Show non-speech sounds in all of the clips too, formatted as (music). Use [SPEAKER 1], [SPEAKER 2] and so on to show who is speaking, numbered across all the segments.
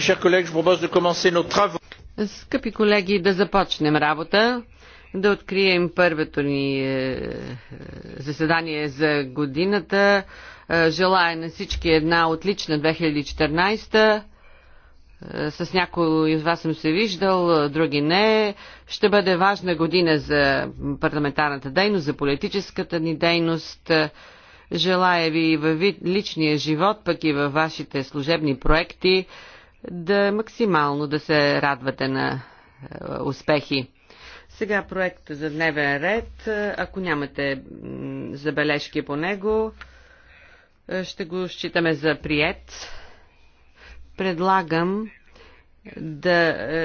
[SPEAKER 1] chers collègues, je propose de commencer nos travaux.
[SPEAKER 2] Скъпи колеги, да започнем работа, да открием първото ни е, е, заседание за годината. Е, желая на всички една отлична 2014. С някои от вас съм се виждал, други не. Ще бъде важна година за парламентарната дейност, за политическата ни дейност. Желая ви във личния живот, пък и във вашите служебни проекти да максимално да се радвате на е, успехи. Сега проект за дневен ред. Ако нямате забележки по него, е, ще го считаме за прият. Предлагам да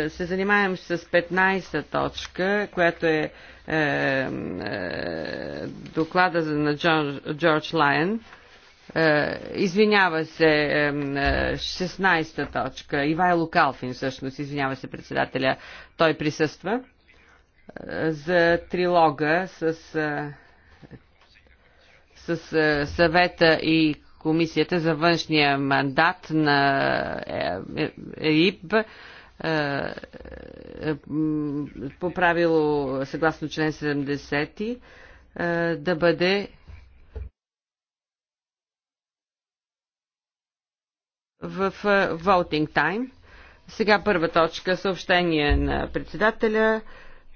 [SPEAKER 2] е, се занимаем с 15 точка, която е, е, е доклада на Джордж Лайен. Е, извинява се, 16-та е, точка. Ивайло Калфин, всъщност, извинява се председателя. Той присъства е, за трилога с, с съвета и комисията за външния мандат на ЕИБ по правило съгласно член 70 да бъде в е, Voting Time. Сега първа точка съобщение на председателя.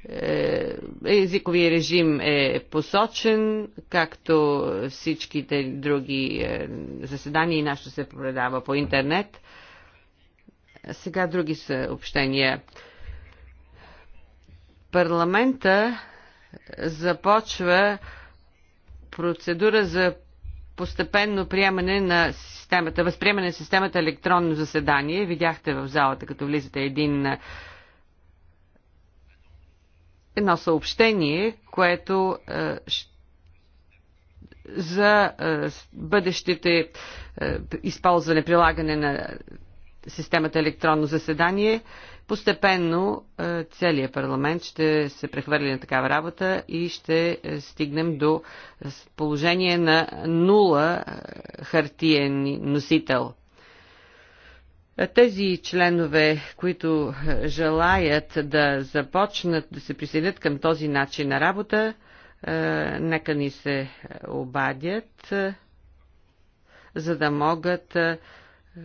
[SPEAKER 2] Е, езиковия режим е посочен, както всичките други е, заседания и нашето се продава по интернет. Сега други съобщения. Парламента започва процедура за постепенно приемане на системата, възприемане на системата електронно заседание. Видяхте в залата, като влизате един едно съобщение, което е, за е, бъдещите е, използване, прилагане на системата електронно заседание, постепенно е, целият парламент ще се прехвърли на такава работа и ще е, стигнем до положение на нула е, хартиен носител. Тези членове, които желаят да започнат да се присъединят към този начин на работа, нека ни се обадят, за да могат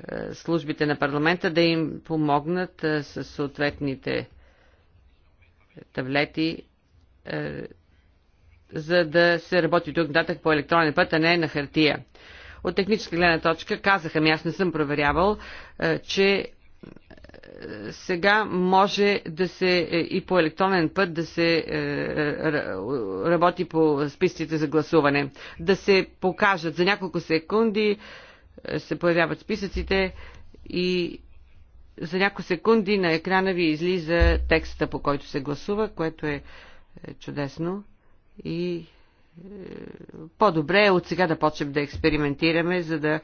[SPEAKER 2] е, службите на парламента да им помогнат е, с съответните таблети, е, за да се работи тук нататък по електронен път, а не на хартия. От техническа гледна точка казаха ми, аз не съм проверявал, че сега може да се и по електронен път да се работи по списъците за гласуване. Да се покажат за няколко секунди се появяват списъците и за няколко секунди на екрана ви излиза текста, по който се гласува, което е, е чудесно. И е, по-добре е от сега да почнем да експериментираме, за да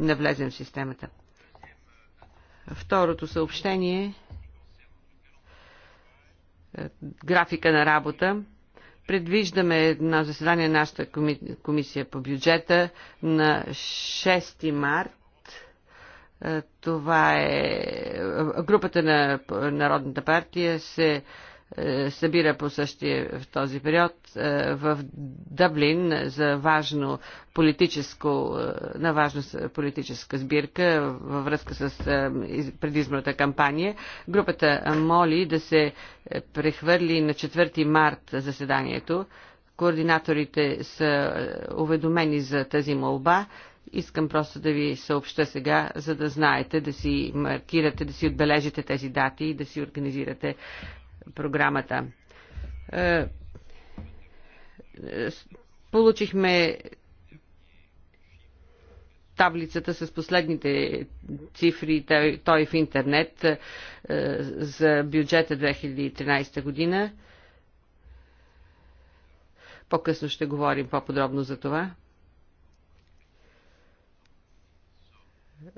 [SPEAKER 2] навлезем в системата. Второто съобщение е, графика на работа. Предвиждаме на заседание на нашата комисия по бюджета на 6 март. Е, това е групата на Народната партия се е, събира по същия в този период е, в Дъблин за важно политическо, е, на важна политическа сбирка във връзка с предизборната кампания. Групата моли да се прехвърли на 4 март заседанието. Координаторите са уведомени за тази молба. Искам просто да ви съобща сега, за да знаете, да си маркирате, да си отбележите тези дати и да си организирате програмата. Е, е, получихме таблицата с последните цифри, той е в интернет, за бюджета 2013 година. По-късно ще говорим по-подробно за това.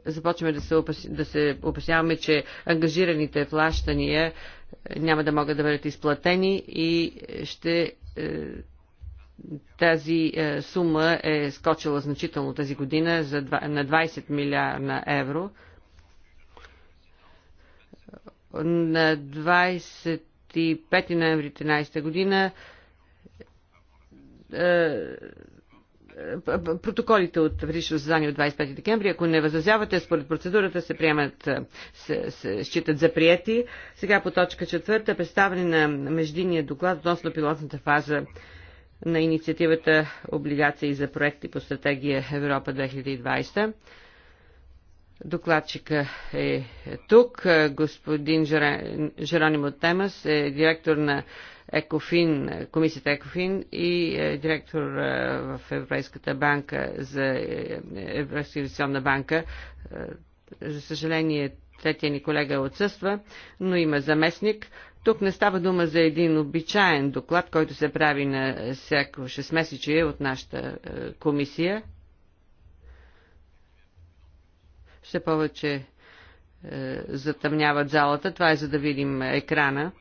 [SPEAKER 2] започваме да се, опас... да се опасяваме, че ангажираните плащания е, няма да могат да бъдат изплатени и е, ще е, тази сума е скочила значително тази година за, на 20 милиарда евро. На 25 ноември 13 година протоколите от предишно заседание от 25 декември, ако не възразявате, според процедурата се приемат, се, се считат за приети. Сега по точка четвърта, представяне на междинния доклад относно пилотната фаза на инициативата облигации за проекти по стратегия Европа 2020. Докладчика е тук. Господин Жеронимо Темас е директор на Екофин, комисията Екофин и е, директор е, в Европейската банка за е, Европейска инвестиционна банка. За съжаление, третия ни колега отсъства, но има заместник. Тук не става дума за един обичаен доклад, който се прави на всяко 6 месече от нашата комисия. Ще повече затъмняват залата. Това е за да видим екрана.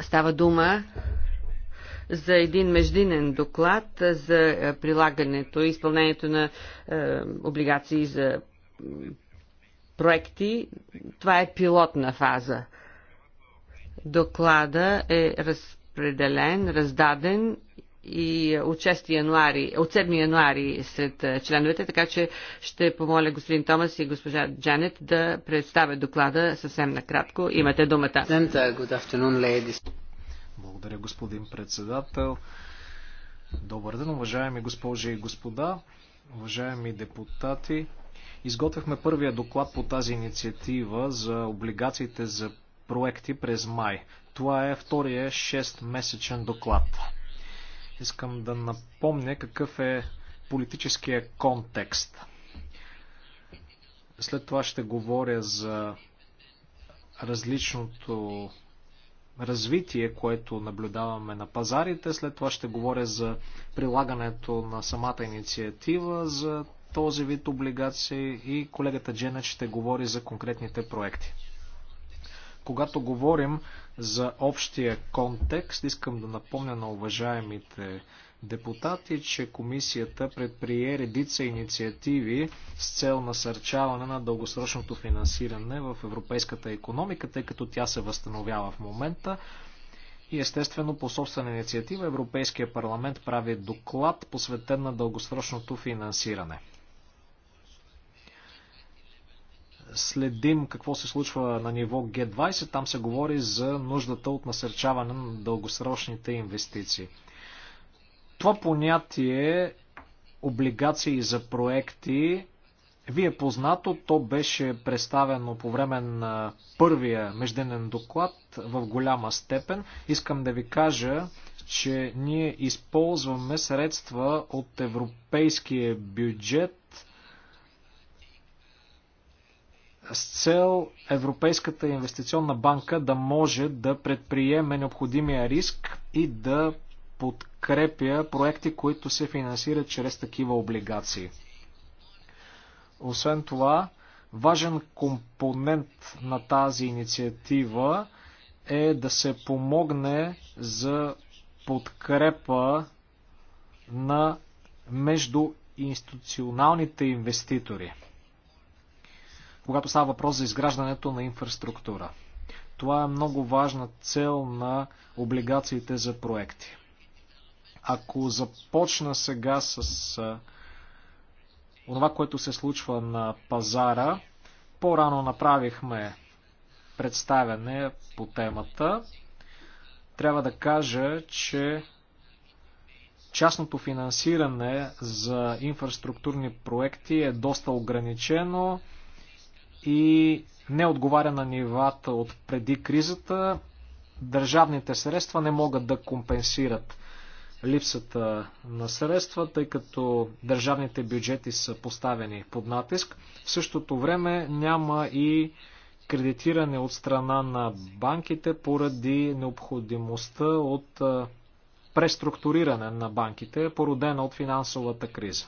[SPEAKER 2] Става дума за един междинен доклад за е, прилагането и изпълнението на е, облигации за проекти. Това е пилотна фаза. Доклада е разпределен, раздаден и от 6 януари, от 7 януари сред членовете, така че ще помоля господин Томас и госпожа Джанет да представят доклада съвсем накратко. Имате думата.
[SPEAKER 1] Благодаря, господин председател. Добър ден, уважаеми госпожи и господа, уважаеми депутати. Изготвихме първия доклад по тази инициатива за облигациите за проекти през май. Това е втория 6-месечен доклад. Искам да напомня какъв е политическия контекст. След това ще говоря за различното развитие, което наблюдаваме на пазарите. След това ще говоря за прилагането на самата инициатива за този вид облигации и колегата Дженет ще говори за конкретните проекти. Когато говорим за общия контекст, искам да напомня на уважаемите депутати, че комисията предприе редица инициативи с цел насърчаване на дългосрочното финансиране в европейската економика, тъй като тя се възстановява в момента. И естествено по собствена инициатива Европейския парламент прави доклад посветен на дългосрочното финансиране. следим какво се случва на ниво G20. Там се говори за нуждата от насърчаване на дългосрочните инвестиции. Това понятие облигации за проекти ви е познато, то беше представено по време на първия межденен доклад в голяма степен. Искам да ви кажа, че ние използваме средства от европейския бюджет с цел Европейската инвестиционна банка да може да предприеме необходимия риск и да подкрепя проекти, които се финансират чрез такива облигации. Освен това, важен компонент на тази инициатива е да се помогне за подкрепа на междуинституционалните инвеститори когато става въпрос за изграждането на инфраструктура. Това е много важна цел на облигациите за проекти. Ако започна сега с това, което се случва на пазара, по-рано направихме представяне по темата. Трябва да кажа, че частното финансиране за инфраструктурни проекти е доста ограничено и не отговаря на нивата от преди кризата, държавните средства не могат да компенсират липсата на средства, тъй като държавните бюджети са поставени под натиск. В същото време няма и кредитиране от страна на банките поради необходимостта от преструктуриране на банките, породена от финансовата криза.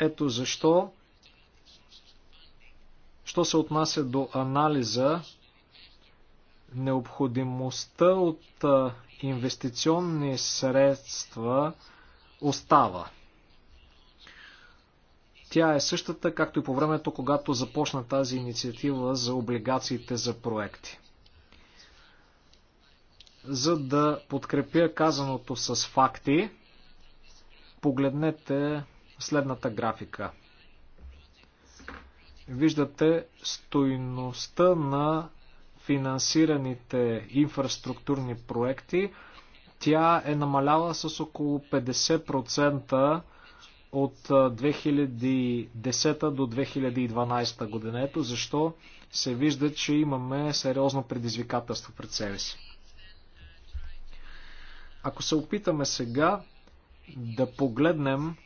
[SPEAKER 1] Ето защо Що се отнася до анализа, необходимостта от инвестиционни средства остава. Тя е същата, както и по времето, когато започна тази инициатива за облигациите за проекти. За да подкрепя казаното с факти, погледнете следната графика виждате стойността на финансираните инфраструктурни проекти. Тя е намаляла с около 50% от 2010 до 2012 година. Ето защо се вижда, че имаме сериозно предизвикателство пред себе си. Ако се опитаме сега да погледнем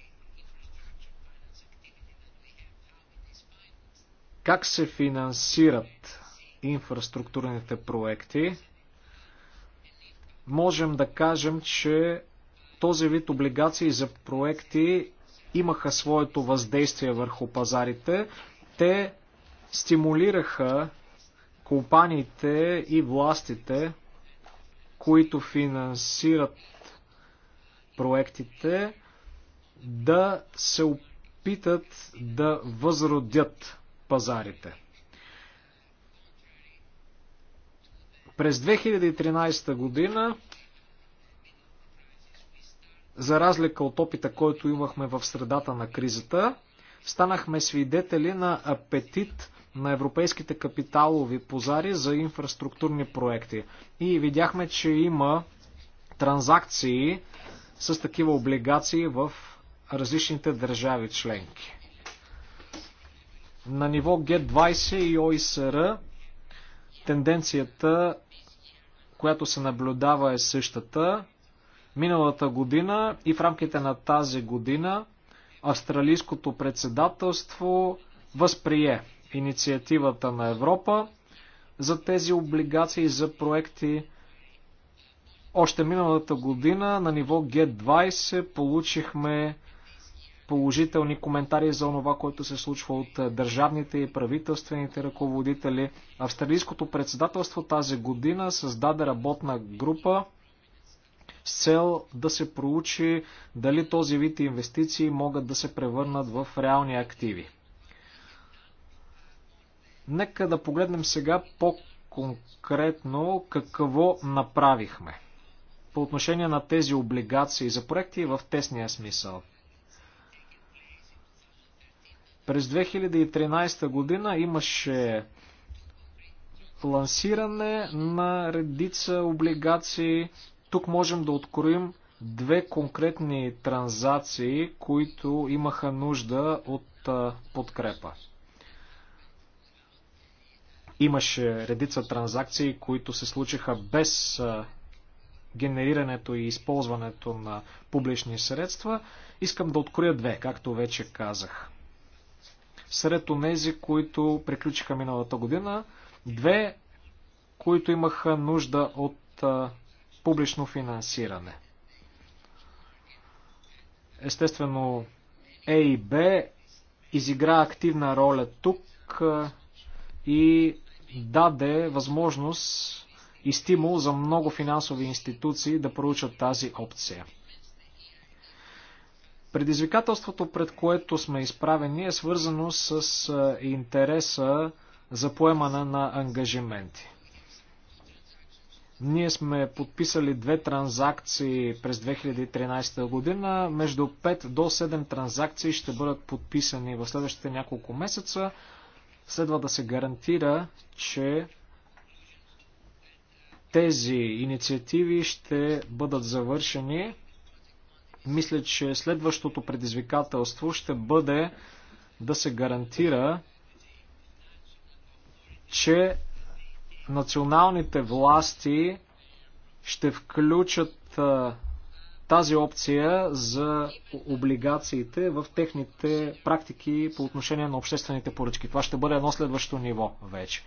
[SPEAKER 1] как се финансират инфраструктурните проекти, можем да кажем, че този вид облигации за проекти имаха своето въздействие върху пазарите. Те стимулираха компаниите и властите, които финансират проектите, да се опитат да възродят пазарите. През 2013 година, за разлика от опита, който имахме в средата на кризата, станахме свидетели на апетит на европейските капиталови пазари за инфраструктурни проекти. И видяхме, че има транзакции с такива облигации в различните държави членки. На ниво g 20 и ОИСР тенденцията, която се наблюдава е същата. Миналата година и в рамките на тази година австралийското председателство възприе инициативата на Европа за тези облигации за проекти. Още миналата година на ниво G20 получихме положителни коментари за онова, което се случва от държавните и правителствените ръководители. Австралийското председателство тази година създаде работна група с цел да се проучи дали този вид инвестиции могат да се превърнат в реални активи. Нека да погледнем сега по-конкретно какво направихме по отношение на тези облигации за проекти в тесния смисъл. През 2013 година имаше лансиране на редица облигации. Тук можем да откроим две конкретни транзакции, които имаха нужда от подкрепа. Имаше редица транзакции, които се случиха без генерирането и използването на публични средства. Искам да откроя две, както вече казах сред онези, които приключиха миналата година, две, които имаха нужда от а, публично финансиране. Естествено, Е и Б изигра активна роля тук а, и даде възможност и стимул за много финансови институции да проучат тази опция. Предизвикателството, пред което сме изправени, е свързано с интереса за поемане на ангажименти. Ние сме подписали две транзакции през 2013 година. Между 5 до 7 транзакции ще бъдат подписани в следващите няколко месеца. Следва да се гарантира, че тези инициативи ще бъдат завършени мисля, че следващото предизвикателство ще бъде да се гарантира, че националните власти ще включат тази опция за облигациите в техните практики по отношение на обществените поръчки. Това ще бъде едно следващо ниво вече.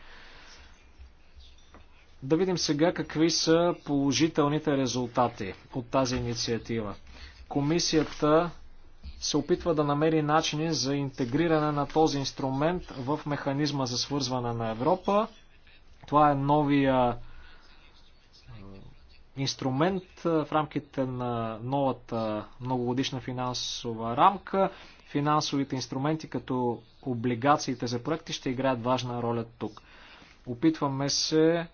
[SPEAKER 1] Да видим сега какви са положителните резултати от тази инициатива. Комисията се опитва да намери начини за интегриране на този инструмент в механизма за свързване на Европа. Това е новия инструмент в рамките на новата многогодишна финансова рамка. Финансовите инструменти като облигациите за проекти ще играят важна роля тук. Опитваме се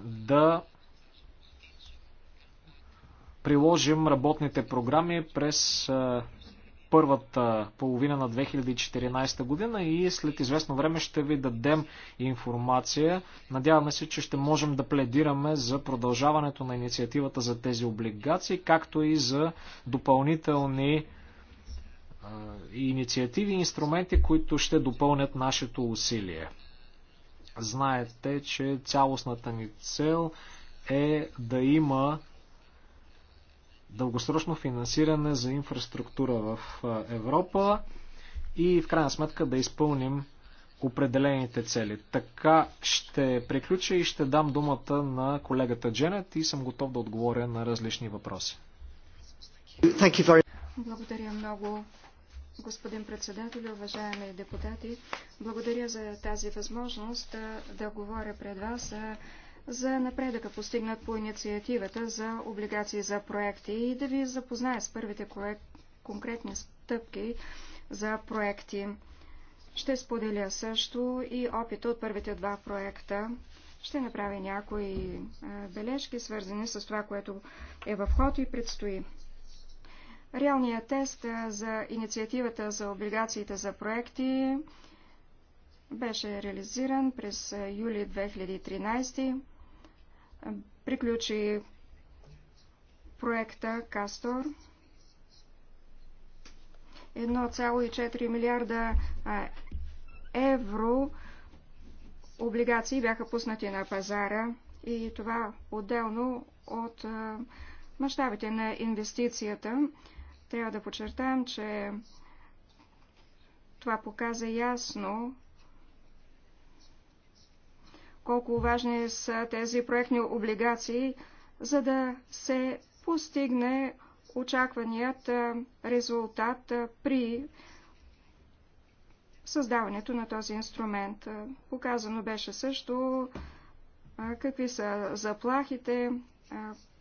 [SPEAKER 1] да приложим работните програми през първата половина на 2014 година и след известно време ще ви дадем информация. Надяваме се, че ще можем да пледираме за продължаването на инициативата за тези облигации, както и за допълнителни инициативи и инструменти, които ще допълнят нашето усилие. Знаете, че цялостната ни цел е да има дългосрочно финансиране за инфраструктура в Европа и в крайна сметка да изпълним определените цели. Така ще приключа и ще дам думата на колегата Дженет и съм готов да отговоря на различни въпроси.
[SPEAKER 3] Благодаря много, господин председател, уважаеми депутати. Благодаря за тази възможност да, да говоря пред вас за за напредъка постигнат по инициативата за облигации за проекти и да ви запозная с първите конкретни стъпки за проекти. Ще споделя също и опита от първите два проекта. Ще направя някои е, бележки, свързани с това, което е в ход и предстои. Реалният тест е, за инициативата за облигациите за проекти беше реализиран през е, юли 2013 приключи проекта Кастор. 1,4 милиарда евро облигации бяха пуснати на пазара и това отделно от мащабите на инвестицията. Трябва да подчертаем, че това показа ясно колко важни са тези проектни облигации, за да се постигне очакваният резултат при създаването на този инструмент. Показано беше също какви са заплахите,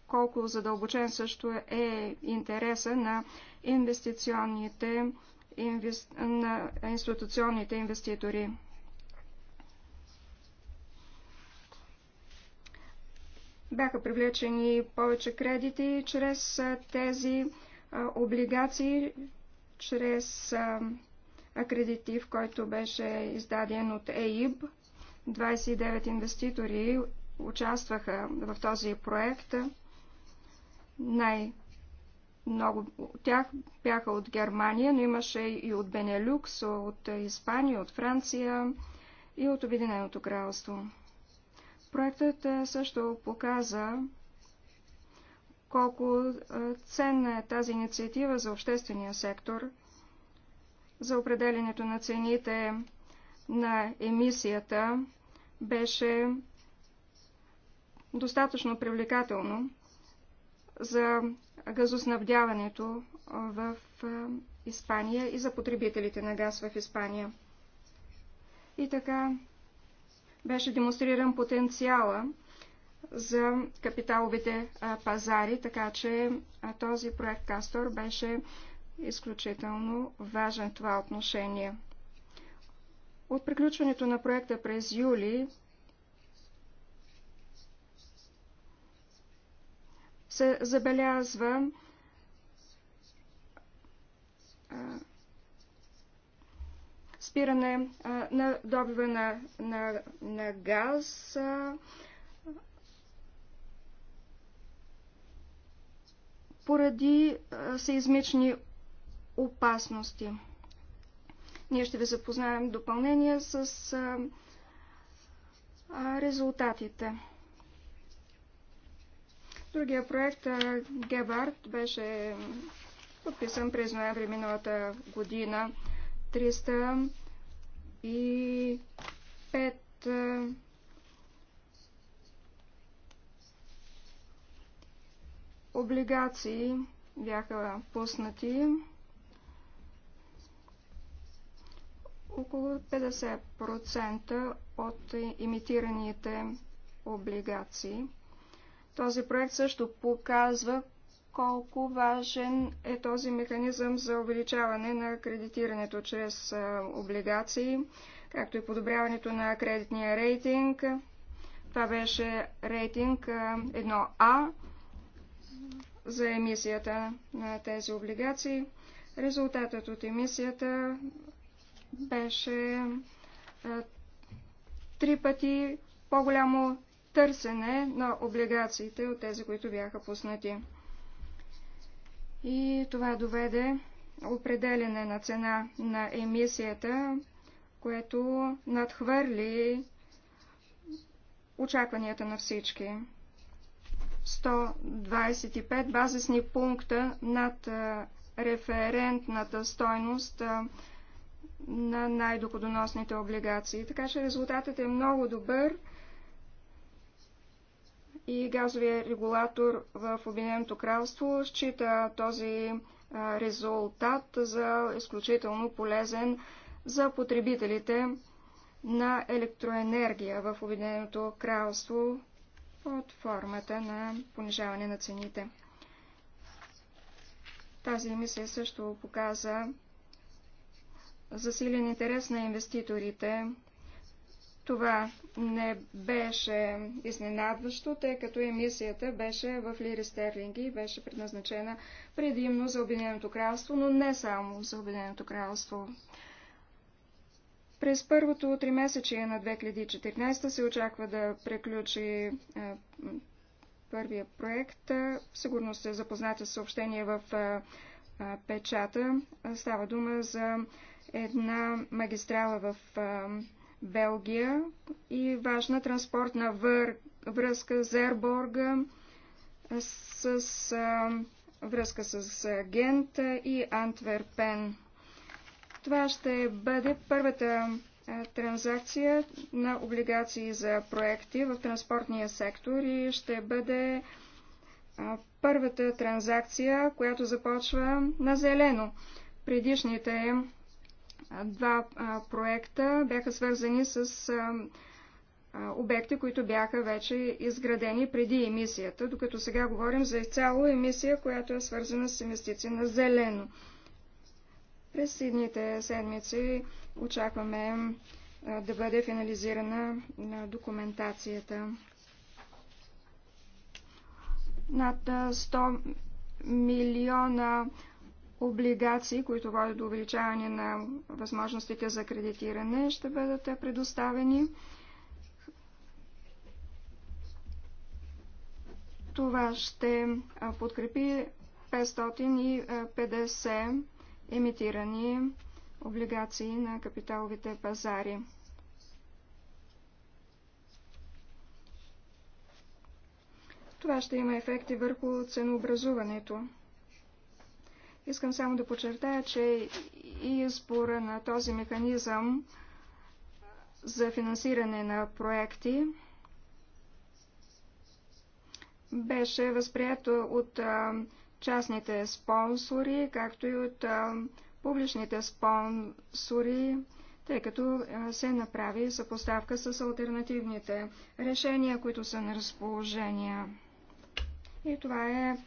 [SPEAKER 3] колко задълбочен също е интереса на инвестиционните, на институционните инвеститори. бяха привлечени повече кредити чрез тези облигации, чрез акредитив, който беше издаден от ЕИБ. 29 инвеститори участваха в този проект. Най-много от тях бяха от Германия, но имаше и от Бенелюкс, от Испания, от Франция и от Обединеното кралство. Проектът е, също показа колко е, ценна е тази инициатива за обществения сектор, за определенето на цените на емисията беше достатъчно привлекателно за газоснабдяването е, в Испания и за потребителите на газ в Испания. И така, беше демонстриран потенциала за капиталовите пазари, така че този проект Кастор беше изключително важен в това отношение. От приключването на проекта през юли се забелязва спиране на добива на, на, на газ. поради сеизмични опасности. Ние ще ви запознаем допълнение с резултатите. Другия проект Гебард беше подписан през ноември миналата година. 305 е, облигации бяха пуснати. Около 50% от имитираните облигации. Този проект също показва колко важен е този механизъм за увеличаване на кредитирането чрез облигации, както и подобряването на кредитния рейтинг. Това беше рейтинг 1А за емисията на тези облигации. Резултатът от емисията беше три пъти по-голямо търсене на облигациите от тези, които бяха пуснати и това доведе определене на цена на емисията, което надхвърли очакванията на всички. 125 базисни пункта над референтната стойност на най-доходоносните облигации. Така че резултатът е много добър и газовия регулатор в Обединеното кралство счита този резултат за изключително полезен за потребителите на електроенергия в Обединеното кралство под формата на понижаване на цените. Тази мисия също показа засилен интерес на инвеститорите това не беше изненадващо, тъй като емисията беше в лири стерлинги и беше предназначена предимно за Обединеното кралство, но не само за Обединеното кралство. През първото три месече на 2014 се очаква да приключи е, първия проект. Сигурно сте запознати с съобщение в е, е, печата. Става дума за една магистрала в Белгия и важна транспортна вър... връзка с Ерборга, с, с а, връзка с Гент и Антверпен. Това ще бъде първата транзакция на облигации за проекти в транспортния сектор и ще бъде първата транзакция, която започва на зелено. Предишните Два проекта бяха свързани с обекти, които бяха вече изградени преди емисията, докато сега говорим за изцяло емисия, която е свързана с инвестиции на зелено. През следните седмици очакваме да бъде финализирана на документацията. Над 100 милиона облигации, които водят до увеличаване на възможностите за кредитиране, ще бъдат предоставени. Това ще подкрепи 550 емитирани облигации на капиталовите пазари. Това ще има ефекти върху ценообразуването. Искам само да подчертая, че избора на този механизъм за финансиране на проекти беше възприето от частните спонсори, както и от публичните спонсори, тъй като се направи съпоставка с альтернативните решения, които са на разположение. И това е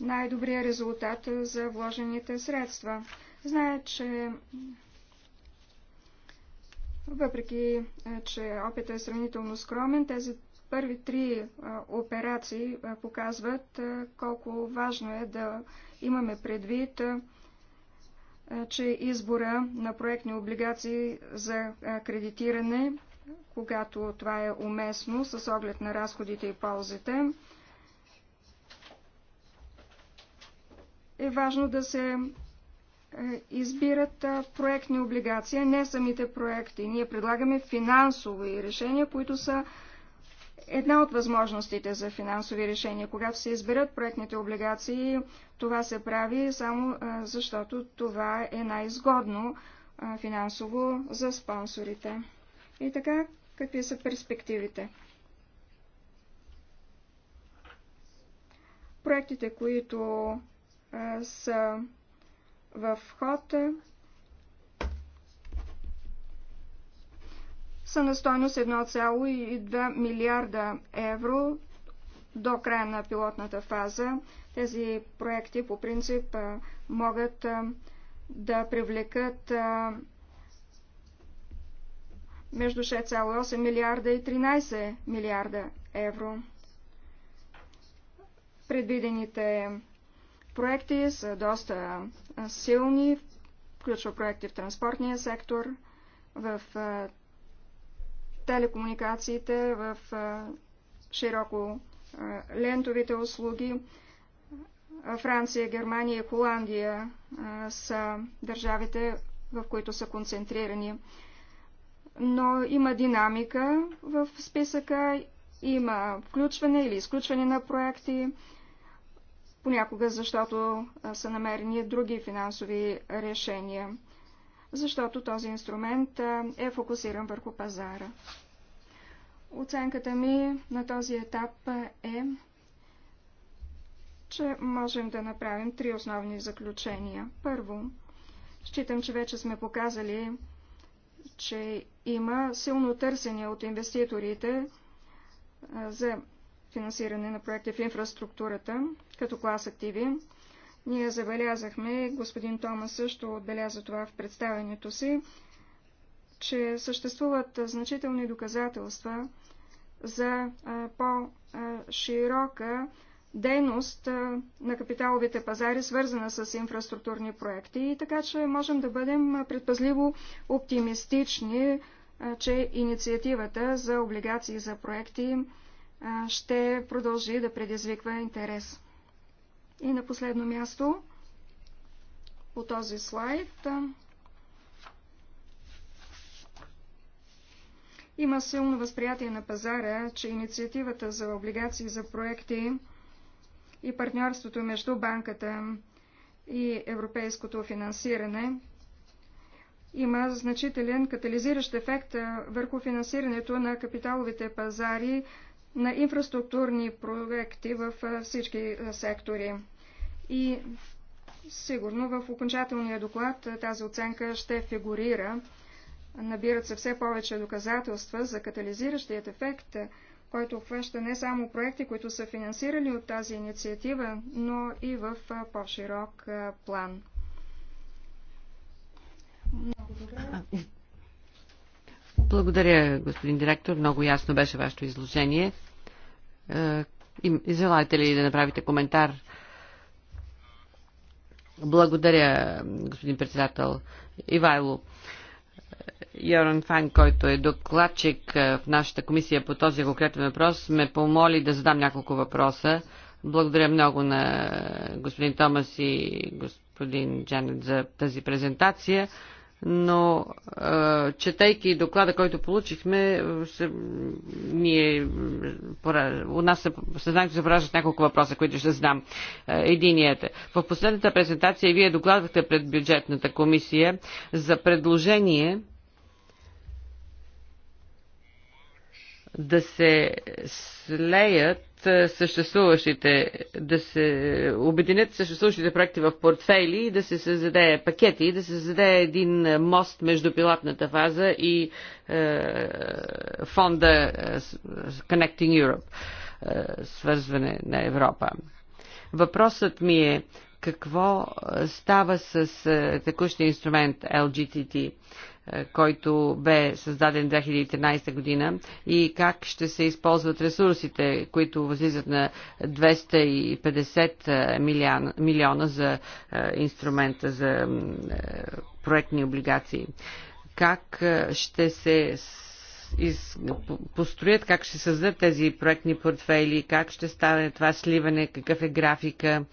[SPEAKER 3] най-добрия резултат за вложените средства. Зная, че въпреки, е, че опитът е сравнително скромен, тези първи три е, операции е, показват колко важно е да имаме предвид, че избора на проектни облигации за кредитиране, когато това е уместно с оглед на разходите и ползите, е важно да се е, избират проектни облигации, не самите проекти. Ние предлагаме финансови решения, които са една от възможностите за финансови решения. Когато се изберат проектните облигации, това се прави само защото това е най-изгодно финансово за спонсорите. И така, какви са перспективите? Проектите, които са в ход са на стойност 1,2 милиарда евро до края на пилотната фаза. Тези проекти по принцип могат да привлекат между 6,8 милиарда и 13 милиарда евро. Предвидените проекти са доста силни, включва проекти в транспортния сектор, в телекомуникациите, в широко лентовите услуги. Франция, Германия и Холандия са държавите, в които са концентрирани. Но има динамика в списъка, има включване или изключване на проекти, понякога защото са намерени други финансови решения, защото този инструмент е фокусиран върху пазара. Оценката ми на този етап е, че можем да направим три основни заключения. Първо, считам, че вече сме показали, че има силно търсене от инвеститорите за финансиране на проекти в инфраструктурата като клас активи. Ние забелязахме, господин Томас също отбеляза това в представенето си, че съществуват значителни доказателства за по-широка дейност на капиталовите пазари, свързана с инфраструктурни проекти. И така, че можем да бъдем предпазливо оптимистични, че инициативата за облигации за проекти ще продължи да предизвиква интерес. И на последно място, по този слайд, има силно възприятие на пазара, че инициативата за облигации за проекти и партньорството между банката и европейското финансиране има значителен катализиращ ефект върху финансирането на капиталовите пазари на инфраструктурни проекти в всички сектори. И сигурно в окончателния доклад тази оценка ще фигурира. Набират се все повече доказателства за катализиращият ефект, който обхваща не само проекти, които са финансирали от тази инициатива, но и в по-широк план.
[SPEAKER 1] Благодаря.
[SPEAKER 2] Благодаря, господин директор. Много ясно беше вашето изложение. Е, желаете ли да направите коментар? Благодаря, господин председател Ивайло. Йоран Фан, който е докладчик е, в нашата комисия по този конкретен въпрос, ме помоли да задам няколко въпроса. Благодаря много на господин Томас и господин Джанет за тази презентация но четейки доклада, който получихме, се, ние, у нас се, съзнанието се пораждат няколко въпроса, които ще знам. Единият. Е, в последната презентация вие докладвахте пред бюджетната комисия за предложение да се слеят съществуващите, да се обединят съществуващите проекти в портфейли и да се създаде пакети да се създаде един мост между пилотната фаза и е, фонда е, Connecting Europe, е, свързване на Европа. Въпросът ми е какво става с е, текущия инструмент LGTT? който бе създаден 2013 година и как ще се използват ресурсите, които възлизат на 250 е, милион, милиона за е, инструмента за е, проектни облигации. Как ще се из, построят, как ще създадат тези проектни портфели, как ще стане това сливане, какъв е графика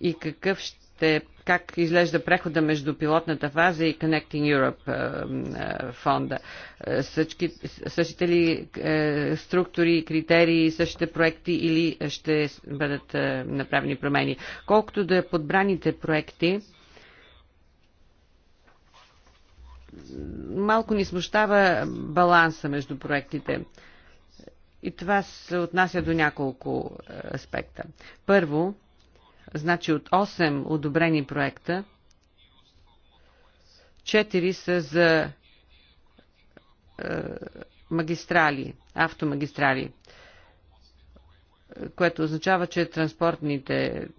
[SPEAKER 2] и какъв ще ще как изглежда прехода между пилотната фаза и Connecting Europe е, е, фонда? Е, същите ли структури, критерии, същите проекти или ще бъдат направени промени? Колкото да подбраните проекти, малко ни смущава баланса между проектите. И това се отнася до няколко аспекта. Първо, Значи от 8 одобрени проекта, 4 са за е, магистрали, автомагистрали, което означава, че транспортните е,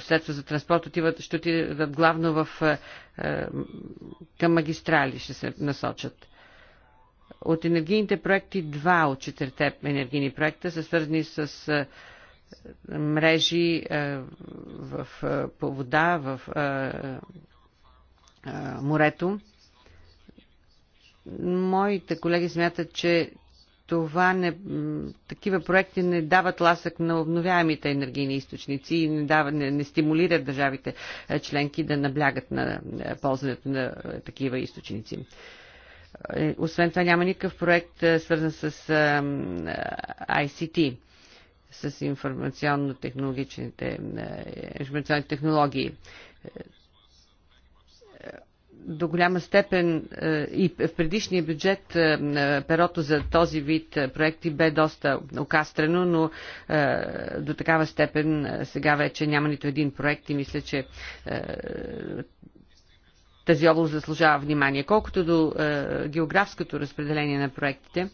[SPEAKER 2] средства за транспорт отиват, ще отидат главно в, е, е към магистрали, ще се насочат. От енергийните проекти, два от четирите енергийни проекта са свързани с е, мрежи е, в, е, по вода, в е, морето. Моите колеги смятат, че това не, такива проекти не дават ласък на обновяемите енергийни източници и не, дава, не, не стимулират държавите членки да наблягат на ползването на такива източници. Освен това няма никакъв проект свързан с ICT с информационно-технологичните е, информационни технологии. Е, до голяма степен е, и в предишния бюджет перото за този вид проекти бе доста окастрено, но до такава степен сега вече няма нито един проект и мисля, че тази област заслужава внимание. Колкото до географското разпределение на проектите,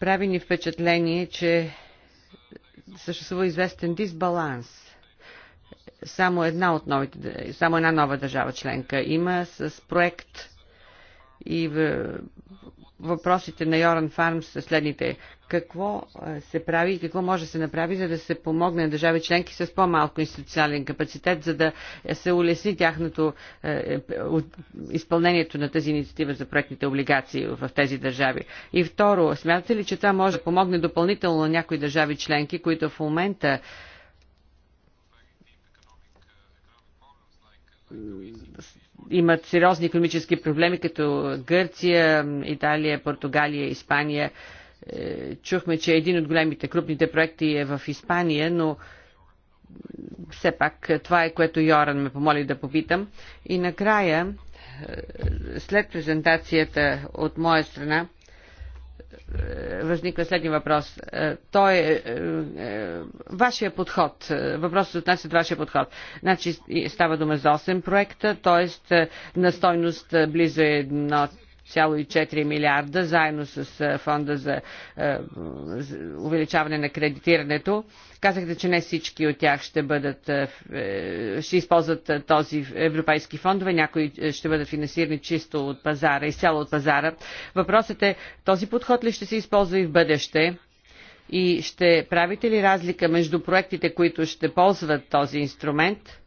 [SPEAKER 2] прави ни впечатление, че съществува известен дисбаланс. Само една, от новите, само една нова държава членка има с проект и в въпросите на Йоран Фармс са следните. Какво е, се прави и какво може да се направи, за да се помогне на държави членки с по-малко институционален капацитет, за да се улесни тяхното е, е, изпълнението на тази инициатива за проектните облигации в тези държави? И второ, смятате ли, че това може да помогне допълнително на някои държави членки, които в момента имат сериозни економически проблеми, като Гърция, Италия, Португалия, Испания. Е, чухме, че един от големите, крупните проекти е в Испания, но все пак това е което Йоран ме помоли да попитам. И накрая, е, след презентацията от моя страна, е, възниква следния въпрос. Е, той е, е, е вашия подход. Е, въпросът отнася до вашия подход. Значи става дума за 8 проекта, т.е. на стойност близо 1,4 милиарда, заедно с фонда за увеличаване на кредитирането. Казахте, че не всички от тях ще бъдат, е, ще използват този европейски фондове, някои ще бъдат финансирани чисто от пазара, изцяло от пазара. Въпросът е, този подход ли ще се използва и в бъдеще? И ще правите ли разлика между проектите, които ще ползват този инструмент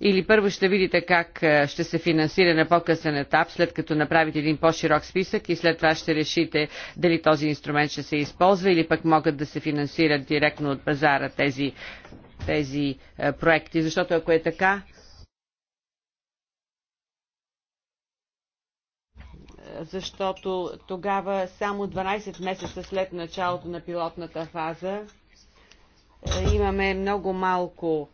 [SPEAKER 2] или първо ще видите как е, ще се финансира на по-късен етап, след като направите един по-широк списък и след това ще решите дали този инструмент ще се използва или пък могат да се финансират директно от пазара тези, тези е, проекти. Защото ако е така, защото тогава само 12 месеца след началото на пилотната фаза е, имаме много малко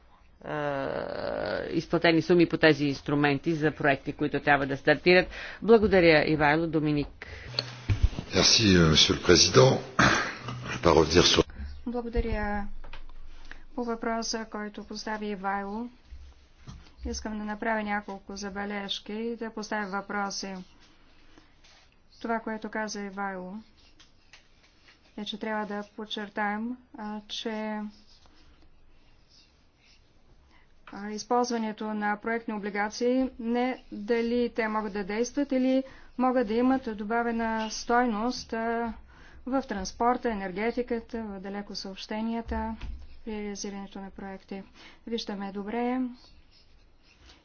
[SPEAKER 2] изплатени суми по тези инструменти за проекти, които трябва да стартират. Благодаря, Ивайло Доминик.
[SPEAKER 3] Euh, Благодаря по въпроса, който постави Ивайло. Искам да направя няколко забележки и да поставя въпроси. Това, което каза Ивайло, е, че трябва да подчертаем, че използването на проектни облигации, не дали те могат да действат или могат да имат добавена стойност в транспорта, енергетиката, в далеко съобщенията, реализирането на проекти. Виждаме добре.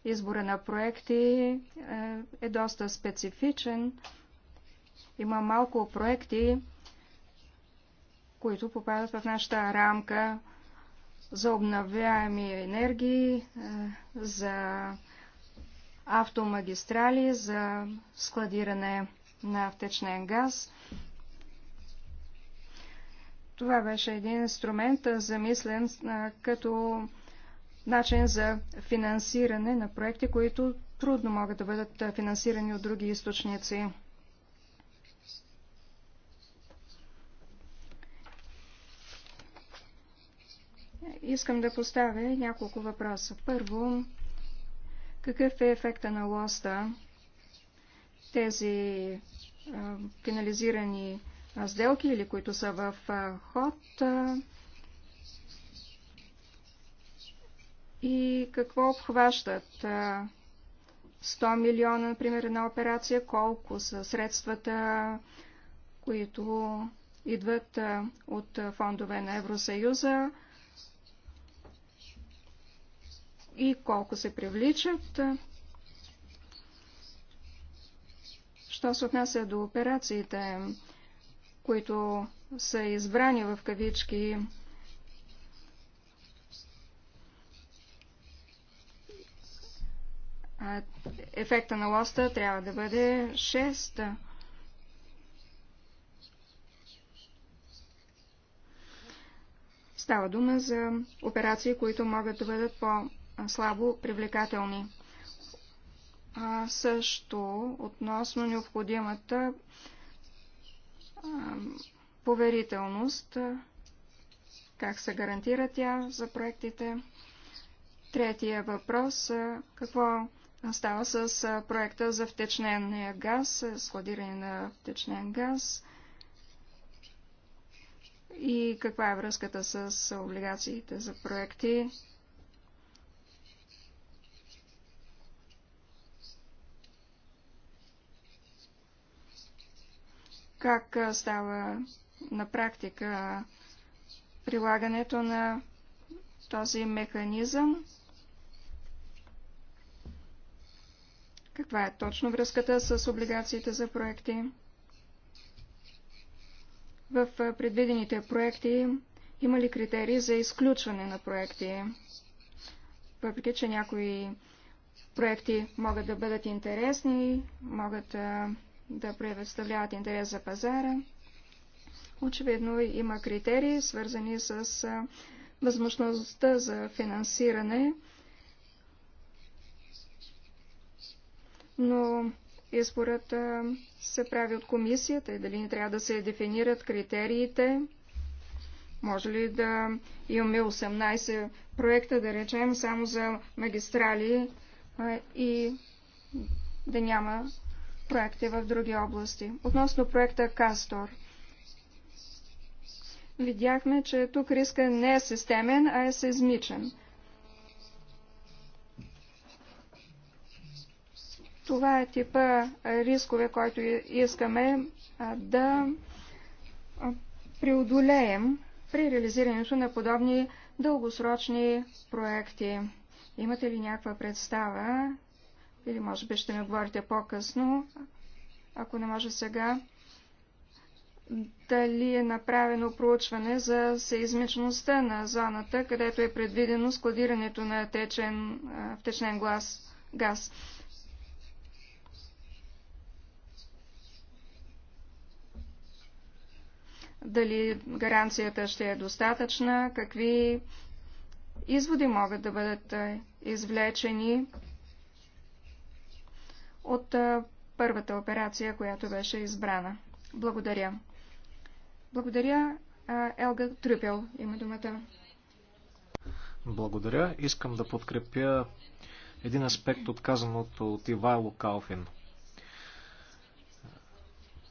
[SPEAKER 3] Избора на проекти е доста специфичен. Има малко проекти, които попадат в нашата рамка за обновяеми енергии, е, за автомагистрали, за складиране на втечнен газ. Това беше един инструмент, е, замислен е, като начин за финансиране на проекти, които трудно могат да бъдат финансирани от други източници. Искам да поставя няколко въпроса. Първо, какъв е ефекта на лоста? Тези а, финализирани а, сделки или които са в а, ход а, и какво обхващат? А, 100 милиона, например, една операция, колко са средствата, които идват а, от фондове на Евросъюза, и колко се привличат. Що се отнася до операциите, които са избрани в кавички, ефекта на лоста трябва да бъде 6. Става дума за операции, които могат да бъдат по слабо привлекателни. А, също относно необходимата а, поверителност, как се гарантира тя за проектите. Третия въпрос – какво става с проекта за втечнения газ, складиране на втечнен газ и каква е връзката с облигациите за проекти как става на практика прилагането на този механизъм. Каква е точно връзката с облигациите за проекти? В предвидените проекти има ли критерии за изключване на проекти? Въпреки, че някои проекти могат да бъдат интересни, могат да представляват интерес за пазара. Очевидно има критерии, свързани с възможността за финансиране, но изборът се прави от комисията и дали не трябва да се дефинират критериите. Може ли да имаме 18 проекта, да речем, само за магистрали и да няма проекти в други области. Относно проекта Кастор. Видяхме, че тук риска не е системен, а е сезмичен. Това е типа рискове, който искаме да преодолеем при реализирането на подобни дългосрочни проекти. Имате ли някаква представа или може би ще ми говорите по-късно, ако не може сега, дали е направено проучване за сеизмичността на зоната, където е предвидено складирането на течен, втечнен глас, газ. Дали гаранцията ще е достатъчна, какви изводи могат да бъдат извлечени от първата операция, която беше избрана. Благодаря. Благодаря. Елга Трюпел има думата.
[SPEAKER 1] Благодаря. Искам да подкрепя един аспект от казаното от Ивайло Калфин.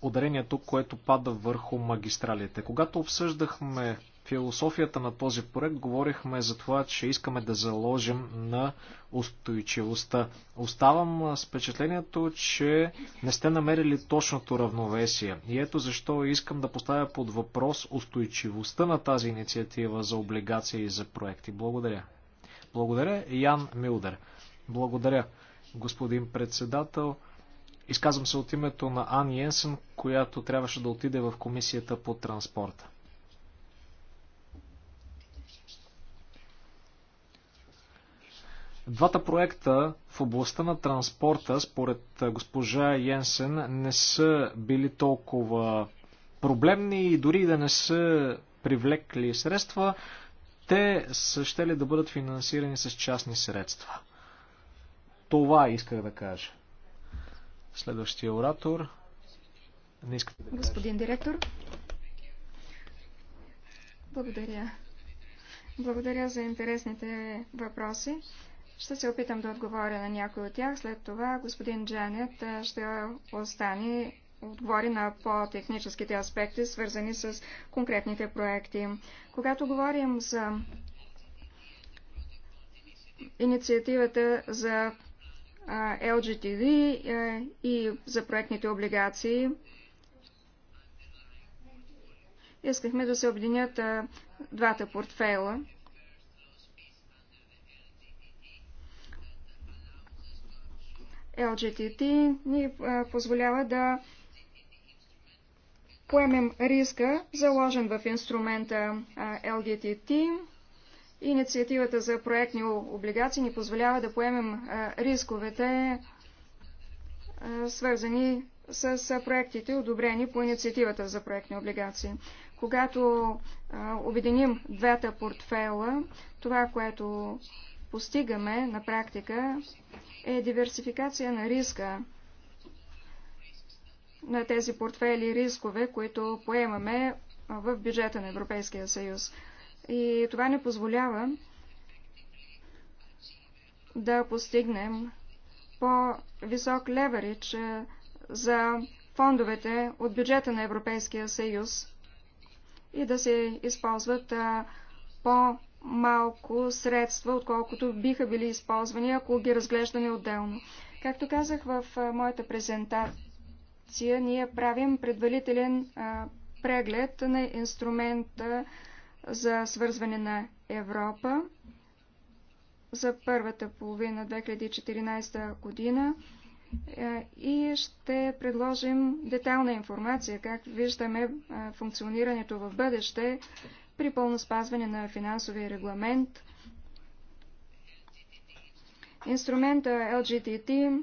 [SPEAKER 1] Ударението, което пада върху магистралите. Когато обсъждахме философията на този проект говорихме за това, че искаме да заложим на устойчивостта. Оставам с впечатлението, че не сте намерили точното равновесие. И ето защо искам да поставя под въпрос устойчивостта на тази инициатива за облигации и за проекти. Благодаря. Благодаря, Ян Милдер. Благодаря, господин председател. Изказвам се от името на Ан Йенсен, която трябваше да отиде в комисията по транспорта. Двата проекта в областта на транспорта, според госпожа Йенсен, не са били толкова проблемни и дори да не са привлекли средства, те са ще ли да бъдат финансирани с частни средства. Това исках да кажа. Следващия оратор. Не да
[SPEAKER 3] Господин директор. Благодаря. Благодаря за интересните въпроси. Ще се опитам да отговоря на някой от тях. След това господин Джанет ще остане отговори на по-техническите аспекти, свързани с конкретните проекти. Когато говорим за инициативата за LGTV и за проектните облигации, искахме да се объединят двата портфейла LGTT ни позволява да поемем риска, заложен в инструмента LGTT. Инициативата за проектни облигации ни позволява да поемем рисковете, свързани с проектите, одобрени по инициативата за проектни облигации. Когато обединим двата портфела, това, което постигаме на практика е диверсификация на риска на тези портфели рискове, които поемаме в бюджета на Европейския съюз. И това не позволява да постигнем по-висок леверидж за фондовете от бюджета на Европейския съюз и да се използват по малко средства, отколкото биха били използвани, ако ги разглеждаме отделно. Както казах в моята презентация, ние правим предварителен преглед на инструмента за свързване на Европа за първата половина 2014 година е, и ще предложим детална информация, как виждаме функционирането в бъдеще при пълно спазване на финансовия регламент. Инструмента LGTT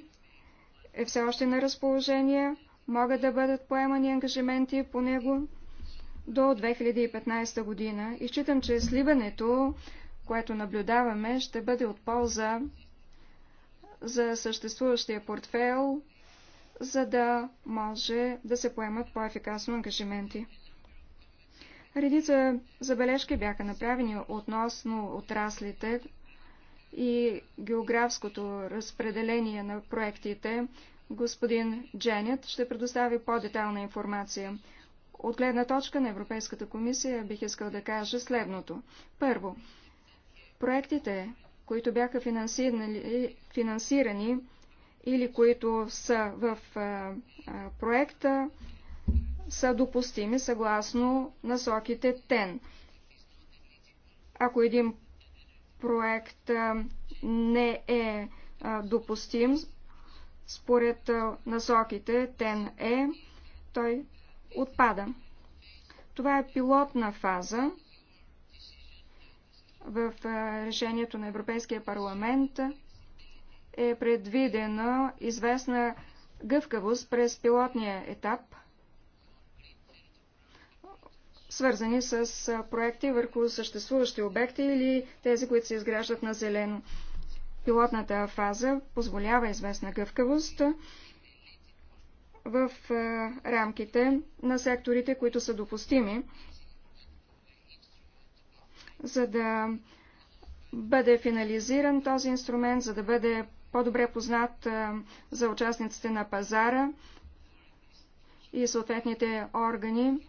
[SPEAKER 3] е все още на разположение. Могат да бъдат поемани ангажименти по него до 2015 година. И считам, че сливането, което наблюдаваме, ще бъде от полза за съществуващия портфел, за да може да се поемат по-ефикасно ангажименти. Редица забележки бяха направени относно отраслите и географското разпределение на проектите. Господин Дженет ще предостави по-детална информация. От гледна точка на Европейската комисия бих искал да кажа следното. Първо, проектите, които бяха финансирани или които са в проекта, са допустими съгласно насоките ТЕН. Ако един проект не е допустим според насоките ТЕН-Е, той отпада. Това е пилотна фаза в решението на Европейския парламент е предвидена известна гъвкавост през пилотния етап – свързани с проекти върху съществуващи обекти или тези, които се изграждат на зелено. Пилотната фаза позволява известна гъвкавост в рамките на секторите, които са допустими, за да бъде финализиран този инструмент, за да бъде по-добре познат за участниците на пазара и съответните органи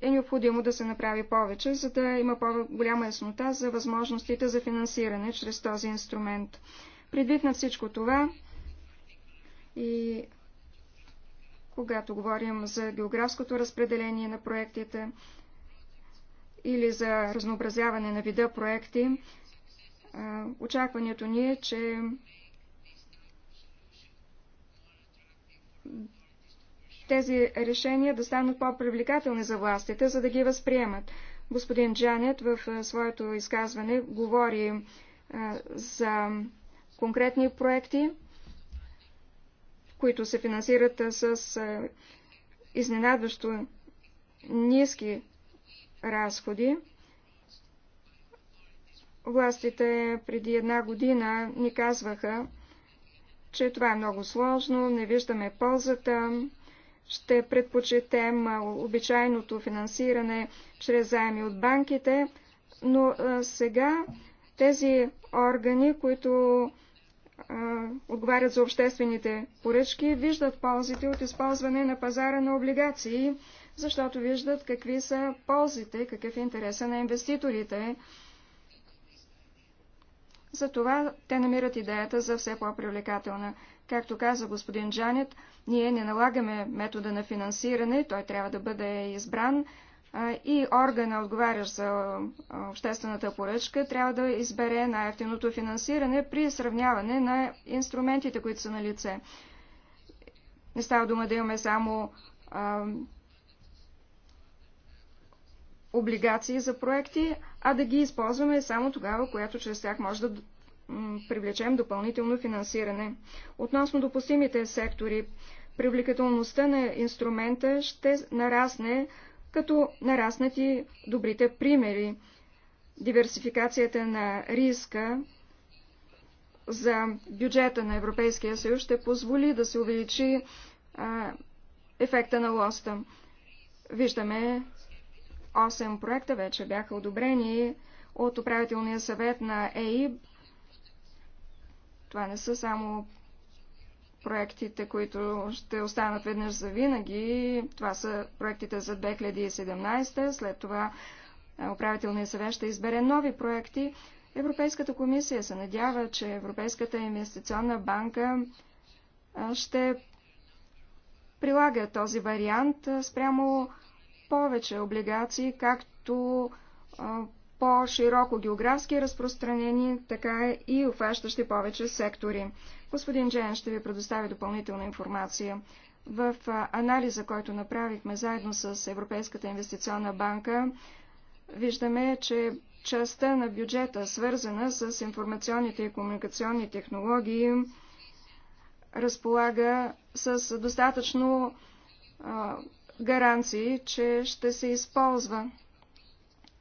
[SPEAKER 3] е необходимо да се направи повече, за да има по-голяма яснота за възможностите за финансиране чрез този инструмент. Предвид на всичко това и когато говорим за географското разпределение на проектите или за разнообразяване на вида проекти, очакването ни е, че тези решения да станат по-привлекателни за властите, за да ги възприемат. Господин Джанет в своето изказване говори за конкретни проекти, които се финансират с изненадващо ниски разходи. Властите преди една година ни казваха, че това е много сложно, не виждаме ползата, ще предпочетем обичайното финансиране чрез заеми от банките, но сега тези органи, които отговарят за обществените поръчки, виждат ползите от използване на пазара на облигации, защото виждат какви са ползите, какъв е интереса на инвеститорите. Затова те намират идеята за все по-привлекателна. Както каза господин Джанет, ние не налагаме метода на финансиране, той трябва да бъде избран и органа, отговарящ за обществената поръчка, трябва да избере най-ефтиното финансиране при сравняване на инструментите, които са на лице. Не става дума да имаме само а, облигации за проекти, а да ги използваме само тогава, която чрез тях може да привлечем допълнително финансиране. Относно допустимите сектори, привлекателността на инструмента ще нарасне, като нараснати добрите примери. Диверсификацията на риска за бюджета на Европейския съюз ще позволи да се увеличи а, ефекта на лоста. Виждаме, 8 проекта вече бяха одобрени от управителния съвет на ЕИБ това не са само проектите, които ще останат веднъж за винаги. Това са проектите за 2017. След това управителният съвет ще избере нови проекти. Европейската комисия се надява, че Европейската инвестиционна банка ще прилага този вариант спрямо повече облигации, както по-широко географски разпространени, така и обхващащи повече сектори. Господин Джен ще ви предостави допълнителна информация. В анализа, който направихме заедно с Европейската инвестиционна банка, виждаме, че частта на бюджета, свързана с информационните и комуникационни технологии, разполага с достатъчно гаранции, че ще се използва.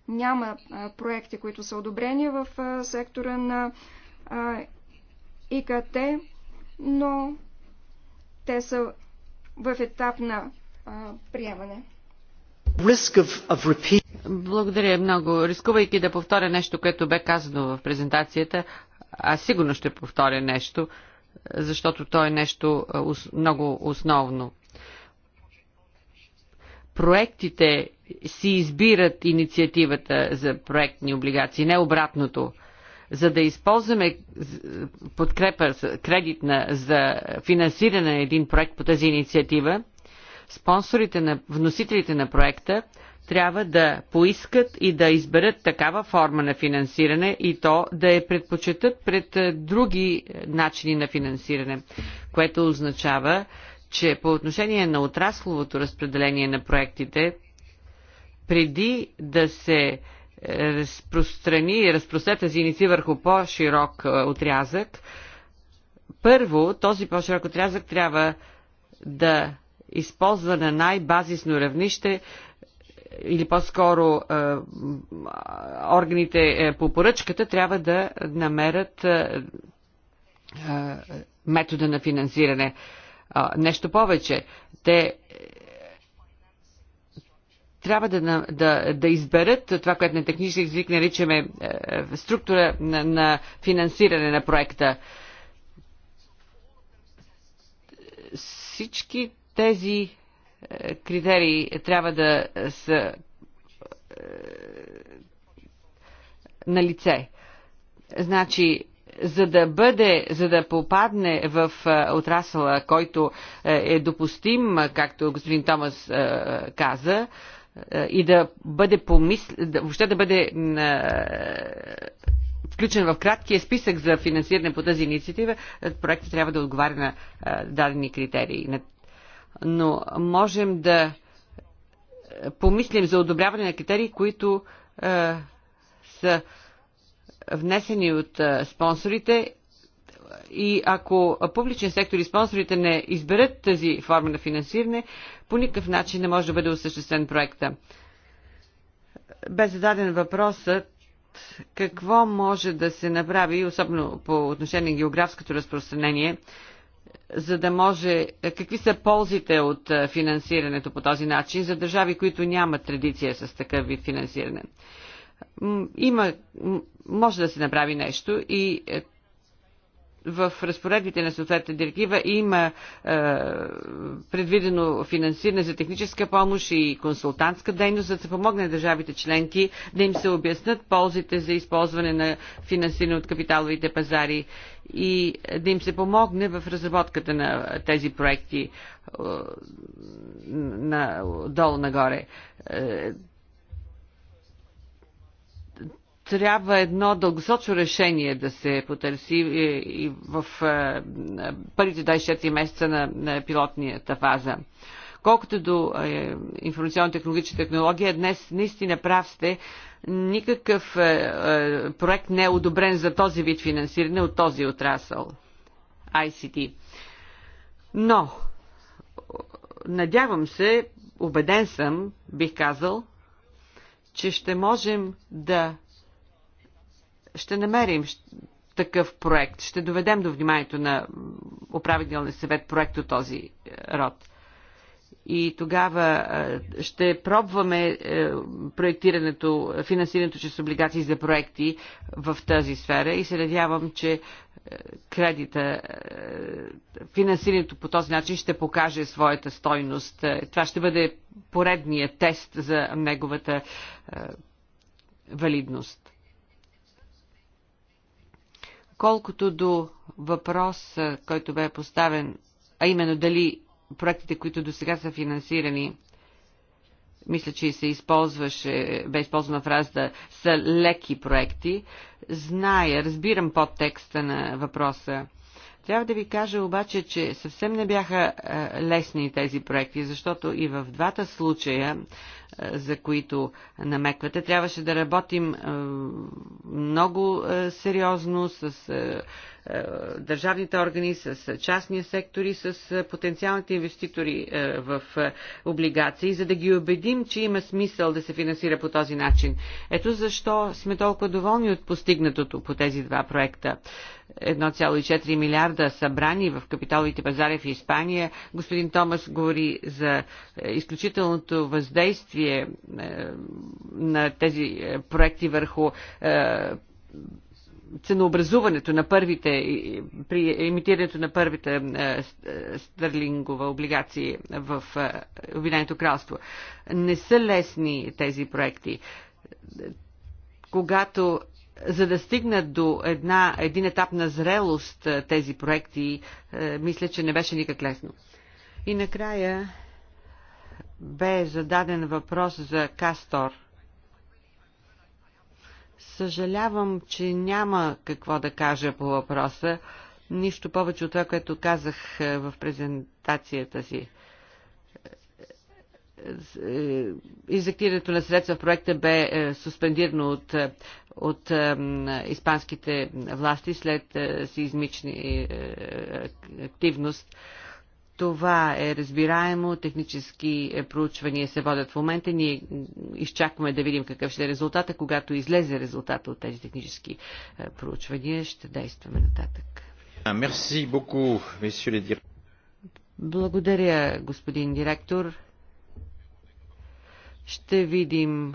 [SPEAKER 3] Няма проекти, които са одобрени в сектора на ИКТ, но те са в етап на приемане.
[SPEAKER 2] Благодаря много. Рискувайки да повторя нещо, което бе казано в презентацията, аз сигурно ще повторя нещо, защото то е нещо много основно проектите си избират инициативата за проектни облигации, не обратното. За да използваме подкрепа кредитна за финансиране на един проект по тази инициатива, спонсорите на вносителите на проекта трябва да поискат и да изберат такава форма на финансиране и то да я предпочитат пред е, други е, начини на финансиране, което означава, че по отношение на отрасловото разпределение на проектите, преди да се е, разпространи и разпростре тази инициатива върху по-широк е, отрязък, първо този по-широк отрязък трябва да използва на най-базисно равнище е, или по-скоро е, органите по поръчката трябва да намерят е, е, метода на финансиране. Е, нещо повече, те е, трябва да, да, да изберат това, което на технически език наричаме е, структура на, на финансиране на проекта. Всички тези е, критерии трябва да са на лице. Значи, за да бъде, за да попадне в е, отрасъла, който е, е допустим, както господин Томас е, каза, и да бъде помисл... въобще да бъде включен в краткия списък за финансиране по тази инициатива, проектът трябва да отговаря на дадени критерии. Но можем да помислим за одобряване на критерии, които са внесени от спонсорите и ако публичен сектор и спонсорите не изберат тази форма на финансиране, по никакъв начин не може да бъде осъществен проекта. Бе зададен въпросът какво може да се направи, особено по отношение на географското разпространение, за да може, какви са ползите от финансирането по този начин за държави, които нямат традиция с такъв вид финансиране има, може да се направи нещо и е, в разпоредбите на съответната директива има е, предвидено финансиране за техническа помощ и консултантска дейност, за да се помогне на държавите членки да им се обяснат ползите за използване на финансиране от капиталовите пазари и е, да им се помогне в разработката на тези проекти е, на, долу нагоре. Е, трябва едно дългосрочно решение да се потърси е, и в е, първите 24 месеца на, на пилотнията фаза. Колкото до е, информационно-технологична технология, днес наистина прав сте, никакъв проект не е одобрен за този вид финансиране от този отрасъл ICT. Но, надявам се, убеден съм, бих казал, че ще можем да ще намерим такъв проект, ще доведем до вниманието на управителния съвет проект от този е, род. И тогава е, ще пробваме е, проектирането, финансирането чрез облигации за проекти в тази сфера и се надявам, че кредита, финансирането по този начин ще покаже своята стойност. Това ще бъде поредният тест за неговата валидност. Колкото до въпрос, който бе поставен, а именно дали проектите, които до сега са финансирани, мисля, че се използваше, бе използвана фраза, са леки проекти. Зная, разбирам подтекста на въпроса. Трябва да ви кажа обаче, че съвсем не бяха лесни тези проекти, защото и в двата случая е, за които намеквате. Трябваше да работим е, много е, сериозно с държавните органи, с частния сектор и с потенциалните инвеститори в облигации, за да ги убедим, че има смисъл да се финансира по този начин. Ето защо сме толкова доволни от постигнатото по тези два проекта. 1,4 милиарда събрани в капиталовите пазари в Испания. Господин Томас говори за изключителното въздействие въздействие е, на тези е, проекти върху е, ценообразуването на първите, при имитирането на първите стерлингова облигации в Обединеното кралство. Не са лесни тези проекти. Когато за да стигнат до една, един етап на зрелост тези проекти, мисля, че не беше никак лесно. И накрая бе зададен въпрос за Кастор. Съжалявам, че няма какво да кажа по въпроса. Нищо повече от това, което казах е, в презентацията си. Е, е, изектирането на средства в проекта бе суспендирано от, от испанските власти след сизмични активност това е разбираемо, технически е, проучвания се водят в момента, ние изчакваме да видим какъв ще е резултата, когато излезе резултата от тези технически е, проучвания, ще действаме нататък.
[SPEAKER 1] Мерси beaucoup,
[SPEAKER 2] Благодаря, господин директор. Ще видим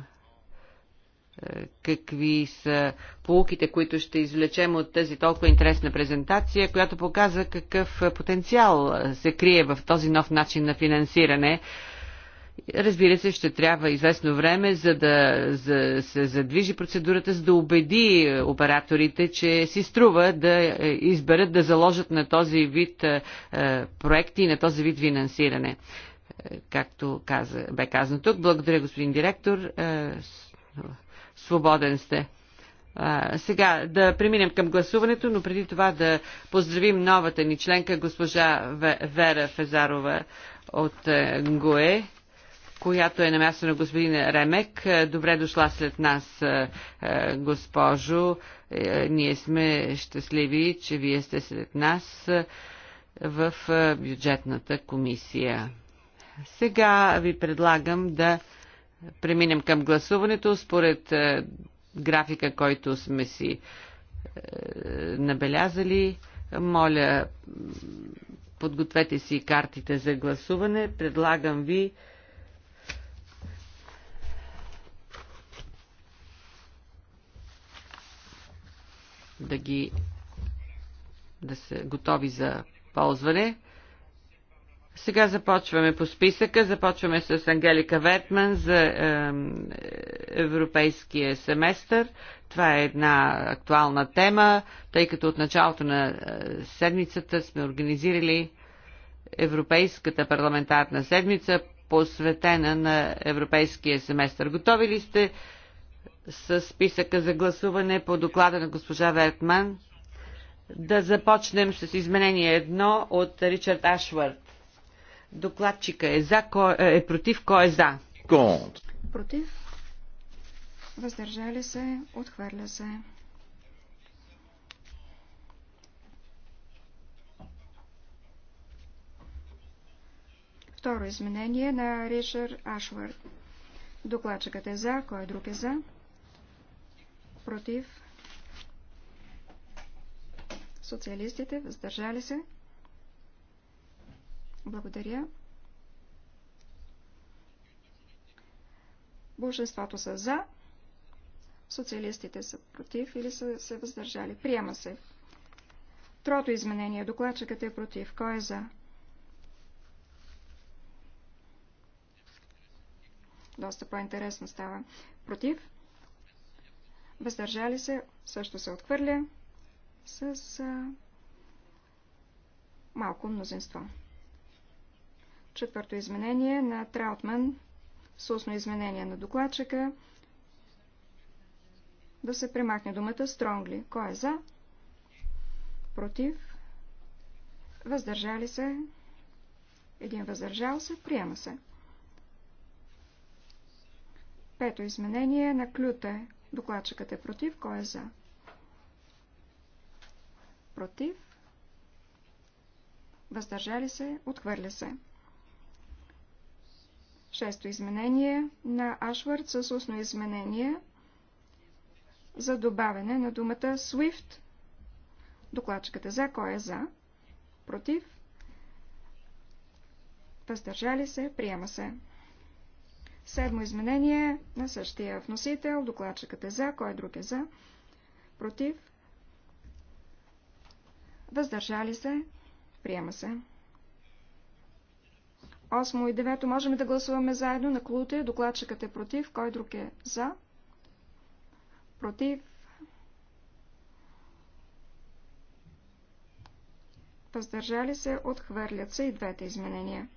[SPEAKER 2] какви са полуките, които ще извлечем от тази толкова интересна презентация, която показа какъв потенциал се крие в този нов начин на финансиране. Разбира се, ще трябва известно време, за да за, се задвижи процедурата, за да убеди операторите, че си струва да изберат да заложат на този вид е, проекти и на този вид финансиране. Е, както каза, бе казано тук. Благодаря, господин директор. Е, свободен сте. А, сега да преминем към гласуването, но преди това да поздравим новата ни членка, госпожа Вера Фезарова от ГОЕ, която е на място на господин Ремек. Е, добре дошла след нас, е, е, госпожо. Ние сме щастливи, че вие сте след нас в бюджетната комисия. Сега ви предлагам да преминем към гласуването според е, графика, който сме си е, набелязали. Моля, подгответе си картите за гласуване. Предлагам ви да ги да се готови за ползване. Сега започваме по списъка. Започваме с Ангелика Вертман за е, европейския семестър. Това е една актуална тема, тъй като от началото на е, седмицата сме организирали Европейската парламентарна седмица, посветена на европейския семестър. Готови ли сте с списъка за гласуване по доклада на госпожа Вертман? Да започнем с изменение едно от Ричард Ашвард. Докладчика е, за, кой, е против, кой е за? Конт. Против.
[SPEAKER 3] Въздържали се, отхвърля се. Второ изменение на Ричард Ашвард. Докладчикът е за, кой друг е за? Против. Социалистите въздържали се. Благодаря. Божеството са за, социалистите са против или са се въздържали. Приема се. Трото изменение. Докладчикът е против. Кой е за? Доста по-интересно става. Против. Въздържали се. Също се отхвърля. С а, малко мнозинство. Четвърто изменение на Траутман с устно изменение на докладчика да се премахне думата стронгли. Кой е за? Против? Въздържали се? Един въздържал се. Приема се. Пето изменение на клюте. Докладчикът е против. Кой е за? Против? Въздържали се? Отхвърля се. Шесто изменение на Ашвард с устно изменение за добавяне на думата SWIFT. Докладчиката за. Кой е за? Против? Въздържали се? Приема се. Седмо изменение на същия вносител. Докладчиката е за. Кой друг е за? Против? Въздържали се? Приема се. 8 и 9 можем да гласуваме заедно на клуте. Докладчикът е против. Кой друг е за? Против. Въздържали се, отхвърлят се и двете изменения.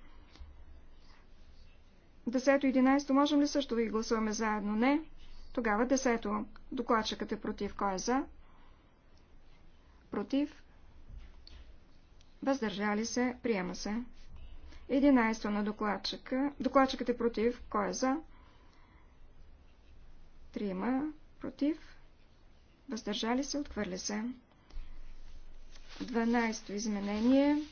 [SPEAKER 3] 10 и 11 можем ли също да ги гласуваме заедно? Не. Тогава 10. Докладчикът е против. Кой е за? Против. Въздържали се, приема се. 11 на докладчика. Докладчикът е против. Кой е за? Трима против. Въздържали се, отхвърли се. 12 то изменение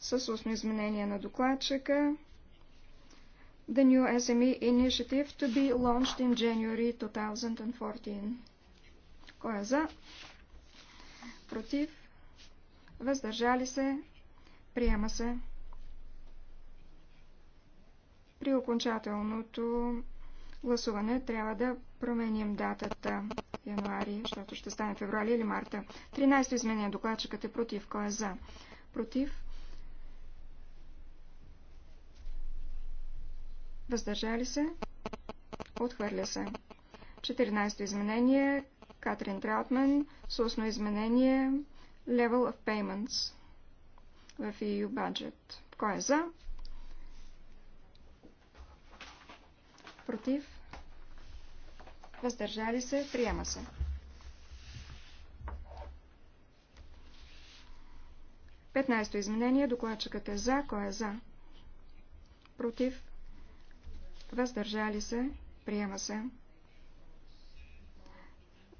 [SPEAKER 3] с устно изменение на докладчика. The new SME initiative to be launched in January 2014. Кой е за? Против. Въздържали се. Приема се. При окончателното гласуване трябва да променим датата януари, защото ще стане февруари или марта. 13 то изменение. Докладчикът е против. Кой е за? Против. Въздържали се? Отхвърля се. 14 изменение. Катрин Траутман. Сусно изменение. Level of Payments в EU Budget. Кой е за? против, въздържали се, приема се. Петнайсто изменение. Докладчикът е за. Кой е за? Против. Въздържали се. Приема се.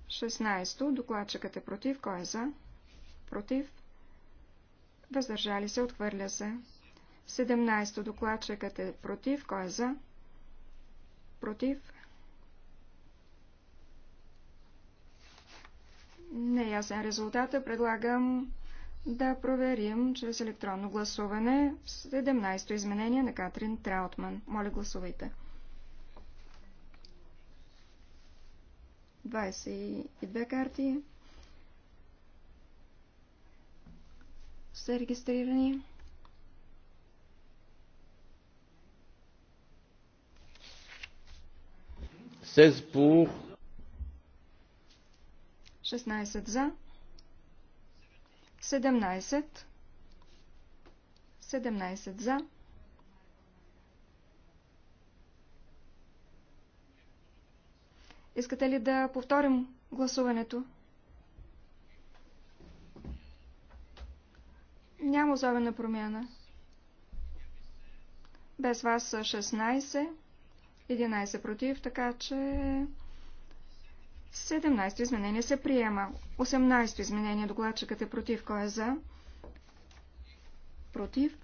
[SPEAKER 3] 16. Докладчикът е против. Кой е за? Против. Въздържали се. Отхвърля се. 17. Докладчикът е против. Кой е за? Против. Не е ясен резултата. Предлагам да проверим чрез електронно гласуване 17-то изменение на Катрин Траутман. Моля, гласувайте. 22 карти са регистрирани.
[SPEAKER 2] 16 pour.
[SPEAKER 3] 16 за. 17. 17 за. Искате ли да повторим гласуването? Няма особена промяна. Без вас 16. 11 против, така че 17 изменение се приема. 18 то изменение докладчикът е против. Кой е за? Против.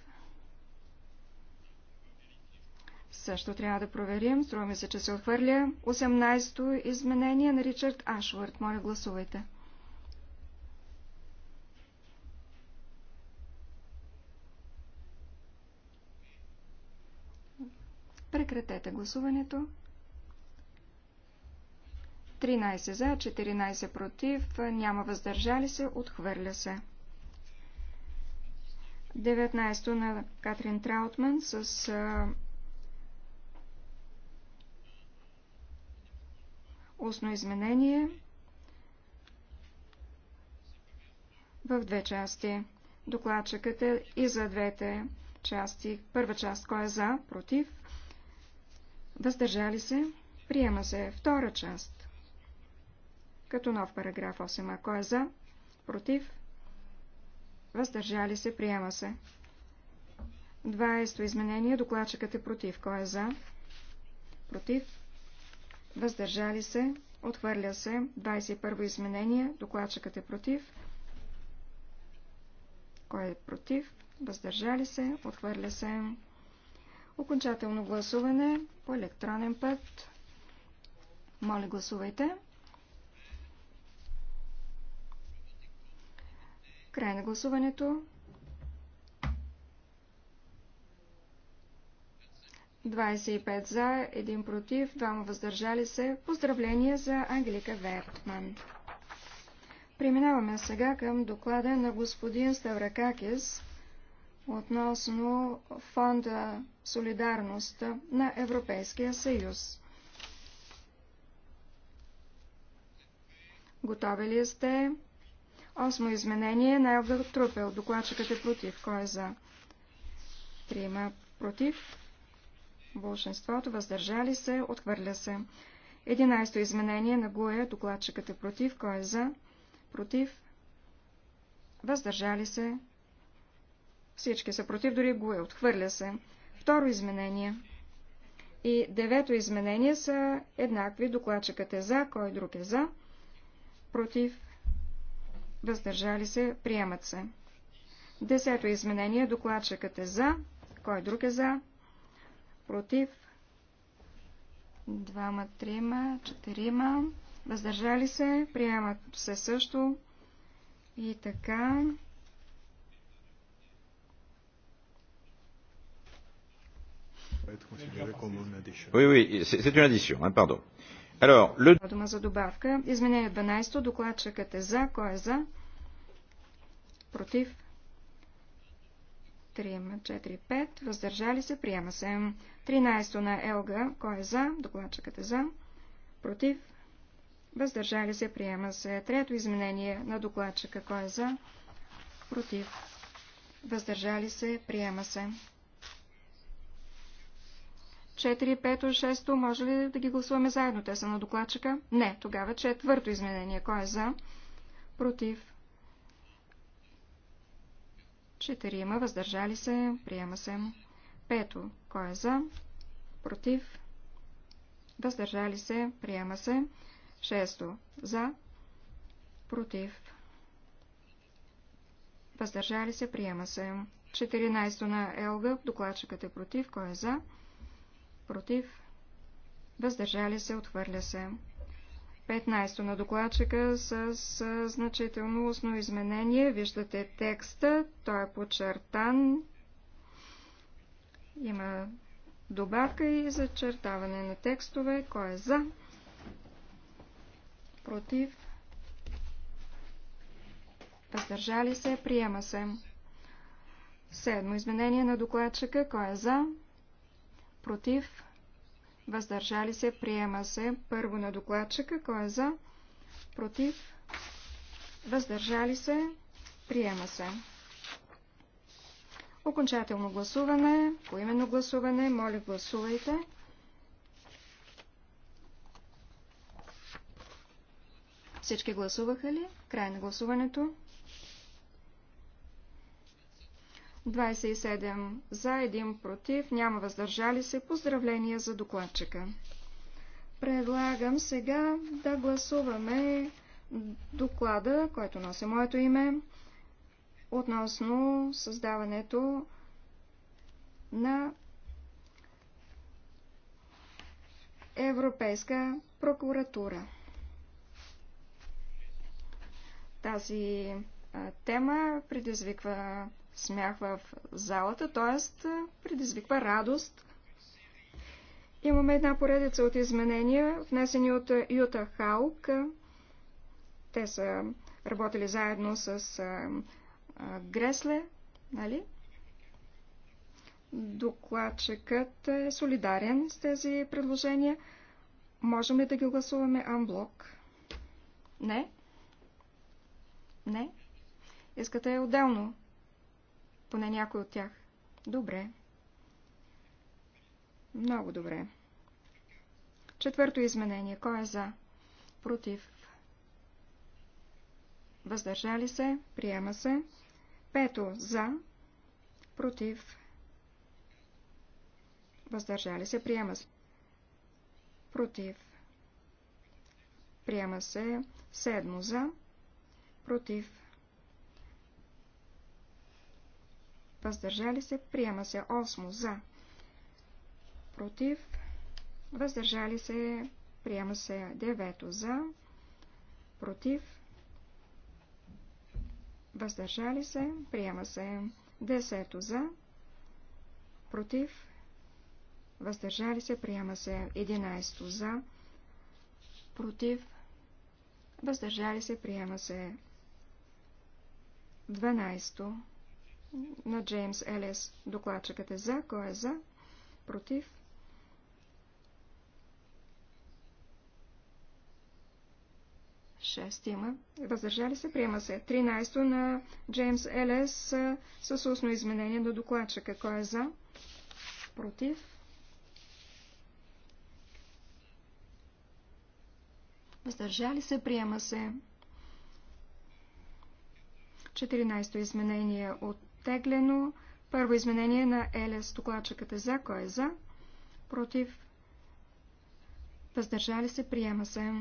[SPEAKER 3] Също трябва да проверим. Струваме се, че се отхвърля. 18-то изменение на Ричард Ашвард. Моля, гласувайте. 18 Прекратете гласуването. 13 за, 14 против, няма въздържали се, отхвърля се. 19 на Катрин Траутман с а, устно изменение в две части. Докладчикът е и за двете части. Първа част, кой е за, против, Въздържали се. Приема се втора част. Като нов параграф 8 ако Кой е за? Против? Въздържали се. Приема се. 20 изменение. Докладчикът е против. Кой е за? Против? Въздържали се. Отхвърля се. 21 изменение. Докладчикът е против. Кой е против? Въздържали се. Отхвърля се. Окончателно гласуване по електронен път. Моля, гласувайте. Край на гласуването. 25 за, 1 против, 2 въздържали се. Поздравления за Ангелика Вертман. Преминаваме сега към доклада на господин Ставракакис относно фонда Солидарност на Европейския съюз. Готови ли сте? Осмо изменение на Елга Трупел. Докладчикът е против. Кой е за? Трима против. Болшинството въздържали се. Отхвърля се. Единайсто изменение на Гуя. Докладчикът е против. Кой е за? Против. Въздържали се. Всички са против, дори го е. Отхвърля се. Второ изменение. И девето изменение са еднакви. Докладчикът е за, кой друг е за. Против. Въздържали се. Приемат се. Десето изменение. Докладчикът е за. Кой друг е за? Против. Двама, трима, четирима. Въздържали се. Приемат се също. И така.
[SPEAKER 2] Oui, oui, c'est une addition, hein, pardon. Alors, le...
[SPEAKER 3] Дума за добавка. Изменение 12. Докладчикът е за. Кой е за? Против? 3, 4, 5. Въздържали се. Приема се. 13 на Елга. Кой е за? Докладчикът е за. Против? Въздържали се. Приема се. Трето изменение на докладчика. Кой е за? Против? Въздържали се. Приема се. 4, 5, 6 може ли да ги гласуваме заедно? Те са на докладчика? Не. Тогава четвърто изменение. Кой е за? Против. Четирима. Въздържали се. Приема се. Пето. Кой е за? Против. Въздържали се. Приема се. Шесто. За. Против. Въздържали се. Приема се. 14 на Елга. Докладчикът е против. Кой е за? Против против, въздържали се, отхвърля се. 15 на докладчика с, с значително устно изменение. Виждате текста, той е подчертан. Има добавка и зачертаване на текстове. Кой е за? Против? Въздържали се? Приема се. Седмо изменение на докладчика. Кой е за? против, въздържали се, приема се. Първо на докладчика, кой е за, против, въздържали се, приема се. Окончателно гласуване, поименно гласуване, моля гласувайте. Всички гласуваха ли? Край на гласуването. 27 за, 1 против, няма въздържали се. Поздравления за докладчика. Предлагам сега да гласуваме доклада, който носи моето име, относно създаването на Европейска прокуратура. Тази тема предизвиква смях в залата, т.е. предизвиква радост. Имаме една поредица от изменения, внесени от Юта Халк. Те са работили заедно с а, а, Гресле, нали? Докладчикът е солидарен с тези предложения. Можем ли да ги гласуваме анблок? Не? Не? Искате отделно поне някой от тях. Добре. Много добре. Четвърто изменение. Кой е за? Против. Въздържали се. Приема се. Пето. За. Против. Въздържали се. Приема се. Против. Приема се. Седмо. За. Против. въздържали се, приема се. 8 за, против, въздържали се, приема се. 9 за, против, въздържали се, приема се. 10 за, против, въздържали се, приема се. 11 за, против, въздържали се, приема се. 12 на Джеймс Елес. Докладчикът е за. Кой е за? Против? Шест има. Въздържали се? Приема се. Тринайсто на Джеймс Елес с устно изменение до докладчика. Кой е за? Против? Въздържали се? Приема се. Четиринайсто изменение от оттеглено. Първо изменение на ЕЛЕС. Докладчикът е за. Кой е за? Против. Въздържали се. Приема се.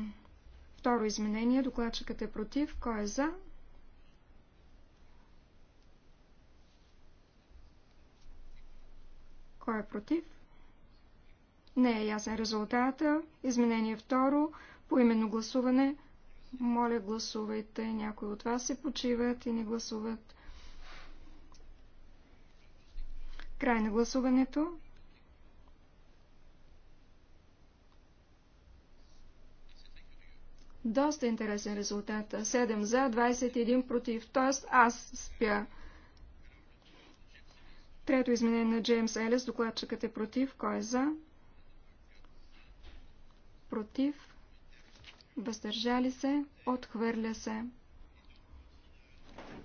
[SPEAKER 3] Второ изменение. Докладчиката е против. Кой е за? Кой е против? Не е ясен резултата. Изменение второ. По именно гласуване. Моля, гласувайте. Някои от вас се почиват и не гласуват. Край на гласуването. Доста интересен резултат. 7 за, 21 против. Тоест аз спя. Трето изменение на Джеймс Елес. Докладчикът е против. Кой е за? Против. Въздържали се. Отхвърля се.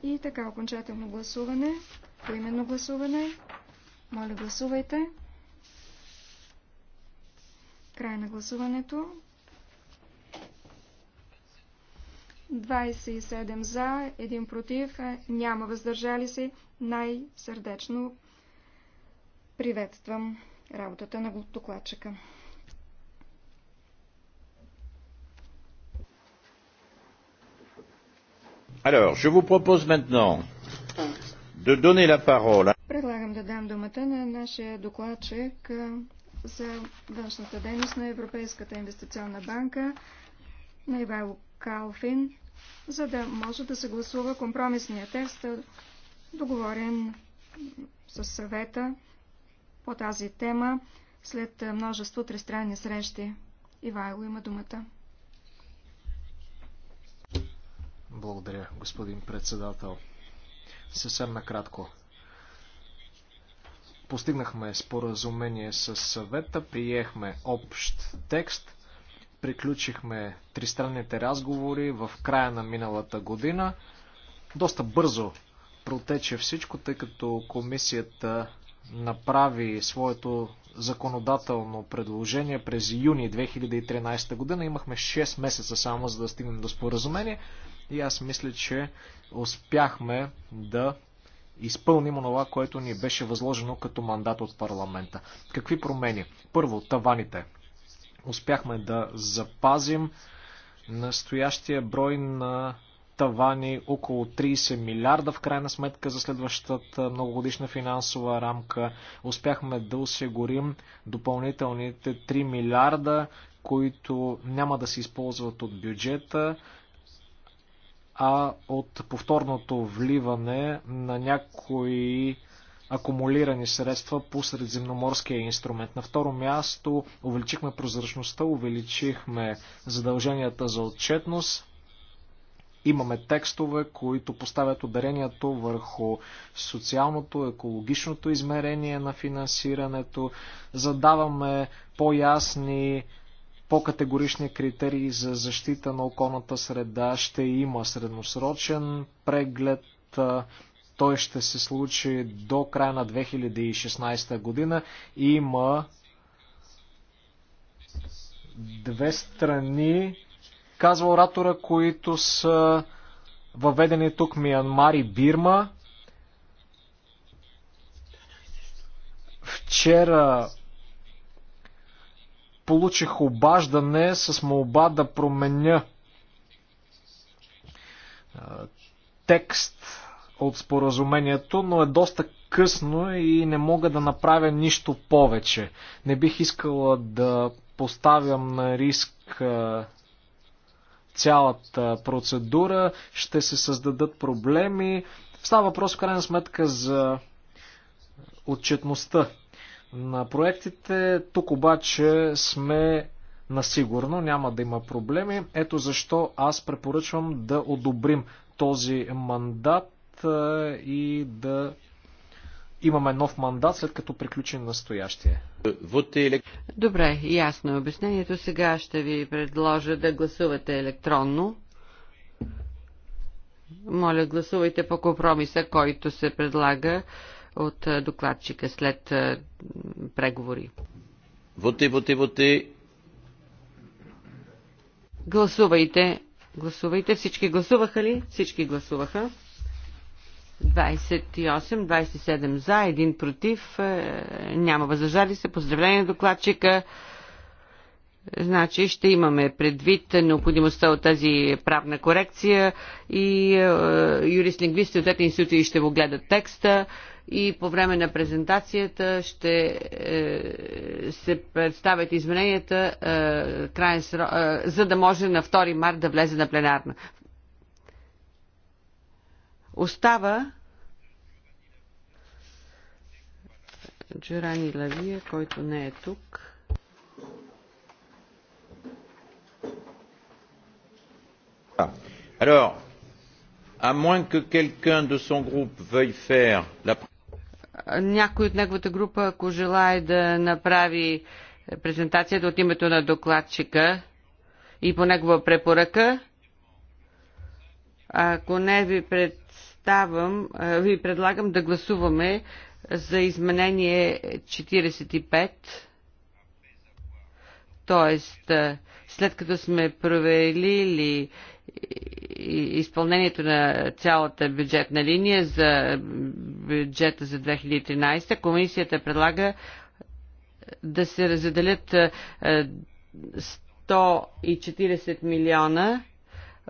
[SPEAKER 3] И така окончателно гласуване. Поименно гласуване. Моля, гласувайте. Край на гласуването. 27 за, 1 против, е, няма въздържали се. Най-сърдечно приветствам работата на докладчика.
[SPEAKER 2] Alors, je vous propose maintenant de donner la parole
[SPEAKER 3] Предлагам да дам думата на нашия докладчик за външната дейност на Европейската инвестиционна банка на Ивайло Калфин, за да може да се гласува компромисния текст, договорен с съвета по тази тема след множество тристранни срещи. Ивайло има думата.
[SPEAKER 1] Благодаря, господин председател. Съвсем накратко. Постигнахме споразумение с съвета, приехме общ текст, приключихме тристранните разговори в края на миналата година. Доста бързо протече всичко, тъй като комисията направи своето законодателно предложение през юни 2013 година. Имахме 6 месеца само за да стигнем до споразумение и аз мисля, че успяхме да изпълним онова, което ни беше възложено като мандат от парламента. Какви промени? Първо, таваните. Успяхме да запазим настоящия брой на тавани около 30 милиарда в крайна сметка за следващата многогодишна финансова рамка. Успяхме да осигурим допълнителните 3 милиарда, които няма да се използват от бюджета а от повторното вливане на някои акумулирани средства по средиземноморския инструмент. На второ място увеличихме прозрачността, увеличихме задълженията за отчетност. Имаме текстове, които поставят ударението върху социалното, екологичното измерение на финансирането. Задаваме по-ясни по-категорични критерии за защита на околната среда. Ще има средносрочен преглед. Той ще се случи до края на 2016 година. Има две страни, казва оратора, които са въведени тук Миянмар и Бирма. Вчера Получих обаждане с молба да променя текст от споразумението, но е доста късно и не мога да направя нищо повече. Не бих искала да поставям на риск цялата процедура, ще се създадат проблеми. Става въпрос в крайна сметка за отчетността на проектите. Тук обаче сме сигурно, няма да има проблеми. Ето защо аз препоръчвам да одобрим този мандат и да имаме нов мандат, след като приключим настоящия. Добре, ясно е обяснението. Сега ще ви предложа
[SPEAKER 2] да гласувате електронно. Моля, гласувайте по компромиса, който се предлага от докладчика след преговори. Воте, воти, воти. Гласувайте. Гласувайте. Всички гласуваха ли? Всички гласуваха. 28, 27 за, 1 против, е, няма възражали се. Поздравление докладчика. Значи ще имаме предвид необходимостта от тази правна корекция и е, юрист-лингвисти от тези институции ще го гледат текста и по време на презентацията ще е, се представят измененията, е, крайен срок, е, за да може на 2 март да влезе на пленарна. Остава Джорани Лавия, който не е тук. Ah. Alors, à moins que quelqu'un
[SPEAKER 1] de son groupe veuille faire la
[SPEAKER 2] някой от неговата група, ако желая да направи презентацията от името на докладчика и по негова препоръка, ако не ви представам, ви предлагам да гласуваме за изменение 45, т.е. след като сме проверили изпълнението на цялата бюджетна линия за бюджета за 2013, комисията предлага да се разделят 140 е, милиона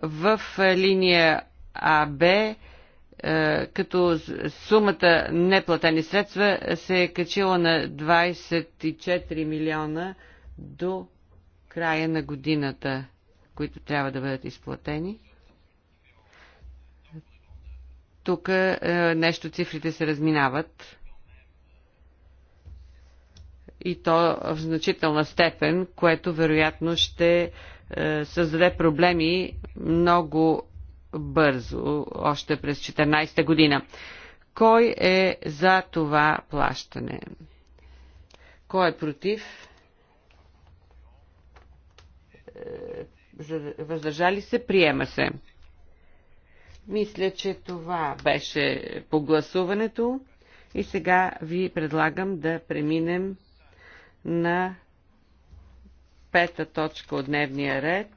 [SPEAKER 2] в линия АБ, е, като сумата неплатени средства се е качила на 24 милиона до края на годината, които трябва да бъдат изплатени. Тук е, нещо цифрите се разминават. И то в значителна степен, което вероятно ще е, създаде проблеми много бързо, още през 14-та година. Кой е за това плащане? Кой е против? Е, въздържали се? Приема се. Мисля, че това беше по гласуването и сега ви предлагам да преминем на пета точка от дневния ред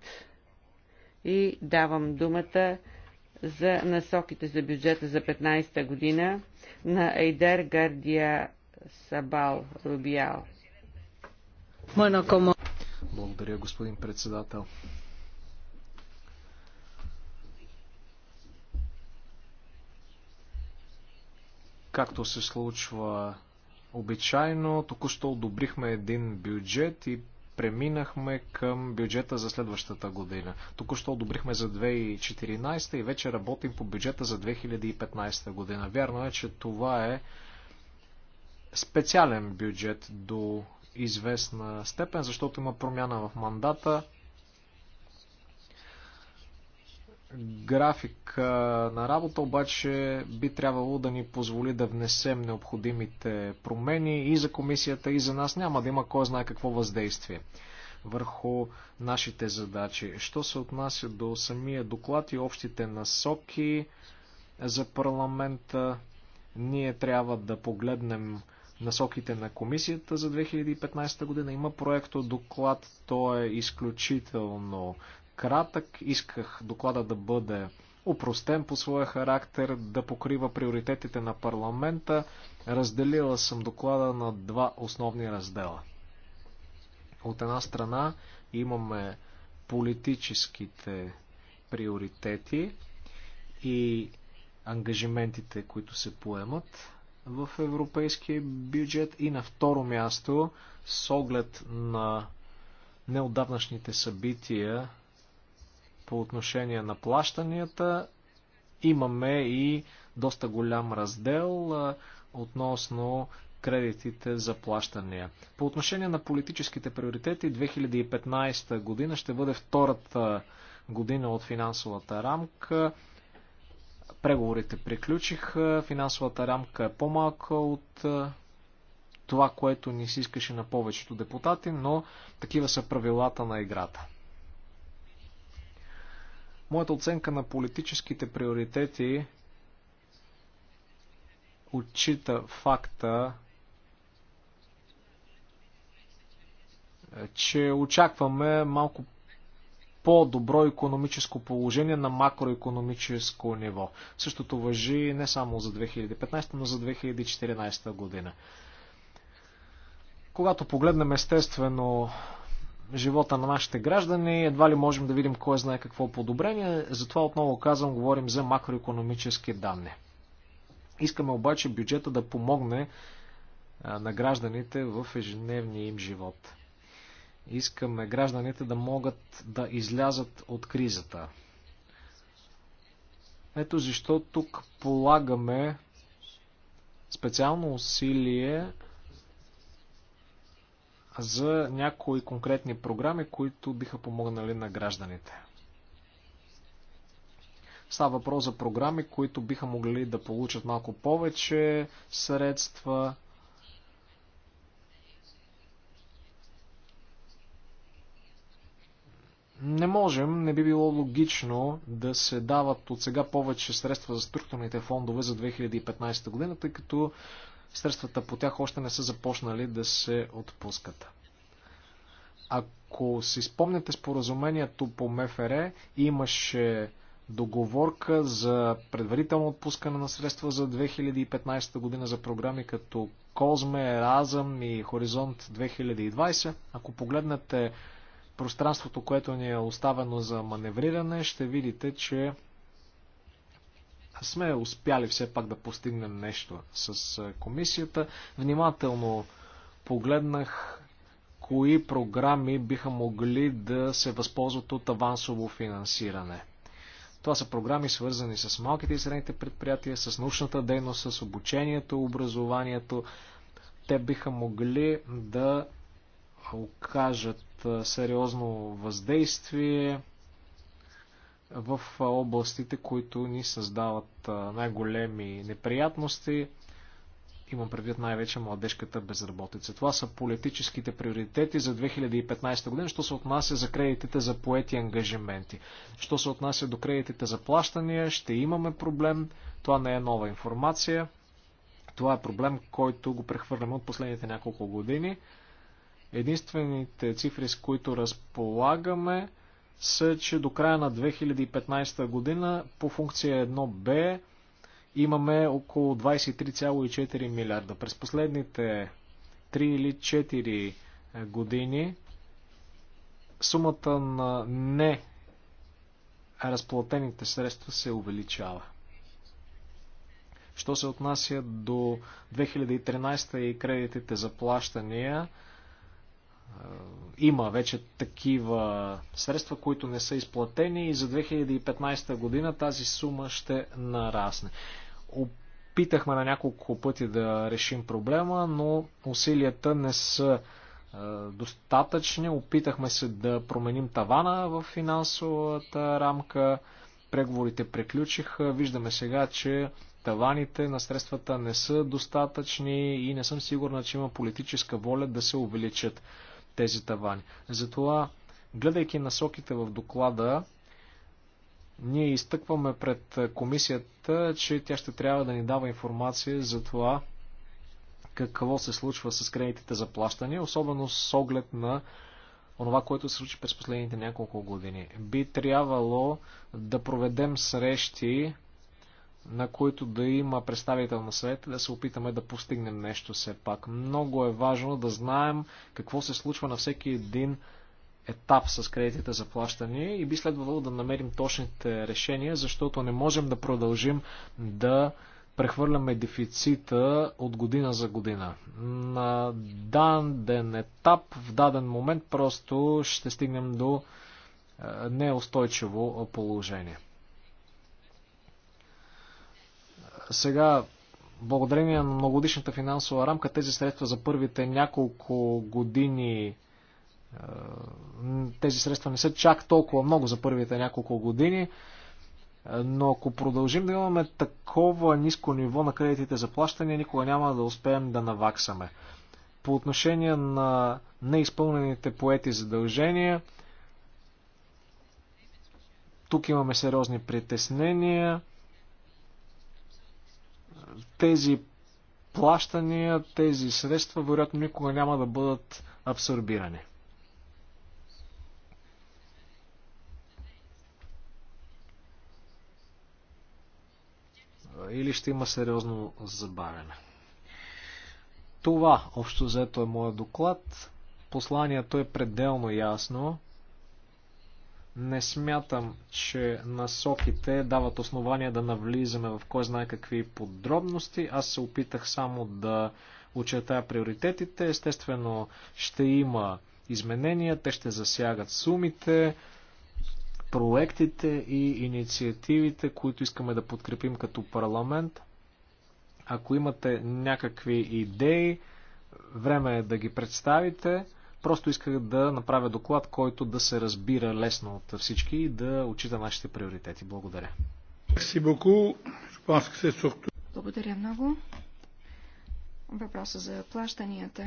[SPEAKER 2] и давам думата за насоките за бюджета за 15-та година на Ейдер Гардия Сабал Рубиал.
[SPEAKER 1] Благодаря, господин председател. както се случва обичайно. Току-що одобрихме един бюджет и преминахме към бюджета за следващата година. Току-що одобрихме за 2014 и вече работим по бюджета за 2015 година. Вярно е, че това е специален бюджет до известна степен, защото има промяна в мандата. график на работа, обаче би трябвало да ни позволи да внесем необходимите промени и за комисията, и за нас. Няма да има кой знае какво въздействие върху нашите задачи. Що се отнася до самия доклад и общите насоки за парламента, ние трябва да погледнем насоките на комисията за 2015 година. Има проекто доклад, то е изключително кратък. Исках доклада да бъде упростен по своя характер, да покрива приоритетите на парламента. Разделила съм доклада на два основни раздела. От една страна имаме политическите приоритети и ангажиментите, които се поемат в европейския бюджет и на второ място с оглед на неодавнашните събития по отношение на плащанията. Имаме и доста голям раздел относно кредитите за плащания. По отношение на политическите приоритети, 2015 година ще бъде втората година от финансовата рамка. Преговорите приключиха, финансовата рамка е по-малка от това, което ни се искаше на повечето депутати, но такива са правилата на играта. Моята оценка на политическите приоритети отчита факта, че очакваме малко по-добро економическо положение на макроекономическо ниво. Същото въжи не само за 2015, но за 2014 година. Когато погледнем естествено живота на нашите граждани. Едва ли можем да видим кой знае какво подобрение. Затова отново казвам, говорим за макроекономически данни. Искаме обаче бюджета да помогне на гражданите в ежедневния им живот. Искаме гражданите да могат да излязат от кризата. Ето защо тук полагаме специално усилие за някои конкретни програми, които биха помогнали на гражданите. Става въпрос за програми, които биха могли да получат малко повече средства. Не можем, не би било логично да се дават от сега повече средства за структурните фондове за 2015 година, тъй като средствата по тях още не са започнали да се отпускат. Ако си спомняте споразумението по МФР, имаше договорка за предварително отпускане на средства за 2015 година за програми като Козме, Еразъм и Хоризонт 2020. Ако погледнете пространството, което ни е оставено за маневриране, ще видите, че сме успяли все пак да постигнем нещо с комисията. Внимателно погледнах кои програми биха могли да се възползват от авансово финансиране. Това са програми свързани с малките и средните предприятия, с научната дейност, с обучението, образованието. Те биха могли да окажат сериозно въздействие в областите, които ни създават най-големи неприятности. Имам предвид най-вече младежката безработица. Това са политическите приоритети за 2015 година, що се отнася за кредитите за поети ангажименти. Що се отнася до кредитите за плащания, ще имаме проблем. Това не е нова информация. Това е проблем, който го прехвърляме от последните няколко години. Единствените цифри, с които разполагаме, са, че до края на 2015 година по функция 1Б имаме около 23,4 милиарда. През последните 3 или 4 е, години сумата на не разплатените средства се увеличава. Що се отнася до 2013 и кредитите за плащания, е, има вече такива средства, които не са изплатени и за 2015 година тази сума ще нарасне. Опитахме на няколко пъти да решим проблема, но усилията не са е, достатъчни. Опитахме се да променим тавана в финансовата рамка. Преговорите приключиха. Виждаме сега, че таваните на средствата не са достатъчни и не съм сигурна, че има политическа воля да се увеличат тези тавани. Затова, гледайки насоките в доклада, ние изтъкваме пред комисията, че тя ще трябва да ни дава информация за това какво се случва с кредитите за плащане, особено с оглед на онова, което се случи през последните няколко години. Би трябвало да проведем срещи на които да има представител на съвета, да се опитаме да постигнем нещо все пак. Много е важно да знаем какво се случва на всеки един етап с кредитите за плащане и би следвало да намерим точните решения, защото не можем да продължим да прехвърляме дефицита от година за година. На даден етап, в даден момент просто ще стигнем до е, неустойчиво положение. Сега, благодарение на многодишната финансова рамка, тези средства за първите няколко години е, тези средства не са чак толкова много за първите няколко години, е, но ако продължим да имаме такова ниско ниво на кредитите за плащане, никога няма да успеем да наваксаме. По отношение на неизпълнените поети задължения, тук имаме сериозни притеснения тези плащания, тези средства, вероятно никога няма да бъдат абсорбирани. Или ще има сериозно забавяне. Това общо взето е моят доклад. Посланието е пределно ясно. Не смятам, че насоките дават основания да навлизаме в кой знае какви подробности. Аз се опитах само да очертая приоритетите. Естествено, ще има изменения, те ще засягат сумите, проектите и инициативите, които искаме да подкрепим като парламент. Ако имате някакви идеи, време е да ги представите. Просто исках да направя доклад, който да се разбира лесно от всички и да отчита нашите приоритети. Благодаря. Благодаря много.
[SPEAKER 3] Въпросът за плащанията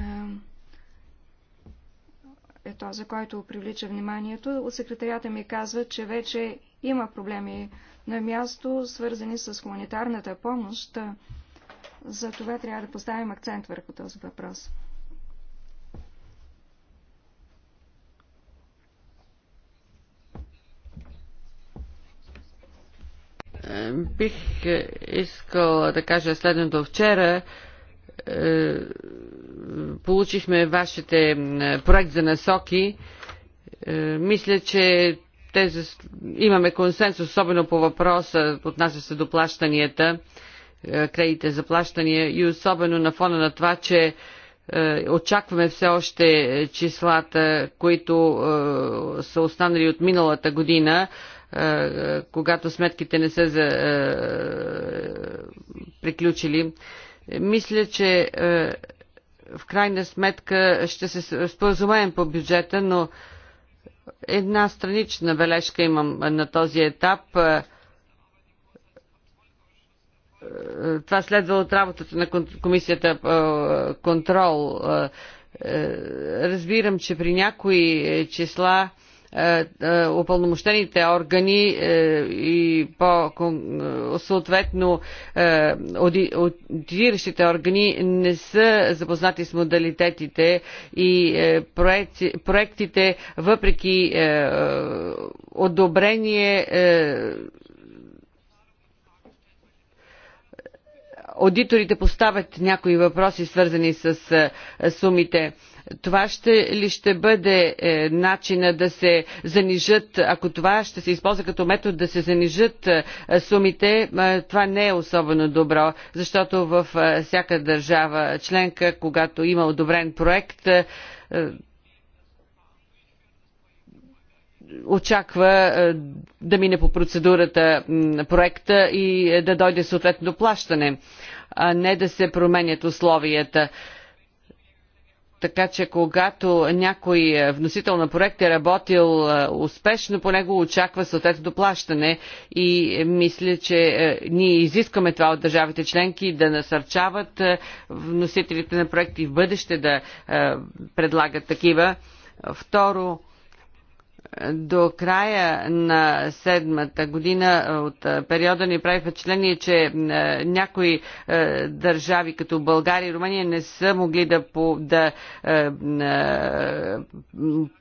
[SPEAKER 3] е този за който привлича вниманието. От секретарията ми казва, че вече има проблеми на място, свързани с хуманитарната помощ. За това трябва да поставим акцент върху този въпрос.
[SPEAKER 2] Бих е, искал да кажа следното. Вчера е, получихме вашите е, проект за насоки. Мисля, че тези, имаме консенсус, особено по въпроса, отнася се до плащанията, кредите за плащания и особено на фона на това, че очакваме все още числата, които са останали от миналата година когато сметките не са за, приключили. Мисля, че в крайна сметка ще се споразумеем по бюджета, но една странична бележка имам на този етап. Това следва от работата на комисията контрол. Разбирам, че при някои числа опълномощените е, е, органи е, и по съответно аудитиращите органи не са запознати с модалитетите и проектите, въпреки одобрение аудиторите поставят някои въпроси, свързани с сумите. Това ще ли ще бъде е, начина да се занижат, ако това ще се използва като метод да се занижат е, сумите, е, това не е особено добро, защото в е, всяка държава членка, когато има одобрен проект, е, очаква е, да мине по процедурата проекта и е, да дойде съответно плащане, а не да се променят условията. Така че когато някой е, вносител на проект е работил е, успешно, по него очаква съответно плащане и е, мисля, че ние изискаме това от държавите членки да насърчават вносителите на проекти в бъдеще да предлагат такива. Второ, до края на седмата година от периода ни прави впечатление, че някои държави като България и Румъния не са могли да, по, да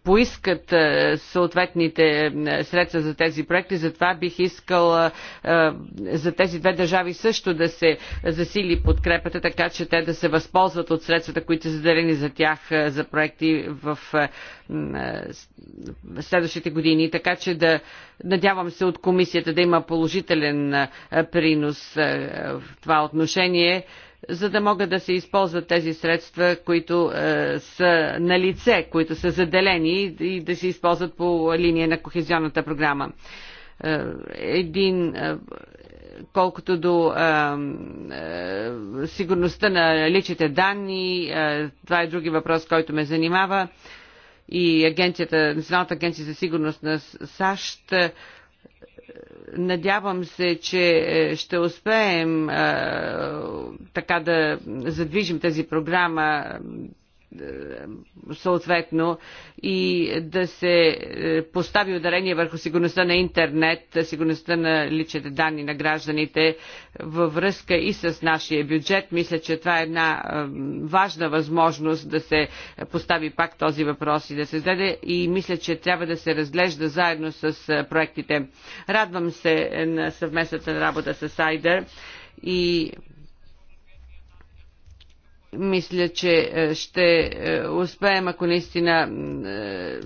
[SPEAKER 2] поискат съответните средства за тези проекти. Затова бих искал за тези две държави също да се засили подкрепата, така че те да се възползват от средствата, които са заделени за тях за проекти в след следващите години, така че да надявам се от комисията да има положителен принос в това отношение за да могат да се използват тези средства, които е, са на лице, които са заделени и да се използват по линия на кохезионната програма. Е, един, е, колкото до е, е, сигурността на личните данни, е, това е други въпрос, който ме занимава. Е, и агенцията, Националната агенция за сигурност на САЩ е, Надявам се, че е, ще успеем а, е, така да задвижим тази програма е, съответно и да се е, постави ударение върху сигурността на интернет, сигурността на личните данни на гражданите във връзка и с нашия бюджет. Мисля, че това е една е, важна възможност да се постави пак този въпрос и да се зададе и мисля, че трябва да се разглежда заедно с проектите. Радвам се на съвместната работа с Айдер и мисля, че е, ще е, успеем, ако наистина е,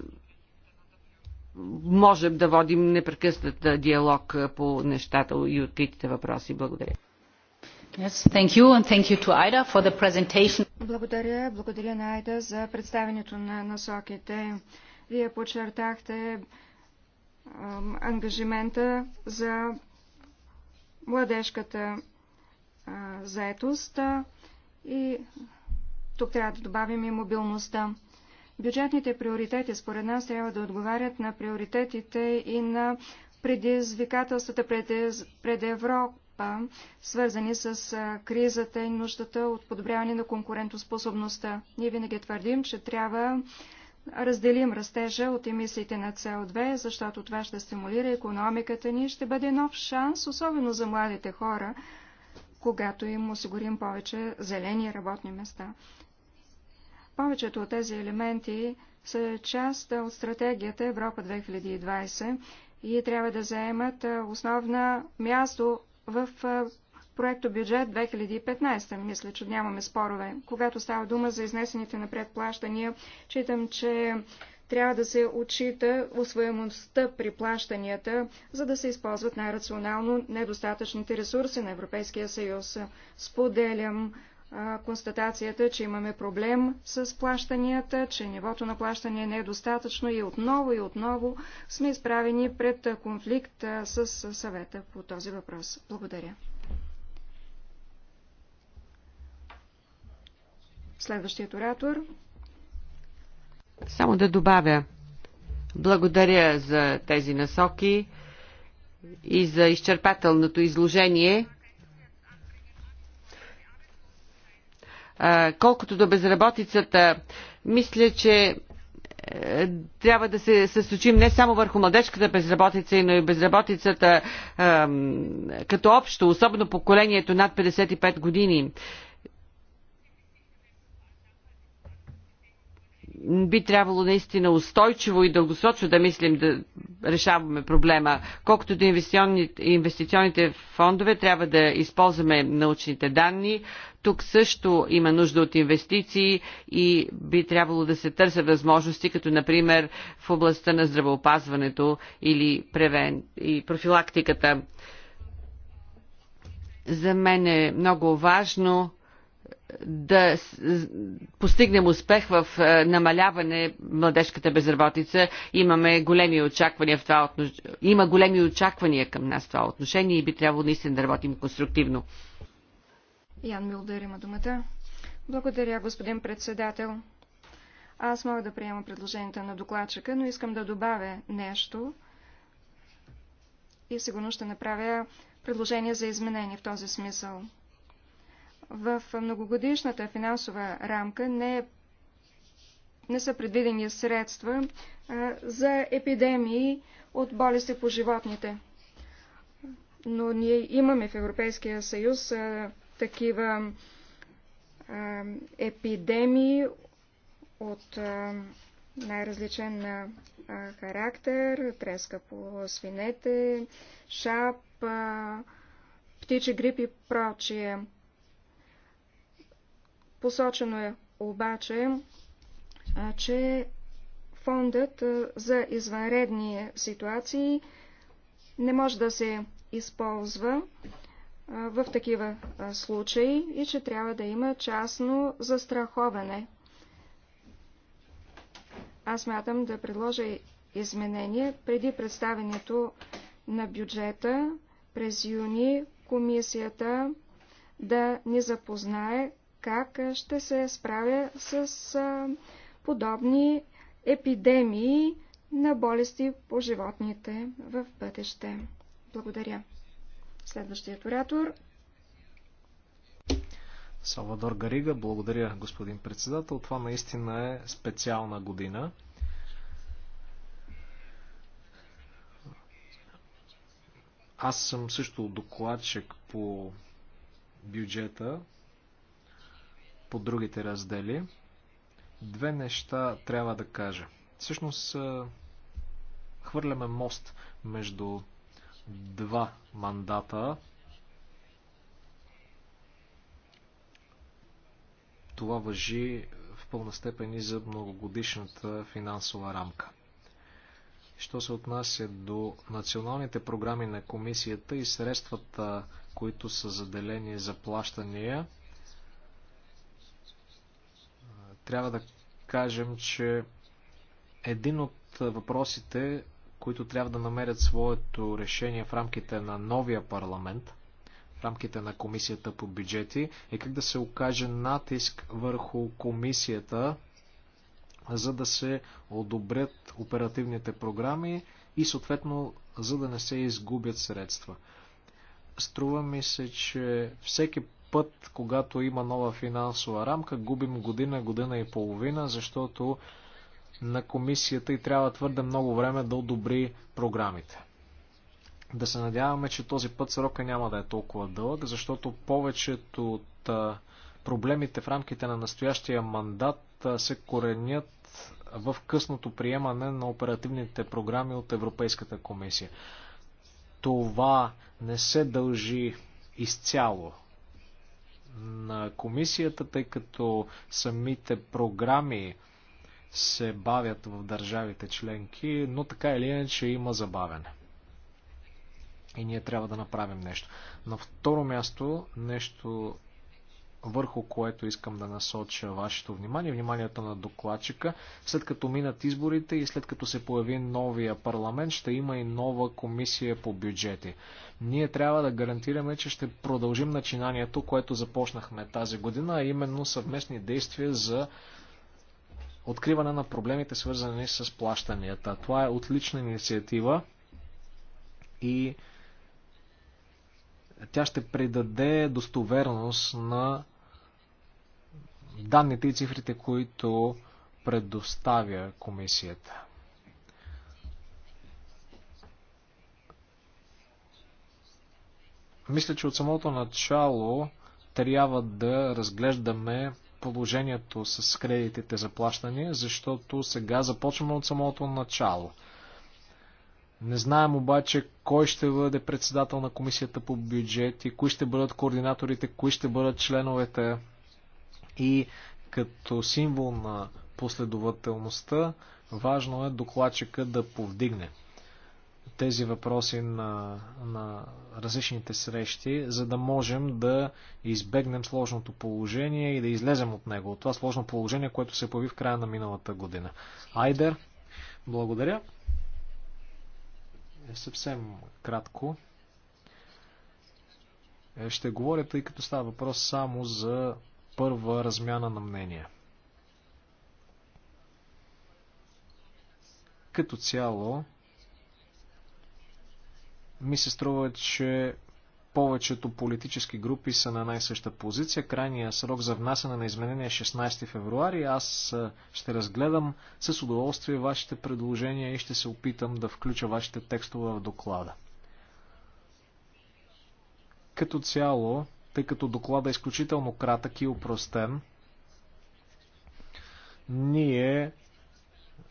[SPEAKER 2] можем да водим непрекъснат диалог по нещата и откритите въпроси. Благодаря. Yes, thank you, and thank you to Ida for the presentation.
[SPEAKER 3] Благодаря, благодаря на Айда за представянето на насоките. Вие подчертахте ангажимента за младежката заетост. И тук трябва да добавим и мобилността. Бюджетните приоритети, според нас, трябва да отговарят на приоритетите и на предизвикателствата пред, пред Европа, свързани с кризата и нуждата от подобряване на конкурентоспособността. Ние винаги твърдим, че трябва разделим растежа от емисиите на СО2, защото това ще стимулира економиката ни, ще бъде нов шанс, особено за младите хора, когато им осигурим повече зелени работни места. Повечето от тези елементи са част от стратегията Европа 2020 и трябва да заемат основна място в проекто бюджет 2015. Мисля, че нямаме спорове. Когато става дума за изнесените напред плащания, читам, че трябва да се отчита освоемостта при плащанията, за да се използват най-рационално недостатъчните ресурси на Европейския съюз. Споделям констатацията, че имаме проблем с плащанията, че нивото на плащане не е достатъчно и отново и отново сме изправени пред конфликт с съвета по този въпрос. Благодаря. Следващият оратор
[SPEAKER 2] само да добавя. Благодаря за тези насоки и за изчерпателното изложение. Колкото до безработицата, мисля, че е, трябва да се съсочим не само върху младежката безработица, но и безработицата като общо, особено поколението над 55 години. би трябвало наистина устойчиво и дългосрочно да мислим да решаваме проблема. Колкото до инвестиционните фондове, трябва да използваме научните данни. Тук също има нужда от инвестиции и би трябвало да се търсят възможности, като например в областта на здравеопазването или превен... и профилактиката. За мен е много важно да постигнем успех в е, намаляване младежката безработица. Имаме големи очаквания в това отнош... Има големи очаквания към нас в това отношение и би трябвало наистина да работим конструктивно.
[SPEAKER 3] Ян Милдер има думата. Благодаря, господин председател. Аз мога да приема предложенията на докладчика, но искам да добавя нещо и сигурно ще направя предложение за изменение в този смисъл. В многогодишната финансова рамка не, е, не са предвидени средства за епидемии от болести по животните. Но ние имаме в Европейския съюз такива епидемии от най-различен характер, треска по свинете, шап, птичи грип и прочие. Посочено е обаче, че фондът за извънредни ситуации не може да се използва в такива случаи и че трябва да има частно застраховане. Аз мятам да предложа изменение преди представенето на бюджета през юни комисията да ни запознае как ще се справя с подобни епидемии на болести по животните в бъдеще. Благодаря. Следващият оратор.
[SPEAKER 1] Салвадор Гарига, благодаря господин председател. Това наистина е специална година. Аз съм също докладчик по бюджета по другите раздели, две неща трябва да кажа. Всъщност, хвърляме мост между два мандата. Това въжи в пълна степен и за многогодишната финансова рамка. Що се отнася до националните програми на комисията и средствата, които са заделени за плащания, трябва да кажем, че един от въпросите, които трябва да намерят своето решение в рамките на новия парламент, в рамките на комисията по бюджети, е как да се окаже натиск върху комисията, за да се одобрят оперативните програми и съответно за да не се изгубят средства. Струва ми се, че всеки път, когато има нова финансова рамка, губим година, година и половина, защото на комисията и трябва твърде много време да одобри програмите. Да се надяваме, че този път срока няма да е толкова дълъг, защото повечето от проблемите в рамките на настоящия мандат се коренят в късното приемане на оперативните програми от Европейската комисия. Това не се дължи изцяло на комисията, тъй като самите програми се бавят в държавите членки, но така или иначе има забавяне. И ние трябва да направим нещо. На второ място, нещо, върху което искам да насоча вашето внимание, вниманието на докладчика. След като минат изборите и след като се появи новия парламент, ще има и нова комисия по бюджети. Ние трябва да гарантираме, че ще продължим начинанието, което започнахме тази година, а именно съвместни действия за откриване на проблемите, свързани с плащанията. Това е отлична инициатива и тя ще придаде достоверност на данните и цифрите, които предоставя комисията. Мисля, че от самото начало трябва да разглеждаме положението с кредитите за плащане, защото сега започваме от самото начало. Не знаем обаче кой ще бъде председател на комисията по бюджет и кои ще бъдат координаторите, кои ще бъдат членовете и като символ на последователността важно е докладчика да повдигне тези въпроси на, на различните срещи, за да можем да избегнем сложното положение и да излезем от него, от това сложно положение, което се появи в края на миналата година. Айдер, благодаря. Е съвсем кратко. Е, ще говоря, тъй като става въпрос само за първа размяна на мнения. Като цяло, ми се струва, че повечето политически групи са на най-съща позиция. Крайния срок за внасяне на изменения е 16 февруари. Аз ще разгледам с удоволствие вашите предложения и ще се опитам да включа вашите текстове в доклада. Като цяло, тъй като доклада е изключително кратък и упростен. Ние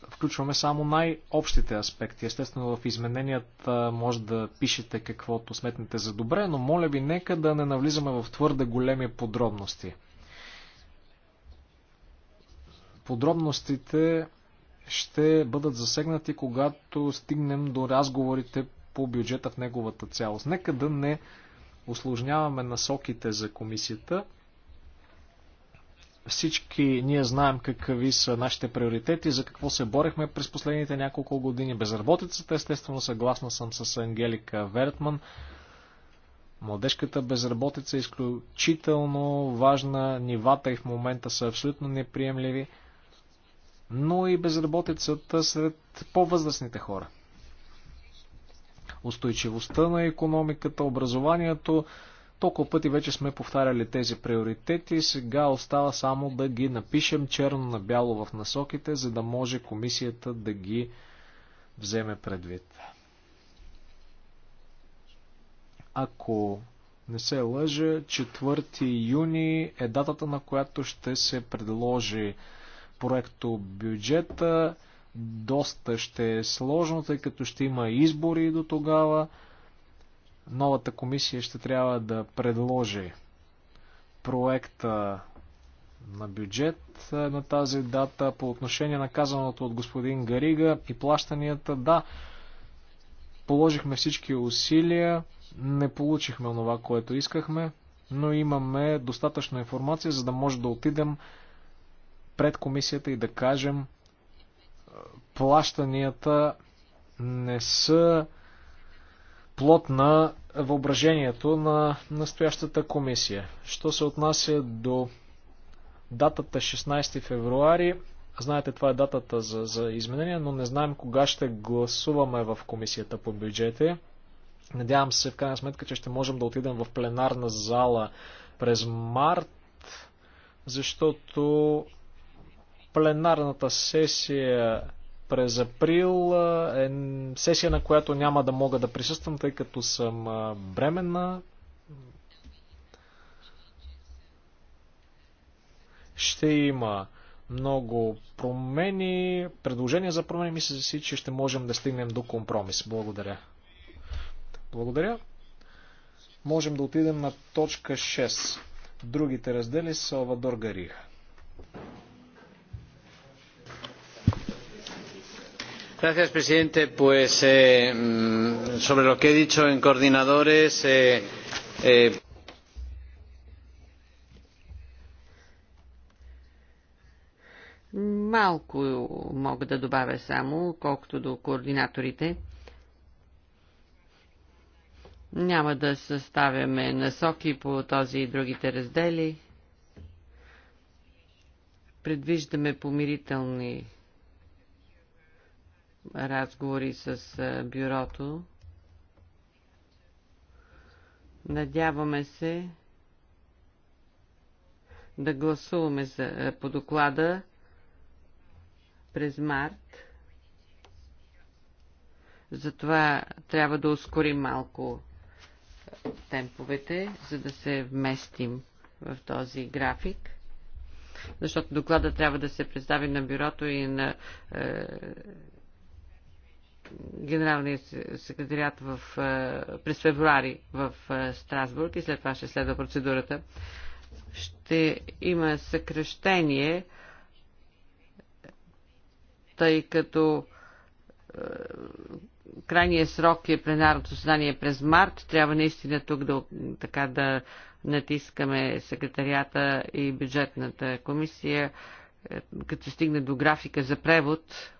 [SPEAKER 1] включваме само най-общите аспекти. Естествено, в измененията може да пишете каквото сметнете за добре, но моля ви, нека да не навлизаме в твърде големи подробности. Подробностите ще бъдат засегнати, когато стигнем до разговорите по бюджета в неговата цялост. Нека да не осложняваме насоките за комисията. Всички ние знаем какви са нашите приоритети, за какво се борехме през последните няколко години. Безработицата, естествено, съгласна съм с Ангелика Вертман. Младежката безработица е изключително важна, нивата и в момента са абсолютно неприемливи, но и безработицата сред по-възрастните хора – устойчивостта на економиката, образованието. Толкова пъти вече сме повтаряли тези приоритети, сега остава само да ги напишем черно на бяло в насоките, за да може комисията да ги вземе предвид. Ако не се лъжа, 4 юни е датата, на която ще се предложи проекто бюджета доста ще е сложно, тъй като ще има избори до тогава. Новата комисия ще трябва да предложи проекта на бюджет е, на тази дата по отношение на казаното от господин Гарига и плащанията. Да, положихме всички усилия, не получихме това, което искахме, но имаме достатъчно информация, за да може да отидем пред комисията и да кажем плащанията не са плод на въображението на настоящата комисия. Що се отнася до датата 16 февруари, знаете това е датата за, за изменение, но не знаем кога ще гласуваме в комисията по бюджети. Надявам се в крайна сметка, че ще можем да отидем в пленарна зала през март, защото пленарната сесия през април е сесия, на която няма да мога да присъствам, тъй като съм бременна. Ще има много промени, предложения за промени. Мисля си, че ще можем да стигнем до компромис. Благодаря. Благодаря. Можем да отидем на точка 6. Другите раздели са Салвадор Гариха. señor presidente eh, mm, sobre lo que he dicho en coordinadores eh, eh,
[SPEAKER 2] Малко мога да добавя само, колкото до координаторите. Няма да съставяме насоки по този и другите раздели. Предвиждаме помирителни разговори с бюрото. Надяваме се да гласуваме за, по доклада през март. Затова трябва да ускорим малко темповете, за да се вместим в този график. Защото доклада трябва да се представи на бюрото и на е, генералния секретариат в, е, през февруари в е, Страсбург и след това ще следва процедурата. Ще има съкръщение, тъй като е, крайният срок е пленарното съзнание през март. Трябва наистина тук да, така да натискаме секретарията и бюджетната комисия, като стигне до графика за превод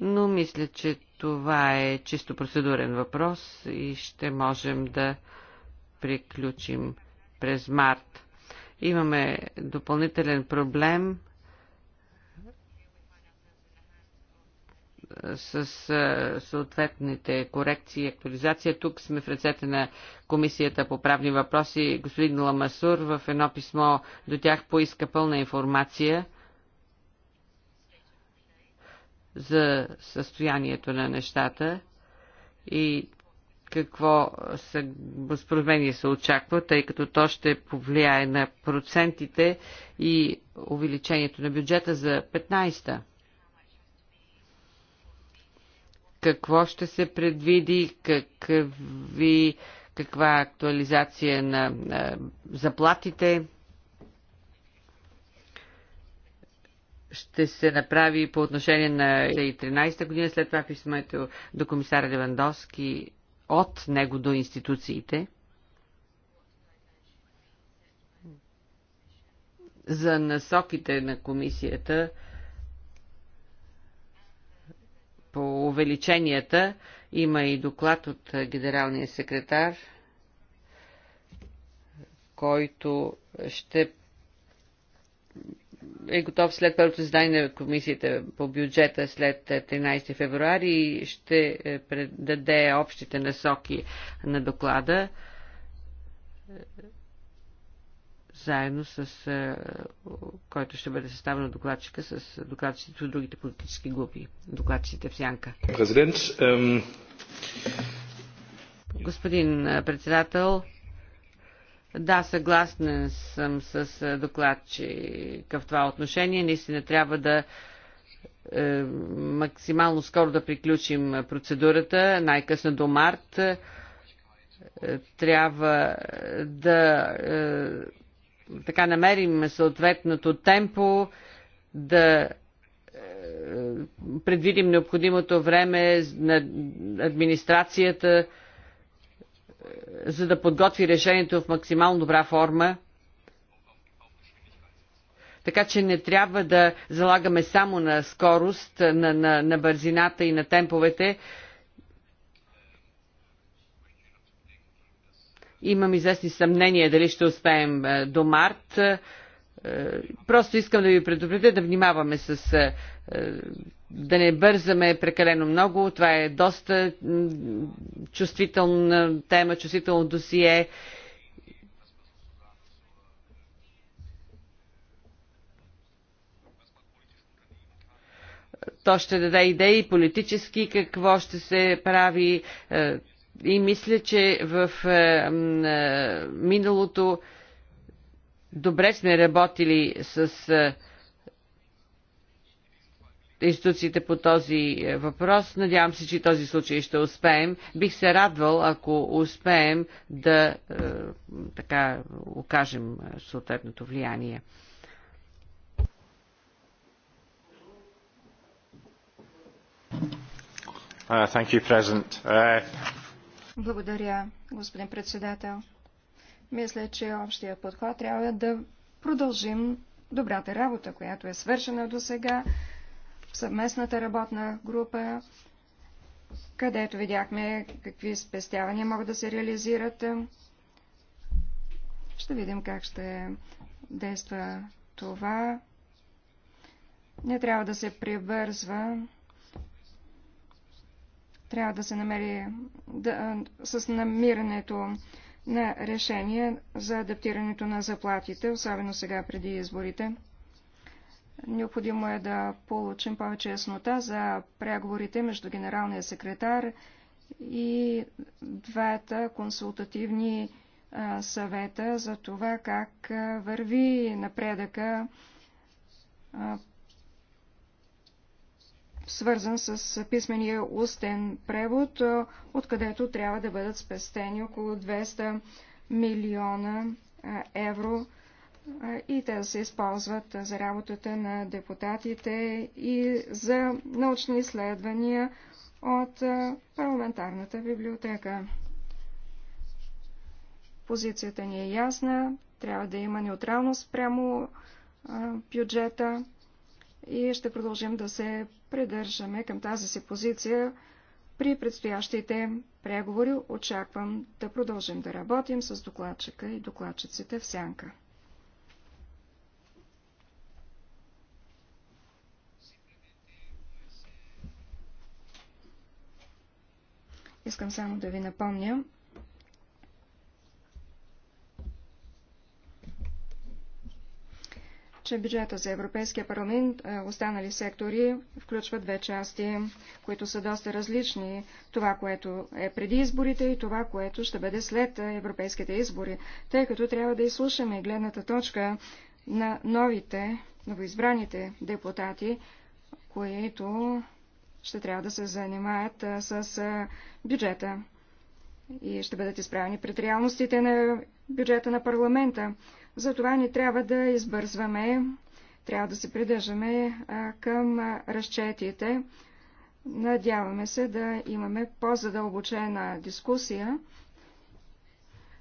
[SPEAKER 2] но мисля, че това е чисто процедурен въпрос и ще можем да приключим през март. Имаме допълнителен проблем с съответните корекции и актуализация. Тук сме в ръцете на Комисията по правни въпроси. Господин Ламасур в едно писмо до тях поиска пълна информация – за състоянието на нещата и какво споразумение се очаква, тъй като то ще повлияе на процентите и увеличението на бюджета за 15-та. Какво ще се предвиди, какви, каква актуализация на, на заплатите, ще се направи по отношение на 2013 година, след това писмето до комисара Левандовски от него до институциите. За насоките на комисията по увеличенията има и доклад от генералния секретар, който ще е готов след първото задание на комисията по бюджета след 13 е, февруари и ще е, предаде общите насоки на доклада е, заедно с който ще бъде съставен докладчика с докладчиците от другите политически групи, докладчиците в Сянка.
[SPEAKER 1] Президент, ем...
[SPEAKER 2] Господин председател, да, съгласен съм с е, докладчика в това отношение. Наистина трябва да е, максимално скоро да приключим процедурата, най-късно до март. Е, трябва да е, така намерим съответното темпо, да е, предвидим необходимото време на администрацията, за да подготви решението в максимално добра форма. Така че не трябва да залагаме само на скорост, на, на, на бързината и на темповете. Имам известни съмнения дали ще успеем е, до март. Е, просто искам да ви предупредя да внимаваме с е, да не бързаме прекалено много. Това е доста чувствителна тема, чувствително досие. То ще даде идеи политически какво ще се прави. Е, и мисля, че в е, е, миналото добре сме работили с институциите по този е, въпрос. Надявам се, че този случай ще успеем. Бих се радвал, ако успеем да е, така окажем е, съответното влияние.
[SPEAKER 1] Uh, thank you, President. Uh...
[SPEAKER 3] Благодаря, господин председател. Мисля, че общия подход трябва да продължим добрата работа, която е свършена до сега съвместната работна група, където видяхме какви спестявания могат да се реализират. Ще видим как ще действа това. Не трябва да се прибързва. Трябва да се намери да, с намирането на решение за адаптирането на заплатите, особено сега преди изборите. Необходимо е да получим повече яснота за преговорите между генералния секретар и двата консултативни съвета за това как върви напредъка свързан с писмения устен превод, откъдето трябва да бъдат спестени около 200 милиона евро и те се използват за работата на депутатите и за научни изследвания от парламентарната библиотека. Позицията ни е ясна, трябва да има неутралност прямо бюджета и ще продължим да се придържаме към тази си позиция при предстоящите преговори. Очаквам да продължим да работим с докладчика и докладчиците в сянка. Искам само да ви напомня, че бюджета за Европейския парламент останали сектори включват две части, които са доста различни. Това, което е преди изборите и това, което ще бъде след европейските избори, тъй като трябва да изслушаме гледната точка на новите, новоизбраните депутати, които ще трябва да се занимаят с бюджета и ще бъдат изправени пред реалностите на бюджета на парламента. Затова ни трябва да избързваме, трябва да се придържаме към разчетите. Надяваме се да имаме по-задълбочена дискусия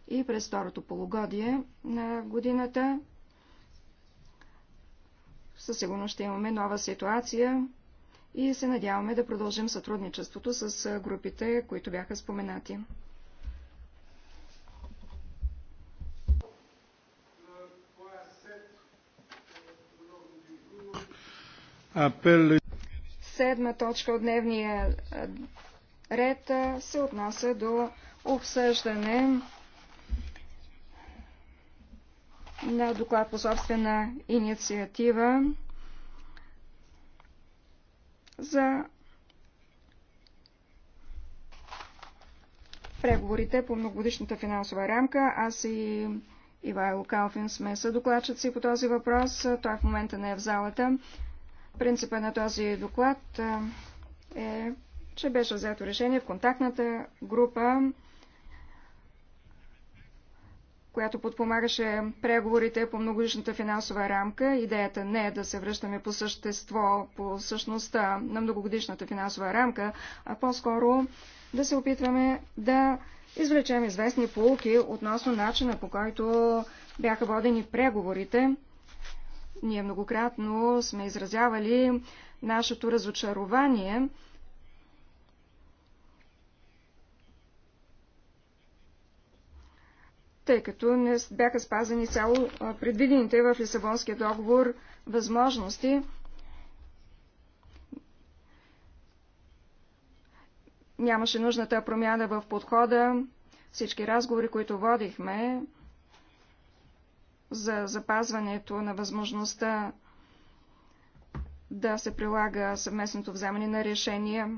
[SPEAKER 3] и през второто полугодие на годината със сигурност ще имаме нова ситуация и се надяваме да продължим сътрудничеството с групите, които бяха споменати. Седма точка от дневния ред се отнася до обсъждане на доклад по собствена инициатива за преговорите по многогодишната финансова рамка. Аз и Ивайло Калфин сме съдокладчици по този въпрос. Той в момента не е в залата. Принципа на този доклад е, че беше взето решение в контактната група която подпомагаше преговорите по многогодишната финансова рамка. Идеята не е да се връщаме по същество, по същността на многогодишната финансова рамка, а по-скоро да се опитваме да извлечем известни полуки относно начина по който бяха водени преговорите. Ние многократно сме изразявали нашето разочарование тъй като не бяха спазени цяло предвидените в Лисабонския договор възможности. Нямаше нужната промяна в подхода. Всички разговори, които водихме за запазването на възможността да се прилага съвместното вземане на решения,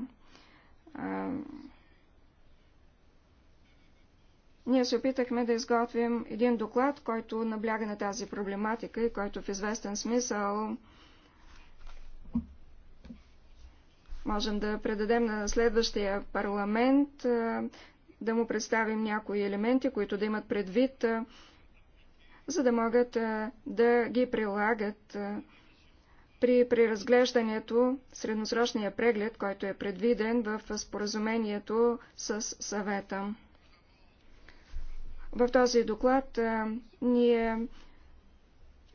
[SPEAKER 3] ние се опитахме да изготвим един доклад, който набляга на тази проблематика и който в известен смисъл можем да предадем на следващия парламент, да му представим някои елементи, които да имат предвид, за да могат да ги прилагат при преразглеждането, средносрочния преглед, който е предвиден в споразумението с съвета. В този доклад а, ние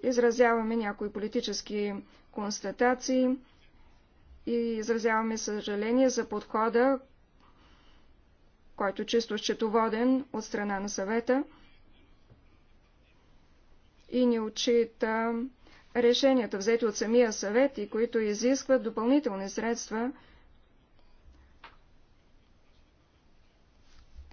[SPEAKER 3] изразяваме някои политически констатации и изразяваме съжаление за подхода, който чисто счетоводен от страна на съвета и ни отчита решенията, взети от самия съвет и които изискват допълнителни средства –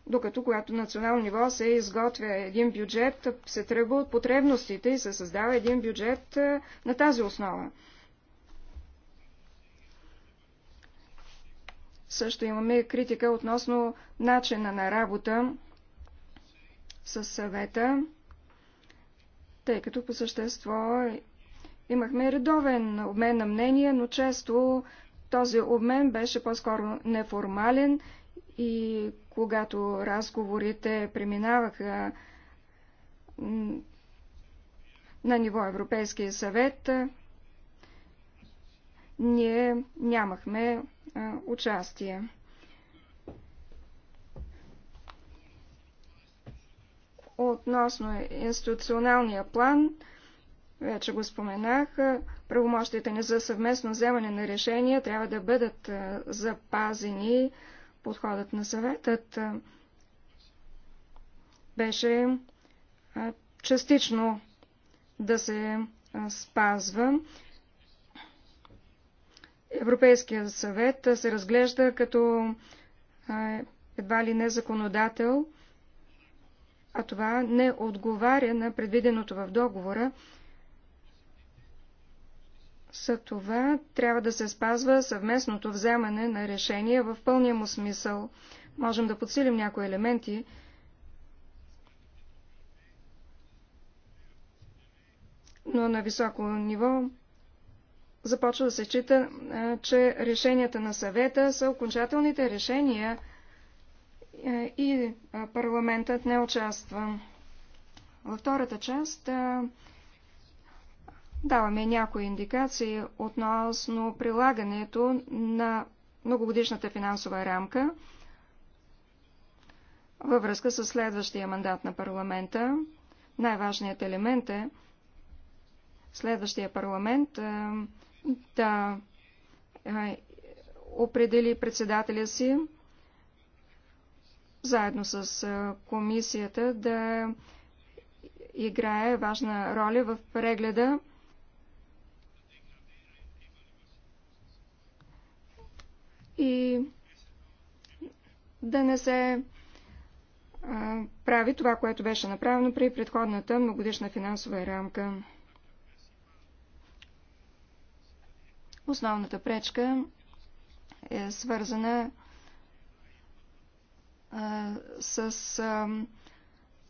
[SPEAKER 3] Докато когато на национално ниво се изготвя един бюджет, се тръгва от потребностите и се създава един бюджет е, на тази основа. Също имаме критика относно начина на работа с съвета, тъй като по същество имахме редовен обмен на мнения, но често този обмен беше по-скоро неформален и когато разговорите преминаваха на ниво Европейския съвет, ние нямахме участие. Относно институционалния план, вече го споменах, правомощите ни за съвместно вземане на решения трябва да бъдат запазени, Подходът на съветът беше частично да се спазва. Европейския съвет се разглежда като едва ли не законодател, а това не отговаря на предвиденото в договора за това трябва да се спазва съвместното вземане на решения в пълния му смисъл. Можем да подсилим някои елементи, но на високо ниво започва да се чита, че решенията на съвета са окончателните решения и парламентът не участва. Във втората част Даваме някои индикации относно прилагането на многогодишната финансова рамка във връзка с следващия мандат на парламента. Най-важният елемент е следващия парламент е, да е, определи председателя си заедно с е, комисията да играе важна роля в прегледа и да не се а, прави това, което беше направено при предходната многодишна финансова рамка. Основната пречка е свързана а, с а,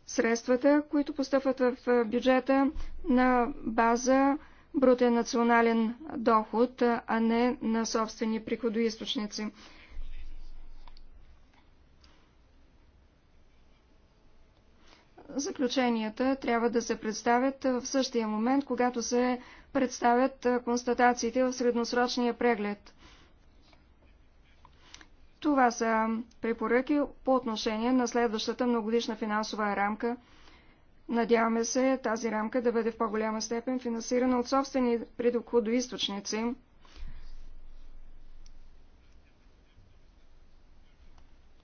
[SPEAKER 3] средствата, които постъпват в бюджета на база брутен национален доход, а не на собствени приходоисточници. Заключенията трябва да се представят в същия момент, когато се представят констатациите в средносрочния преглед. Това са препоръки по отношение на следващата многодишна финансова рамка – Надяваме се тази рамка да бъде в по-голяма степен финансирана от собствени предоходоисточници.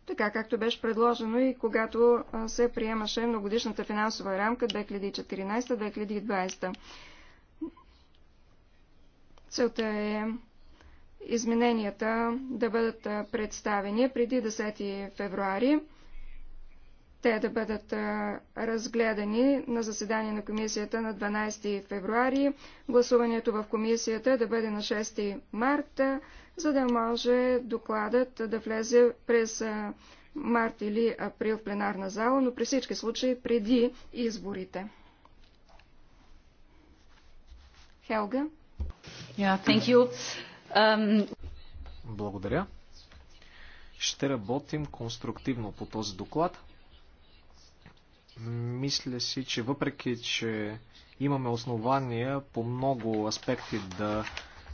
[SPEAKER 3] Така както беше предложено и когато се приемаше многодишната финансова рамка 2014-2020. Целта е измененията да бъдат представени преди 10 февруари те да бъдат разгледани на заседание на комисията на 12 февруари, гласуването в комисията да бъде на 6 марта, за да може докладът да влезе през март или април в пленарна зала, но при всички случаи преди изборите. Хелга?
[SPEAKER 2] Yeah, thank you. Um...
[SPEAKER 1] Благодаря. Ще работим конструктивно по този доклад. Мисля си, че въпреки, че имаме основания по много аспекти да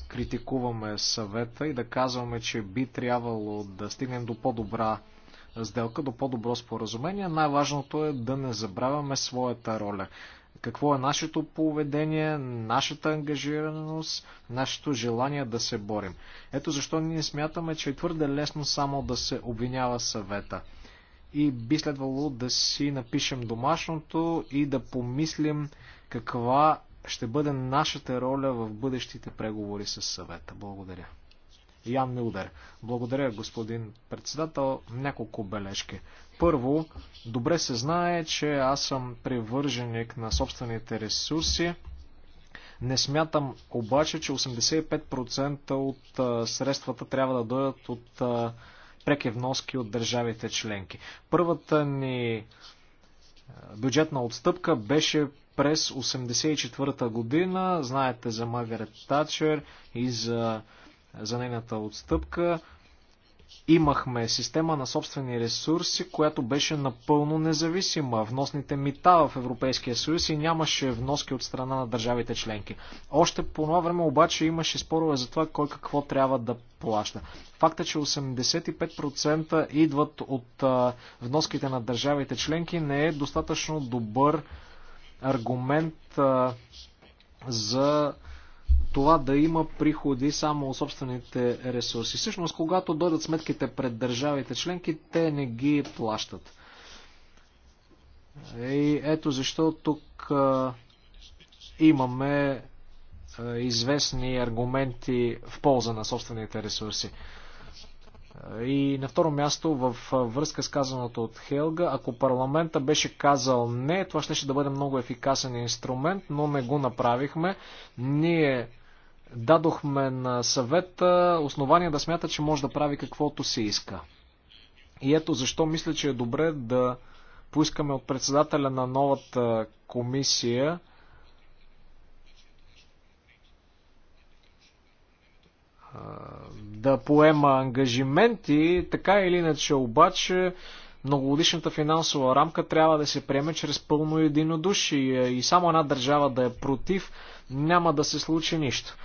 [SPEAKER 1] критикуваме съвета и да казваме, че би трябвало да стигнем до по-добра сделка, до по-добро споразумение, най-важното е да не забравяме своята роля. Какво е нашето поведение, нашата ангажираност, нашето желание да се борим. Ето защо ние смятаме, че е твърде лесно само да се обвинява съвета и би следвало да си напишем домашното и да помислим каква ще бъде нашата роля в бъдещите преговори с съвета. Благодаря. Ян Милдер. Благодаря, господин председател. Няколко бележки. Първо, добре се знае, че аз съм привърженик на собствените ресурси. Не смятам обаче, че 85% от средствата трябва да дойдат от преки вноски от държавите членки. Първата ни е, бюджетна отстъпка беше през 1984 година. Знаете за Маргарет Тачер и за, за нейната отстъпка имахме система на собствени ресурси, която беше напълно независима. Вносните мита в Европейския съюз и нямаше вноски от страна на държавите членки. Още по това време обаче имаше спорове за това кой какво трябва да плаща. Факта, че 85% идват от а, вноските на държавите членки не е достатъчно добър аргумент а, за това да има приходи само от собствените ресурси. Всъщност, когато дойдат сметките пред държавите членки, те не ги плащат. И ето защо тук а, имаме а, известни аргументи в полза на собствените ресурси. И на второ място, в връзка с казаното от Хелга, ако парламента беше казал не, това ще, да бъде много ефикасен инструмент, но не го направихме. Ние дадохме на съвета основания да смята, че може да прави каквото се иска. И ето защо мисля, че е добре да поискаме от председателя на новата комисия да поема ангажименти, така или иначе обаче многогодишната финансова рамка трябва да се приеме чрез пълно единодушие и само една държава да е против, няма да се случи нищо.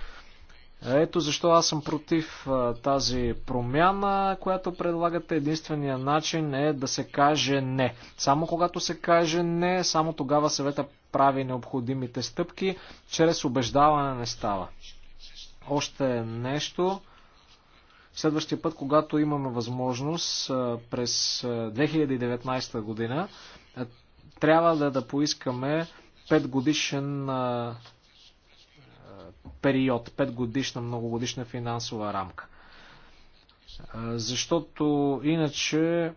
[SPEAKER 1] Ето защо аз съм против тази промяна, която предлагате. Единствения начин е да се каже не. Само когато се каже не, само тогава съвета прави необходимите стъпки, чрез убеждаване не става. Още нещо. Следващия път, когато имаме възможност през 2019 година, трябва да, да поискаме 5 годишен период, 5 годишна, многогодишна финансова рамка. Защото иначе,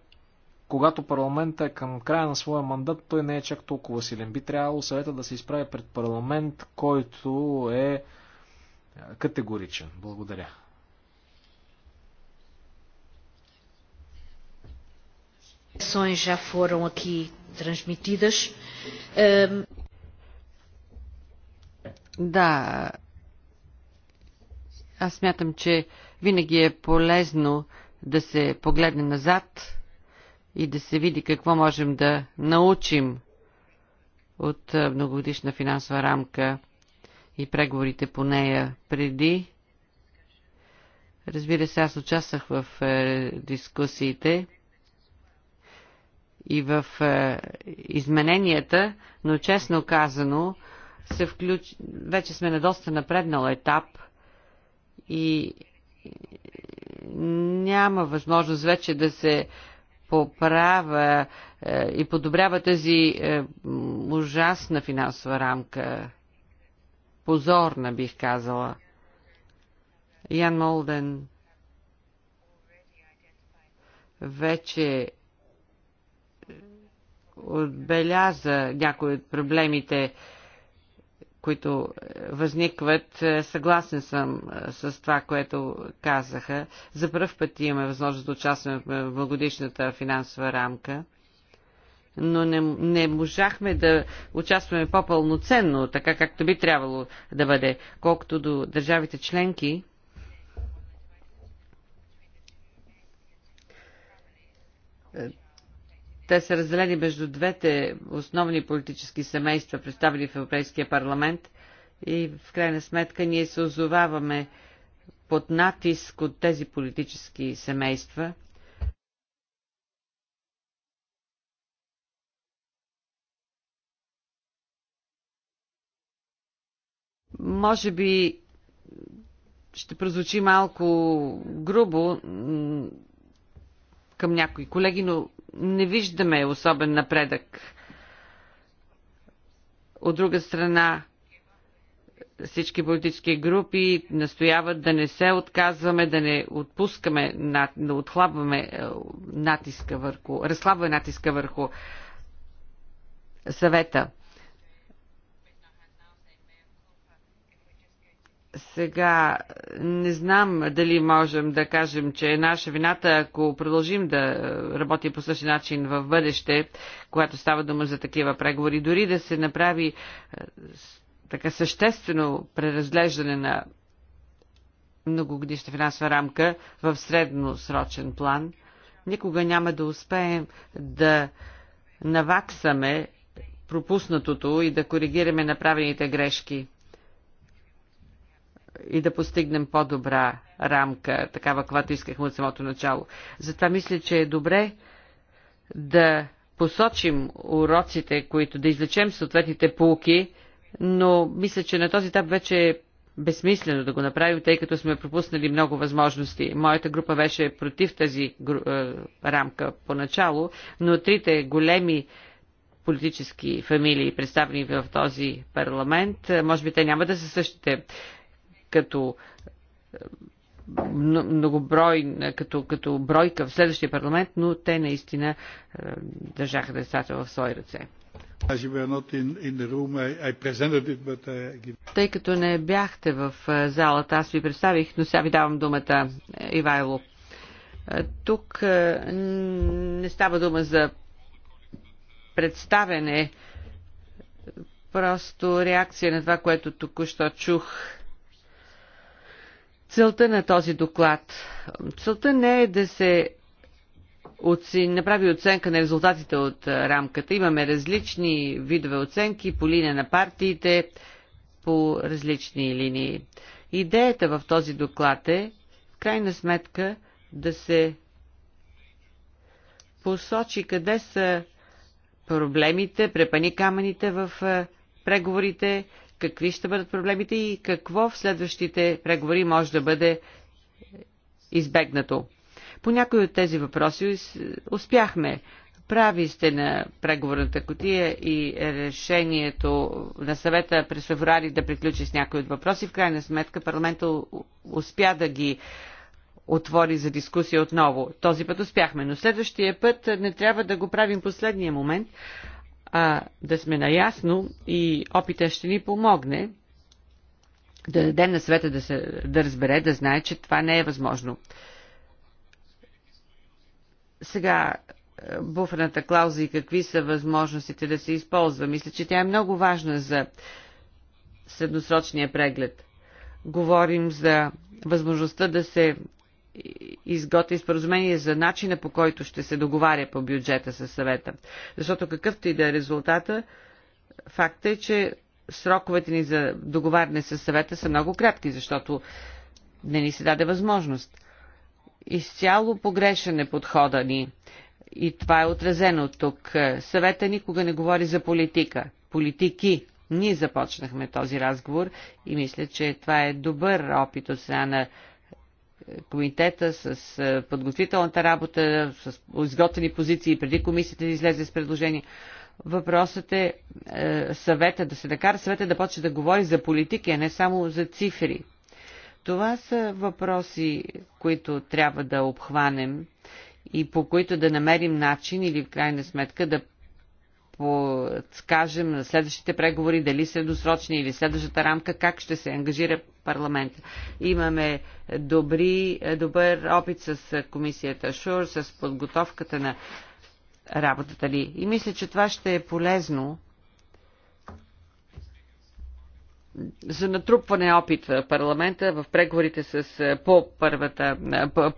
[SPEAKER 1] когато парламента е към края на своя мандат, той не е чак толкова силен. Би трябвало съвета да се изправи пред парламент, който е категоричен. Благодаря.
[SPEAKER 2] já foram aqui transmitidas. Да, аз смятам, че винаги е полезно да се погледне назад и да се види какво можем да научим от многогодишна финансова рамка и преговорите по нея преди. Разбира се, аз участвах в дискусиите и в е, измененията, но честно казано, се включ... вече сме на доста напреднал етап и няма възможност вече да се поправя е, и подобрява тази е, ужасна финансова рамка. Позорна, бих казала. Ян Молден вече отбеляза някои от проблемите, които възникват. Съгласен съм с това, което казаха. За първ път имаме възможност да участваме в благодишната финансова рамка, но не, не можахме да участваме по-пълноценно, така както би трябвало да бъде. Колкото до държавите членки, те са разделени между двете основни политически семейства, представени в Европейския парламент и в крайна сметка ние се озоваваме под натиск от тези политически семейства. Може би ще прозвучи малко грубо към някои колеги, но не виждаме особен напредък. От друга страна, всички политически групи настояват да не се отказваме, да не отпускаме, да отхлабваме е, натиска върху, разхлабваме натиска върху съвета. Сега не знам дали можем да кажем, че е наша вината, ако продължим да е, работим по същия начин в бъдеще, когато става дума за такива преговори, дори да се направи е, така съществено преразглеждане на многогодишна финансова рамка в средносрочен план, никога няма да успеем да наваксаме пропуснатото и да коригираме направените грешки и да постигнем по-добра рамка, такава, каквато искахме от самото начало. Затова мисля, че е добре да посочим уроците, които да излечем съответните полки, но мисля, че на този етап вече е безсмислено да го направим, тъй като сме пропуснали много възможности. Моята група беше против тази е, рамка поначало, но трите големи политически фамилии, представени в този парламент, е, може би те няма да са същите като многоброй, като, като бройка в следващия парламент, но те наистина е, държаха децата в свои ръце. Тъй като не бяхте в е, залата, аз ви представих, но сега ви давам думата, е, Ивайло. Тук не става дума за представене, просто реакция на това, което току-що чух целта на този доклад? Целта не е да се оци... направи оценка на резултатите от рамката. Имаме различни видове оценки по линия на партиите, по различни линии. Идеята в този доклад е, в крайна сметка, да се посочи къде са проблемите, препани камъните в преговорите какви ще бъдат проблемите и какво в следващите преговори може да бъде избегнато. По някои от тези въпроси успяхме. Прави сте на преговорната котия и решението на съвета през феврари да приключи с някои от въпроси. В крайна сметка парламентът успя да ги отвори за дискусия отново. Този път успяхме, но следващия път не трябва да го правим последния момент, а да сме наясно и опита ще ни помогне да дадем на света да, се, да разбере, да знае, че това не е възможно. Сега, е, буферната клауза и какви са възможностите да се използва. Мисля, че тя е много важна за средносрочния преглед. Говорим за възможността да се изготви споразумение за начина по който ще се договаря по бюджета със съвета. Защото какъвто и да е резултата, факта е, че сроковете ни за договаряне със съвета са много кратки, защото не ни се даде възможност. Изцяло погрешен е подхода ни. И това е отразено тук. Съвета никога не говори за политика. Политики. Ние започнахме този разговор и мисля, че това е добър опит от страна на комитета, с подготвителната работа, с изготвени позиции преди комисията да излезе с предложение. Въпросът е, съвета да се накара съвета да почне да говори за политики, а не само за цифри. Това са въпроси, които трябва да обхванем и по които да намерим начин или в крайна сметка да подскажем на следващите преговори, дали средосрочни или следващата рамка, как ще се ангажира парламент. Имаме добри, добър опит с комисията ШУР, с подготовката на работата ли. И мисля, че това ще е полезно за натрупване опит в парламента в преговорите с по първата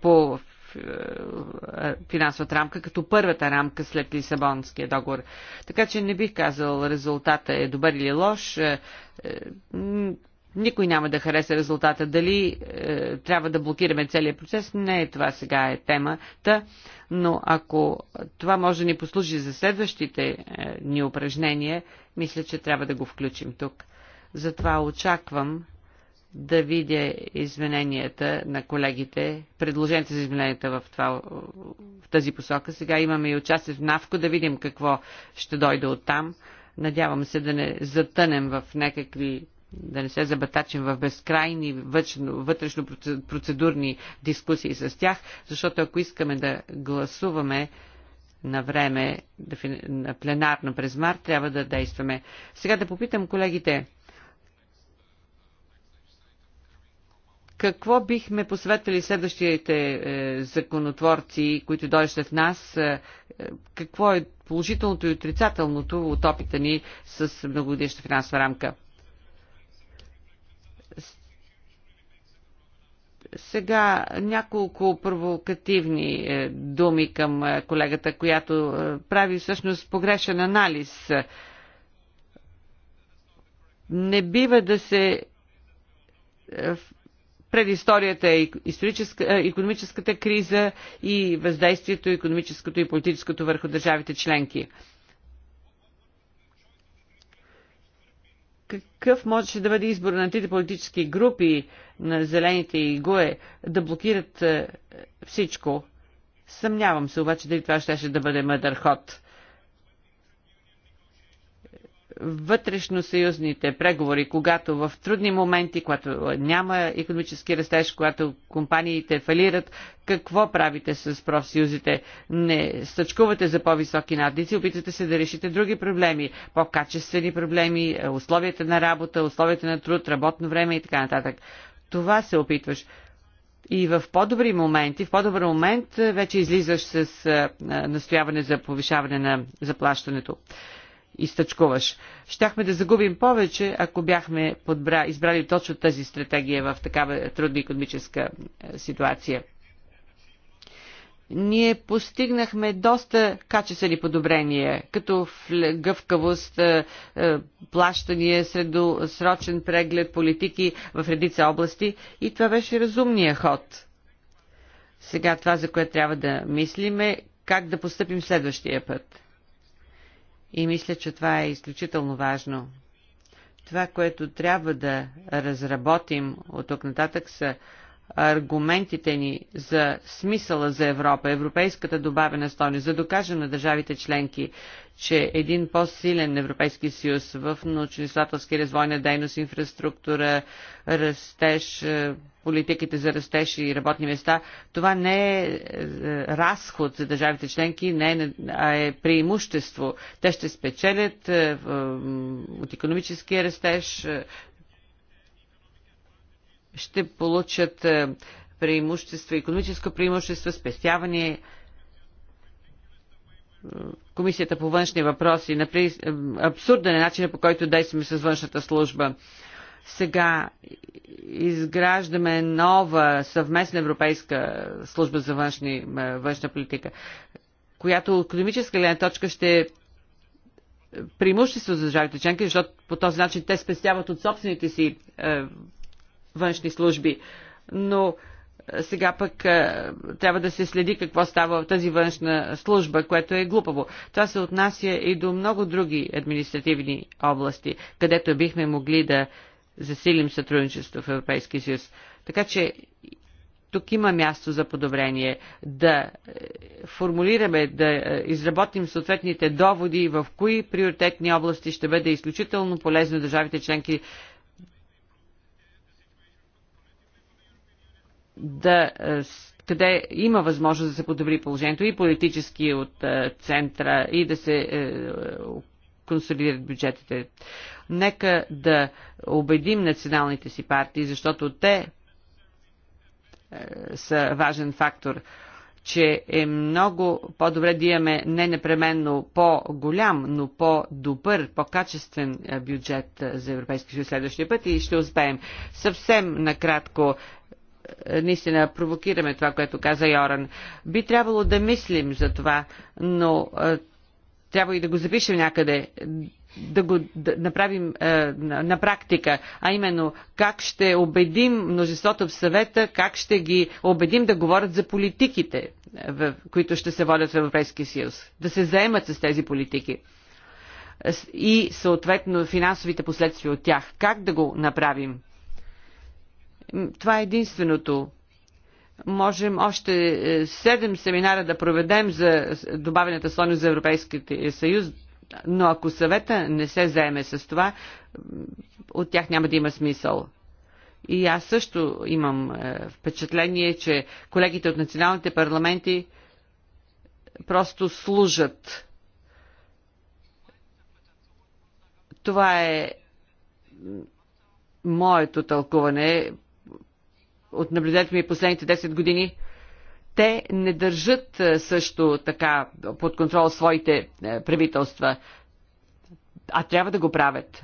[SPEAKER 2] по е, финансовата рамка като първата рамка след Лисабонския договор. Така че не бих казал резултата е добър или лош. Е, е, никой няма да хареса резултата. Дали е, трябва да блокираме целият процес, не е това сега е темата, но ако това може да ни послужи за следващите е, ни упражнения, мисля, че трябва да го включим тук. Затова очаквам да видя измененията на колегите, предложенията за измененията в, това, в тази посока. Сега имаме и участие в Навко, да видим какво ще дойде от там. Надявам се да не затънем в някакви да не се забатачим в безкрайни вътрешно процедурни дискусии с тях, защото ако искаме да гласуваме на време на пленарно през март, трябва да действаме. Сега да попитам колегите, Какво бихме посветвали следващите е, законотворци, които дойдат след нас? Е, е, какво е положителното и отрицателното от опита ни с многогодишна финансова рамка? Сега няколко провокативни е, думи към е, колегата, която е, прави всъщност погрешен анализ. Не бива да се е, предисторията е економическата криза и въздействието економическото и политическото върху държавите членки. Какъв можеше да бъде избор на трите политически групи на Зелените и ГУЕ да блокират е, всичко? Съмнявам се обаче дали това щеше да бъде мъдър ход вътрешносъюзните преговори, когато в трудни моменти, когато няма економически растеж, когато компаниите фалират, какво правите с профсъюзите? Не стъчкувате за по-високи надници, опитвате се да решите други проблеми, по-качествени проблеми, условията на работа, условията на труд, работно време и така нататък. Това се опитваш. И в по-добри моменти, в по-добър момент вече излизаш с настояване за повишаване на заплащането изтъчкуваш. Щяхме да загубим повече, ако бяхме подбра, избрали точно тази стратегия в такава трудна економическа е, ситуация. Ние постигнахме доста качествени подобрения, като гъвкавост, е, е, плащания, средосрочен преглед, политики в редица области и това беше разумния ход. Сега това, за което трябва да мислиме, как да поступим следващия път. И мисля, че това е изключително важно. Това, което трябва да разработим от тук нататък са аргументите ни за смисъла за Европа, европейската добавена стойност, за да докажем на държавите членки, че един по-силен Европейски съюз в научно-изследователски развойна дейност, инфраструктура, растеж, е, политиките за растеж и работни места, това не е, е разход за държавите членки, не е, а е преимущество. Те ще спечелят е, от економическия растеж, ще получат е, преимущество, економическо преимущество, спестяване. Е, Комисията по външни въпроси, например, абсурден е начин, по който действаме с външната служба. Сега изграждаме нова съвместна европейска служба за външни, е, външна политика, която от економическа гледна точка ще е преимущество за държавите членки, защото по този начин те спестяват от собствените си външни служби. Но сега пък трябва да се следи какво става в тази външна служба, което е глупаво. Това се отнася и до много други административни области, където бихме могли да засилим сътрудничество в Европейския съюз. Така че тук има място за подобрение, да е, формулираме, да е, изработим съответните доводи в кои приоритетни области ще бъде изключително полезно държавите членки да, е, къде има възможност да се подобри положението и политически от е, центра и да се е, консолидират бюджетите. Нека да убедим националните си партии, защото те са важен фактор че е много по-добре да имаме не непременно по-голям, но по-добър, по-качествен бюджет за Европейския съюз следващия път и ще успеем. Съвсем накратко наистина провокираме това, което каза Йоран. Би трябвало да мислим за това, но трябва и да го запишем някъде, да го да направим а, на, на практика, а именно как ще убедим множеството в съвета, как ще ги убедим да говорят за политиките, в, които ще се водят в Европейския съюз, да се заемат с тези политики и съответно финансовите последствия от тях. Как да го направим? Това е единственото. Можем още е, седем семинара да проведем за добавената стойност за Европейския съюз, но ако съвета не се заеме с това, от тях няма да има смисъл. И аз също имам е, впечатление, че колегите от националните парламенти просто служат. Това е моето тълкуване от наблюдението ми последните 10 години, те не държат е, също така под контрол своите е, правителства, а трябва да го правят.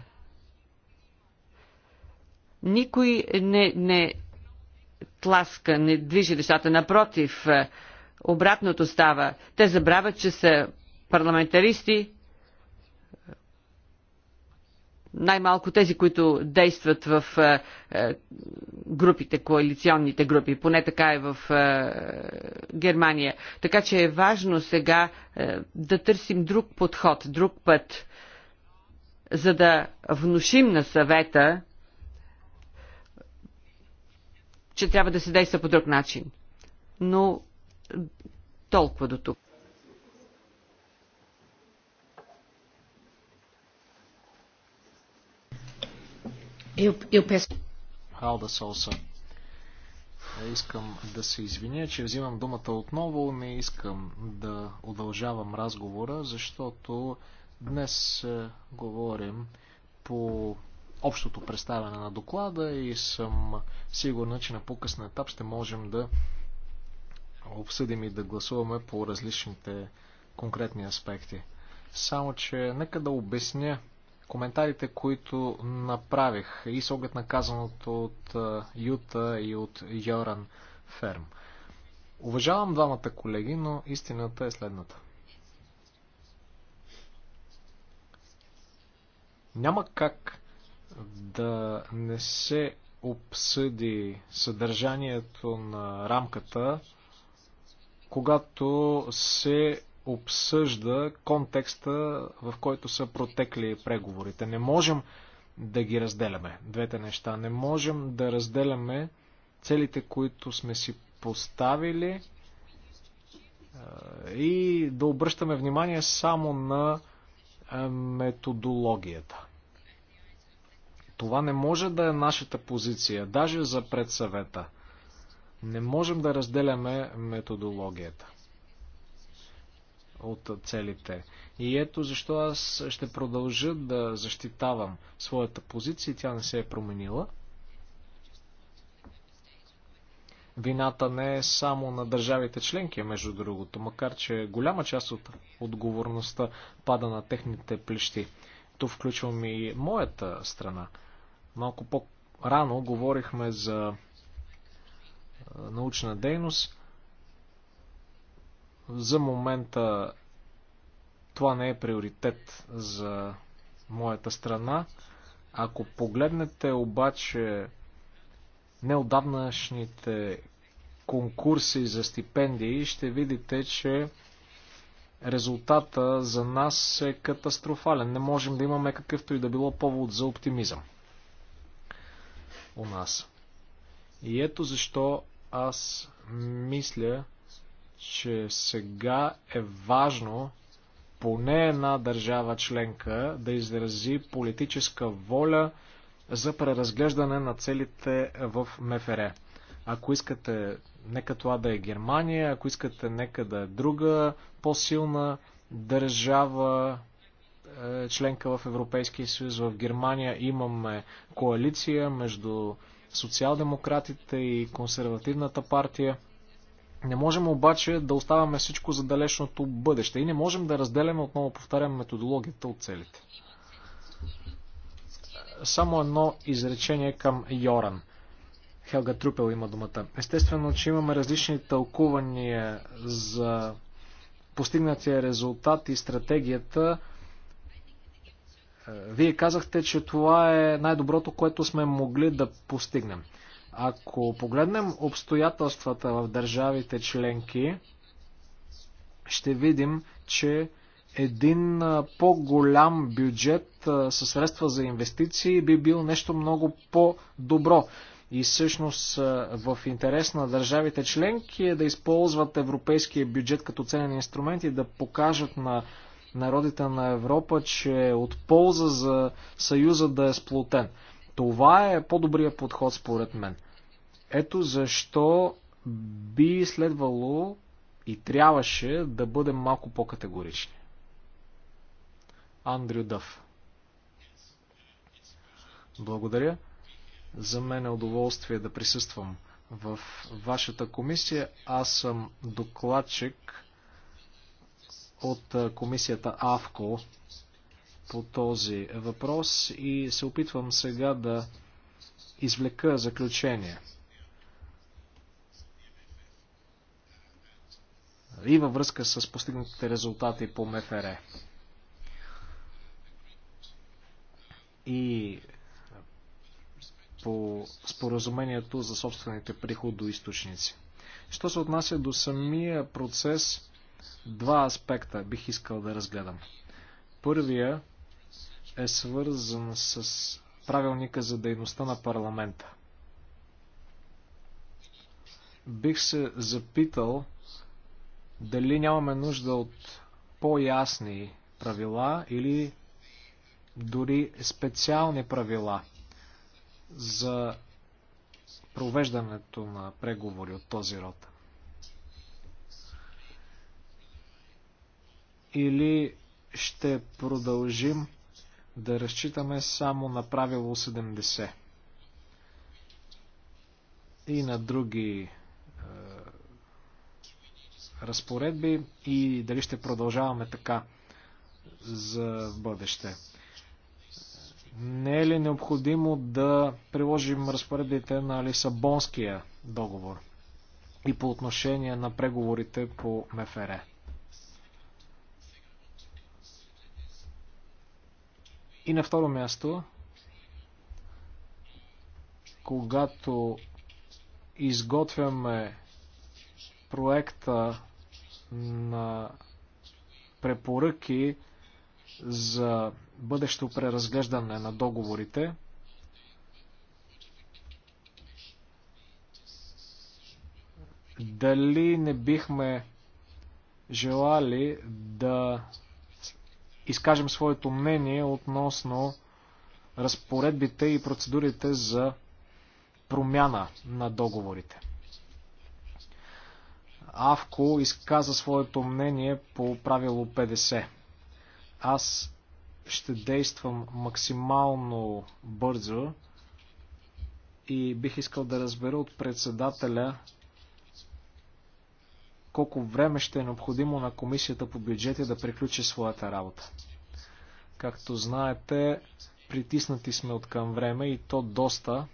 [SPEAKER 2] Никой не, не тласка, не движи нещата. Напротив, е, обратното става. Те забравят, че са парламентаристи, най-малко тези, които действат в е, е, групите, коалиционните групи, поне така е в е, Германия. Така че е важно сега да търсим друг подход, друг път, за да внушим на съвета, че трябва да се действа по друг начин. Но толкова до тук. Eu, eu peço...
[SPEAKER 1] Халда Солса. Е, искам да се извиня, че взимам думата отново. Не искам да удължавам разговора, защото днес е, говорим по общото представяне на доклада и съм сигурна, че на по-късен етап ще можем да обсъдим и да гласуваме по различните конкретни аспекти. Само, че нека да обясня коментарите, които направих и с оглед на казаното от Юта и от Йоран Ферм. Уважавам двамата колеги, но истината е следната. Няма как да не се обсъди съдържанието на рамката, когато се обсъжда контекста, в който са протекли преговорите. Не можем да ги разделяме, двете неща. Не можем да разделяме целите, които сме си поставили и да обръщаме внимание само на методологията. Това не може да е нашата позиция, даже за предсъвета. Не можем да разделяме методологията от целите. И ето защо аз ще продължа да защитавам своята позиция, тя не се е променила. Вината не е само на държавите членки, между другото, макар че голяма част от отговорността пада на техните плещи. То включвам и моята страна. Малко по-рано говорихме за научна дейност. За момента това не е приоритет за моята страна. Ако погледнете обаче неодавнашните конкурси за стипендии, ще видите, че резултата за нас е катастрофален. Не можем да имаме какъвто и да било повод за оптимизъм у нас. И ето защо аз мисля, че сега е важно поне една държава членка да изрази политическа воля за преразглеждане на целите в МФР. Ако искате, нека това да е Германия, ако искате, нека да е друга по-силна държава, е, членка в Европейския съюз. В Германия имаме коалиция между социал-демократите и консервативната партия. Не можем обаче да оставяме всичко за далечното бъдеще и не можем да разделяме, отново повтарям, методологията от целите. Само едно изречение към Йоран. Хелга Трупел има думата. Естествено, че имаме различни тълкувания за постигнатия резултат и стратегията. Вие казахте, че това е най-доброто, което сме могли да постигнем. Ако погледнем обстоятелствата в държавите членки, ще видим, че един по-голям бюджет със средства за инвестиции би бил нещо много по-добро. И всъщност в интерес на държавите членки е да използват европейския бюджет като ценен инструмент и да покажат на народите на Европа, че е от полза за Съюза да е сплотен. Това е по-добрият подход според мен. Ето защо би следвало и трябваше да бъдем малко по-категорични. Андрю Дъв. Благодаря. За мен е удоволствие да присъствам в вашата комисия. Аз съм докладчик от комисията АВКО по този въпрос и се опитвам сега да извлека заключение и във връзка с постигнатите резултати по МФР. И по споразумението за собствените приходоисточници. Що се отнася до самия процес, два аспекта бих искал да разгледам. Първия е свързан с правилника за дейността на парламента. Бих се запитал дали нямаме нужда от по-ясни правила или дори специални правила за провеждането на преговори от този род. Или ще продължим да разчитаме само на правило 70 и на други разпоредби и дали ще продължаваме така за бъдеще. Не е ли необходимо да приложим разпоредбите на Лисабонския договор и по отношение на преговорите по МФР? И на второ място, когато изготвяме проекта на препоръки за бъдещо преразглеждане на договорите. Дали не бихме желали да изкажем своето мнение относно разпоредбите и процедурите за промяна на договорите? Авко изказа своето мнение по правило 50. Аз ще действам максимално бързо и бих искал да разбера от председателя колко време ще е необходимо на комисията по бюджети да приключи своята работа. Както знаете, притиснати сме от към време и то доста.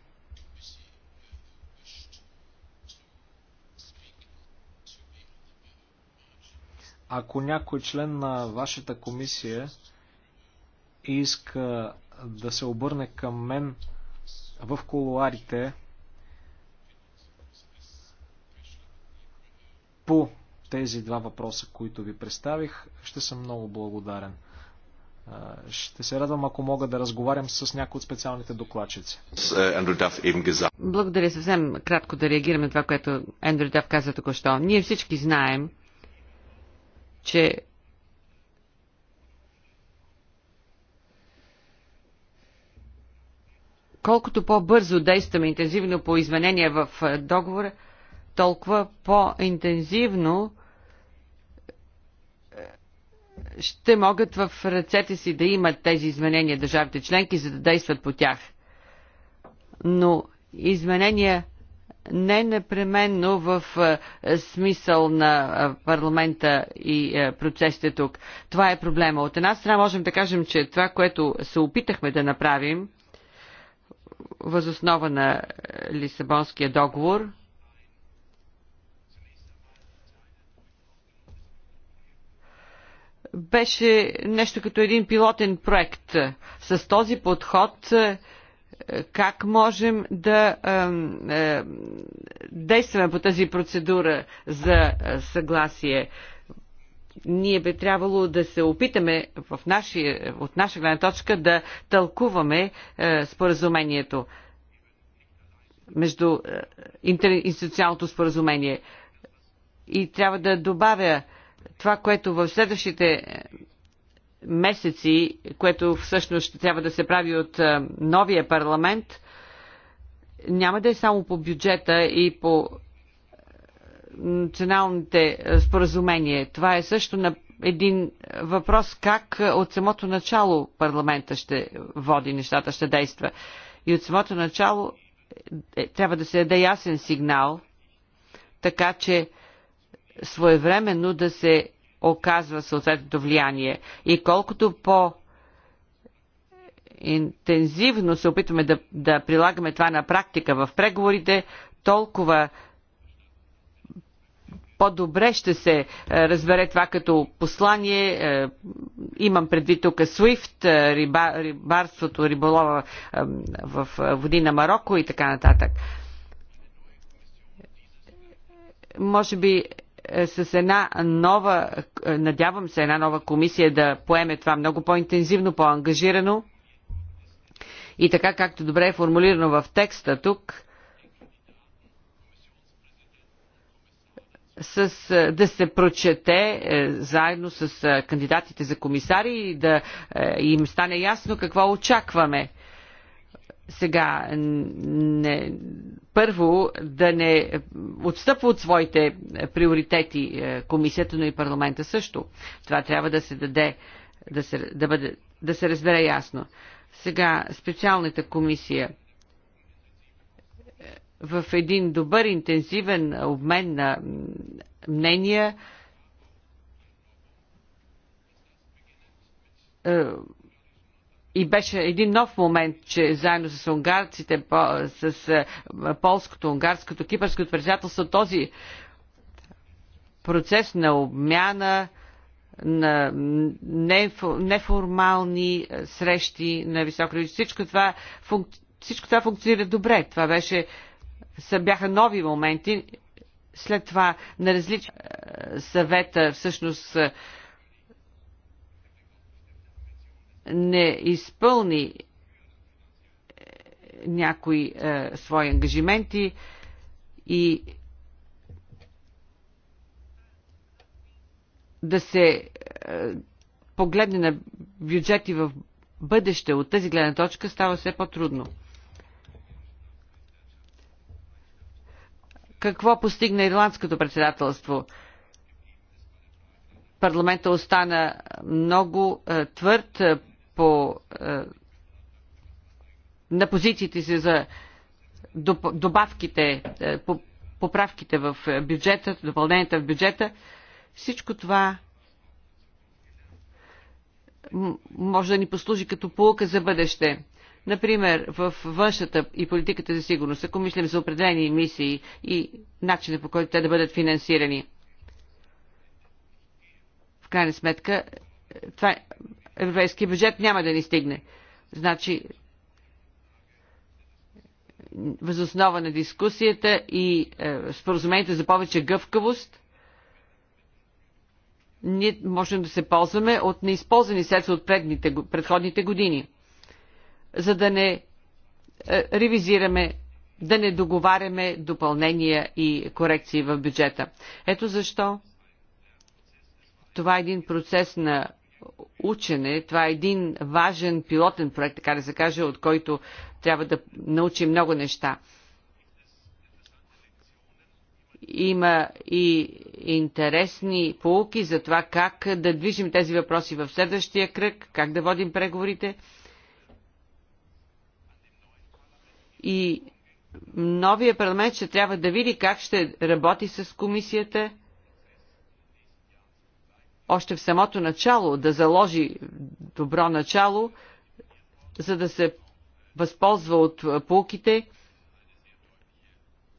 [SPEAKER 1] Ако някой член на вашата комисия иска да се обърне към мен в колуарите по тези два въпроса, които ви представих, ще съм много благодарен. Ще се радвам, ако мога да разговарям с някои от специалните докладчици. Е,
[SPEAKER 2] Благодаря съвсем кратко да реагираме на това, което Ендрю Дав каза току-що. Ние всички знаем, че колкото по-бързо действаме интензивно по изменения в е, договора, толкова по-интензивно е, ще могат в ръцете си да имат тези изменения държавите членки, за да действат по тях. Но изменения не непременно в е, смисъл на е, парламента и е, процесите тук. Това е проблема. От една страна можем да кажем, че това, което се опитахме да направим, възоснова на Лисабонския договор, беше нещо като един пилотен проект. С този подход как можем да е, действаме по тази процедура за е, съгласие. Ние би трябвало да се опитаме в наши, от наша гледна точка да тълкуваме е, споразумението между институционалното споразумение. И трябва да добавя това, което в следващите месеци, което всъщност ще трябва да се прави от новия парламент, няма да е само по бюджета и по националните споразумения. Това е също на един въпрос как от самото начало парламента ще води нещата, ще действа. И от самото начало е, трябва да се даде ясен сигнал, така че своевременно да се оказва съответното влияние. И колкото по интензивно се опитваме да, да прилагаме това на практика в преговорите, толкова по-добре ще се е, разбере това като послание. Е, имам предвид тук SWIFT, е, риба, рибарството, риболова в води на Марокко и така нататък. Може би е, с една нова, е, надявам се, една нова комисия да поеме това много по-интензивно, по-ангажирано. И така, както добре е формулирано в текста тук, с, е, да се прочете е, заедно с е, кандидатите за комисари и да е, им стане ясно какво очакваме сега не, първо да не отстъпва от своите приоритети е, комисията, но и парламента също. Това трябва да се даде, да се, да бъде, да се разбере ясно. Сега специалната комисия в един добър интензивен обмен на мнения е, и беше един нов момент, че заедно с унгарците, с е, полското, унгарското, кипърското председателство, този процес на обмяна, на неформални е, срещи на високо равнище. Всичко това, функ... всичко това функционира добре. Това беше, са, бяха нови моменти. След това на различни е, съвета всъщност не изпълни е, някои е, свои ангажименти и да се е, погледне на бюджети в бъдеще от тази гледна точка става все по-трудно. Какво постигна ирландското председателство? Парламента остана много е, твърд, е, по, е, на позициите си за добавките, е, поправките в бюджета, допълненията в бюджета, всичко това може да ни послужи като полука за бъдеще. Например, в външната и политиката за сигурност, ако мислим за определени мисии и начина по който те да бъдат финансирани. В крайна сметка, е, това европейския бюджет няма да ни стигне. Значи, възоснова на дискусията и е, споразумението за повече гъвкавост, ние можем да се ползваме от неизползвани средства от предните, предходните години, за да не е, ревизираме, да не договаряме допълнения и корекции в бюджета. Ето защо това е един процес на учене. Това е един важен пилотен проект, така да се каже, от който трябва да научим много неща. Има и интересни полуки за това как да движим тези въпроси в следващия кръг, как да водим преговорите. И новия парламент ще трябва да види как ще работи с комисията още в самото начало, да заложи добро начало, за да се възползва от полките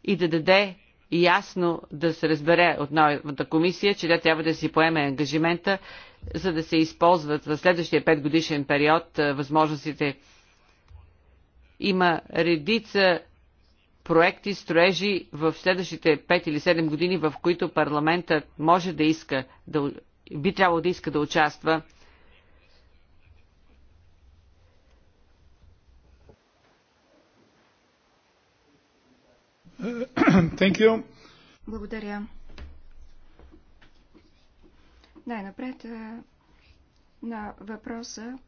[SPEAKER 2] и да даде ясно да се разбере от новата комисия, че тя трябва да си поеме ангажимента, за да се използват в следващия пет годишен период възможностите. Има редица проекти, строежи в следващите 5 или 7 години, в които парламентът може да иска да би трябвало да иска да участва.
[SPEAKER 3] (clears throat) Thank you. Благодаря. Най-напред на въпроса,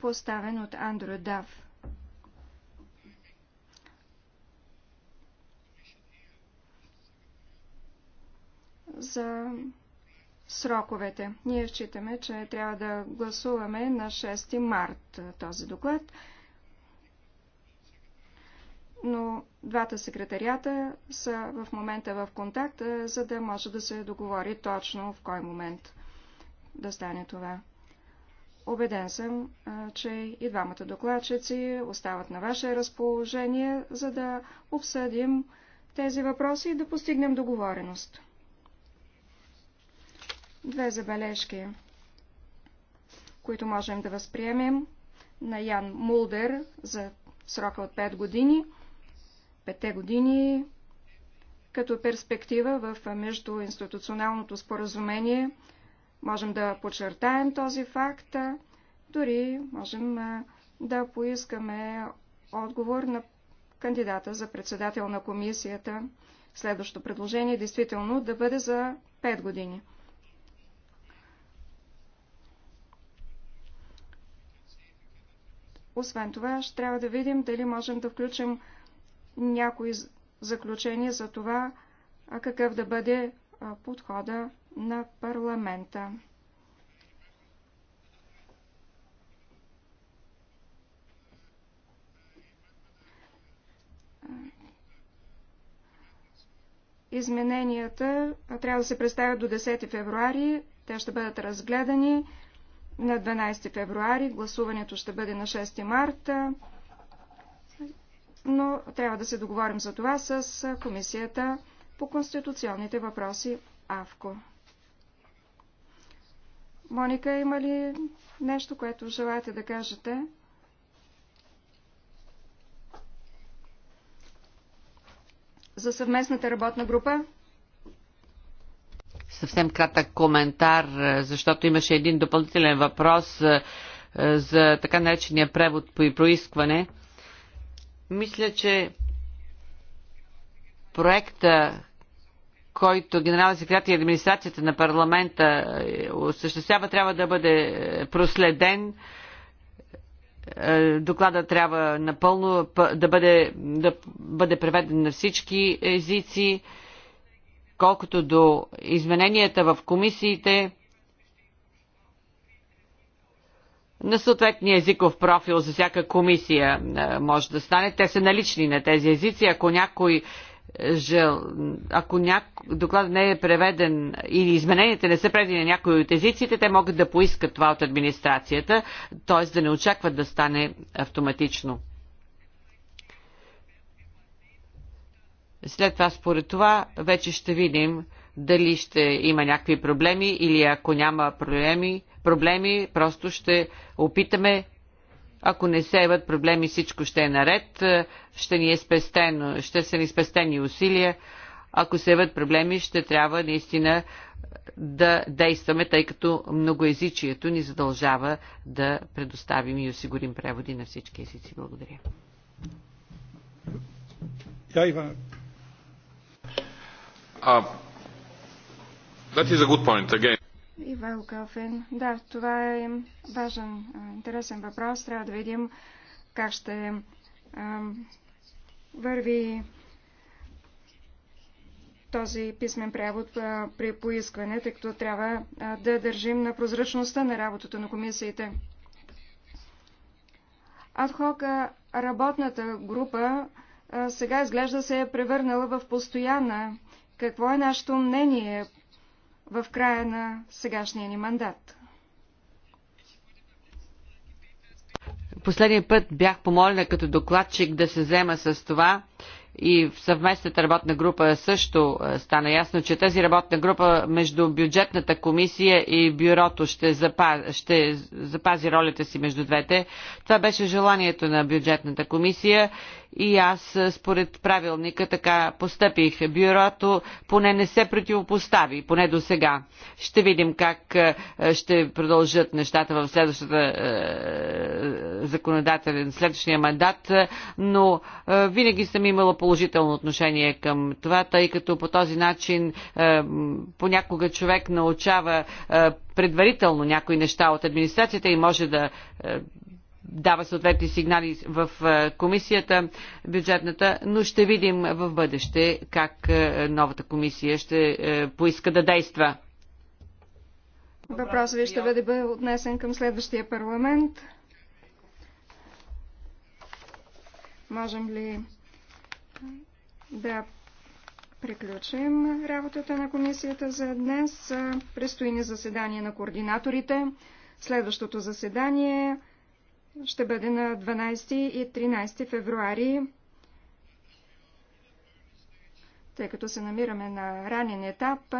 [SPEAKER 3] поставен от Андро Дав. За сроковете. Ние считаме, че трябва да гласуваме на 6 март този доклад. Но двата секретарията са в момента в контакт, за да може да се договори точно в кой момент да стане това. Обеден съм, че и двамата докладчици остават на ваше разположение, за да обсъдим тези въпроси и да постигнем договореност. Две забележки, които можем да възприемем на Ян Мулдер за срока от 5 години. 5 години като перспектива в междуинституционалното споразумение можем да подчертаем този факт, дори можем да поискаме отговор на кандидата за председател на комисията. Следващото предложение е действително да бъде за 5 години. Освен това, ще трябва да видим дали можем да включим някои заключения за това, какъв да бъде подхода на парламента. Измененията трябва да се представят до 10 февруари. Те ще бъдат разгледани на 12 февруари, гласуването ще бъде на 6 марта, но трябва да се договорим за това с Комисията по конституционните въпроси АВКО. Моника, има ли нещо, което желаете да кажете? За съвместната работна група?
[SPEAKER 2] съвсем кратък коментар, е, защото имаше един допълнителен въпрос е, е, за така наречения превод по проискване. Мисля, че проекта, който генерал секретар и администрацията на парламента осъществява, трябва да бъде проследен. Доклада трябва напълно да бъде, да бъде преведен на всички езици Колкото до измененията в комисиите на съответния езиков профил за всяка комисия е, може да стане. Те са налични на тези езици. Ако някой е, жел... ако няко... доклад не е преведен или измененията не са преведени на някои от езиците, те могат да поискат това от администрацията, т.е. да не очакват да стане автоматично. След това, според това, вече ще видим дали ще има някакви проблеми или ако няма проблеми, проблеми просто ще опитаме ако не се еват проблеми, всичко ще е наред, ще, ни е спестено, ще са ни спестени усилия. Ако се еват проблеми, ще трябва наистина да действаме, тъй като многоязичието ни задължава да предоставим и осигурим преводи на всички езици. Благодаря that
[SPEAKER 1] is a good point again.
[SPEAKER 3] Ивайл Калфин. Да, това е важен, интересен въпрос. Трябва да видим как ще върви този писмен превод при поискване, тъй като трябва да държим на прозрачността на работата на комисиите. Адхок работната група сега изглежда се е превърнала в постоянна какво е нашето мнение в края на сегашния ни мандат.
[SPEAKER 2] Последния път бях помолена като докладчик да се взема с това и в съвместната работна група също е, стана ясно, че тази работна група между бюджетната комисия и бюрото ще запази, ще запази ролята си между двете. Това беше желанието на бюджетната комисия и аз според правилника така постъпих. Бюрото поне не се противопостави, поне до сега. Ще видим как ще продължат нещата в следващата законодателен, следващия мандат, но винаги съм имала положително отношение към това, тъй като по този начин понякога човек научава предварително някои неща от администрацията и може да дава съответни сигнали в е, комисията бюджетната, но ще видим в бъдеще как е, новата комисия ще е, поиска да действа.
[SPEAKER 3] Въпросът ви ще бъде отнесен към следващия парламент. Можем ли да приключим работата на комисията за днес? Престои ни заседание на координаторите. Следващото заседание ще бъде на 12 и 13 февруари, тъй като се намираме на ранен етап.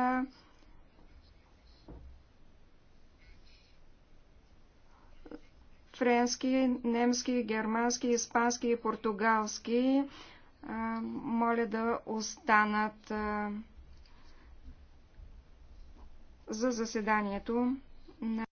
[SPEAKER 3] Френски, немски, германски, испански и португалски моля да останат за заседанието
[SPEAKER 2] на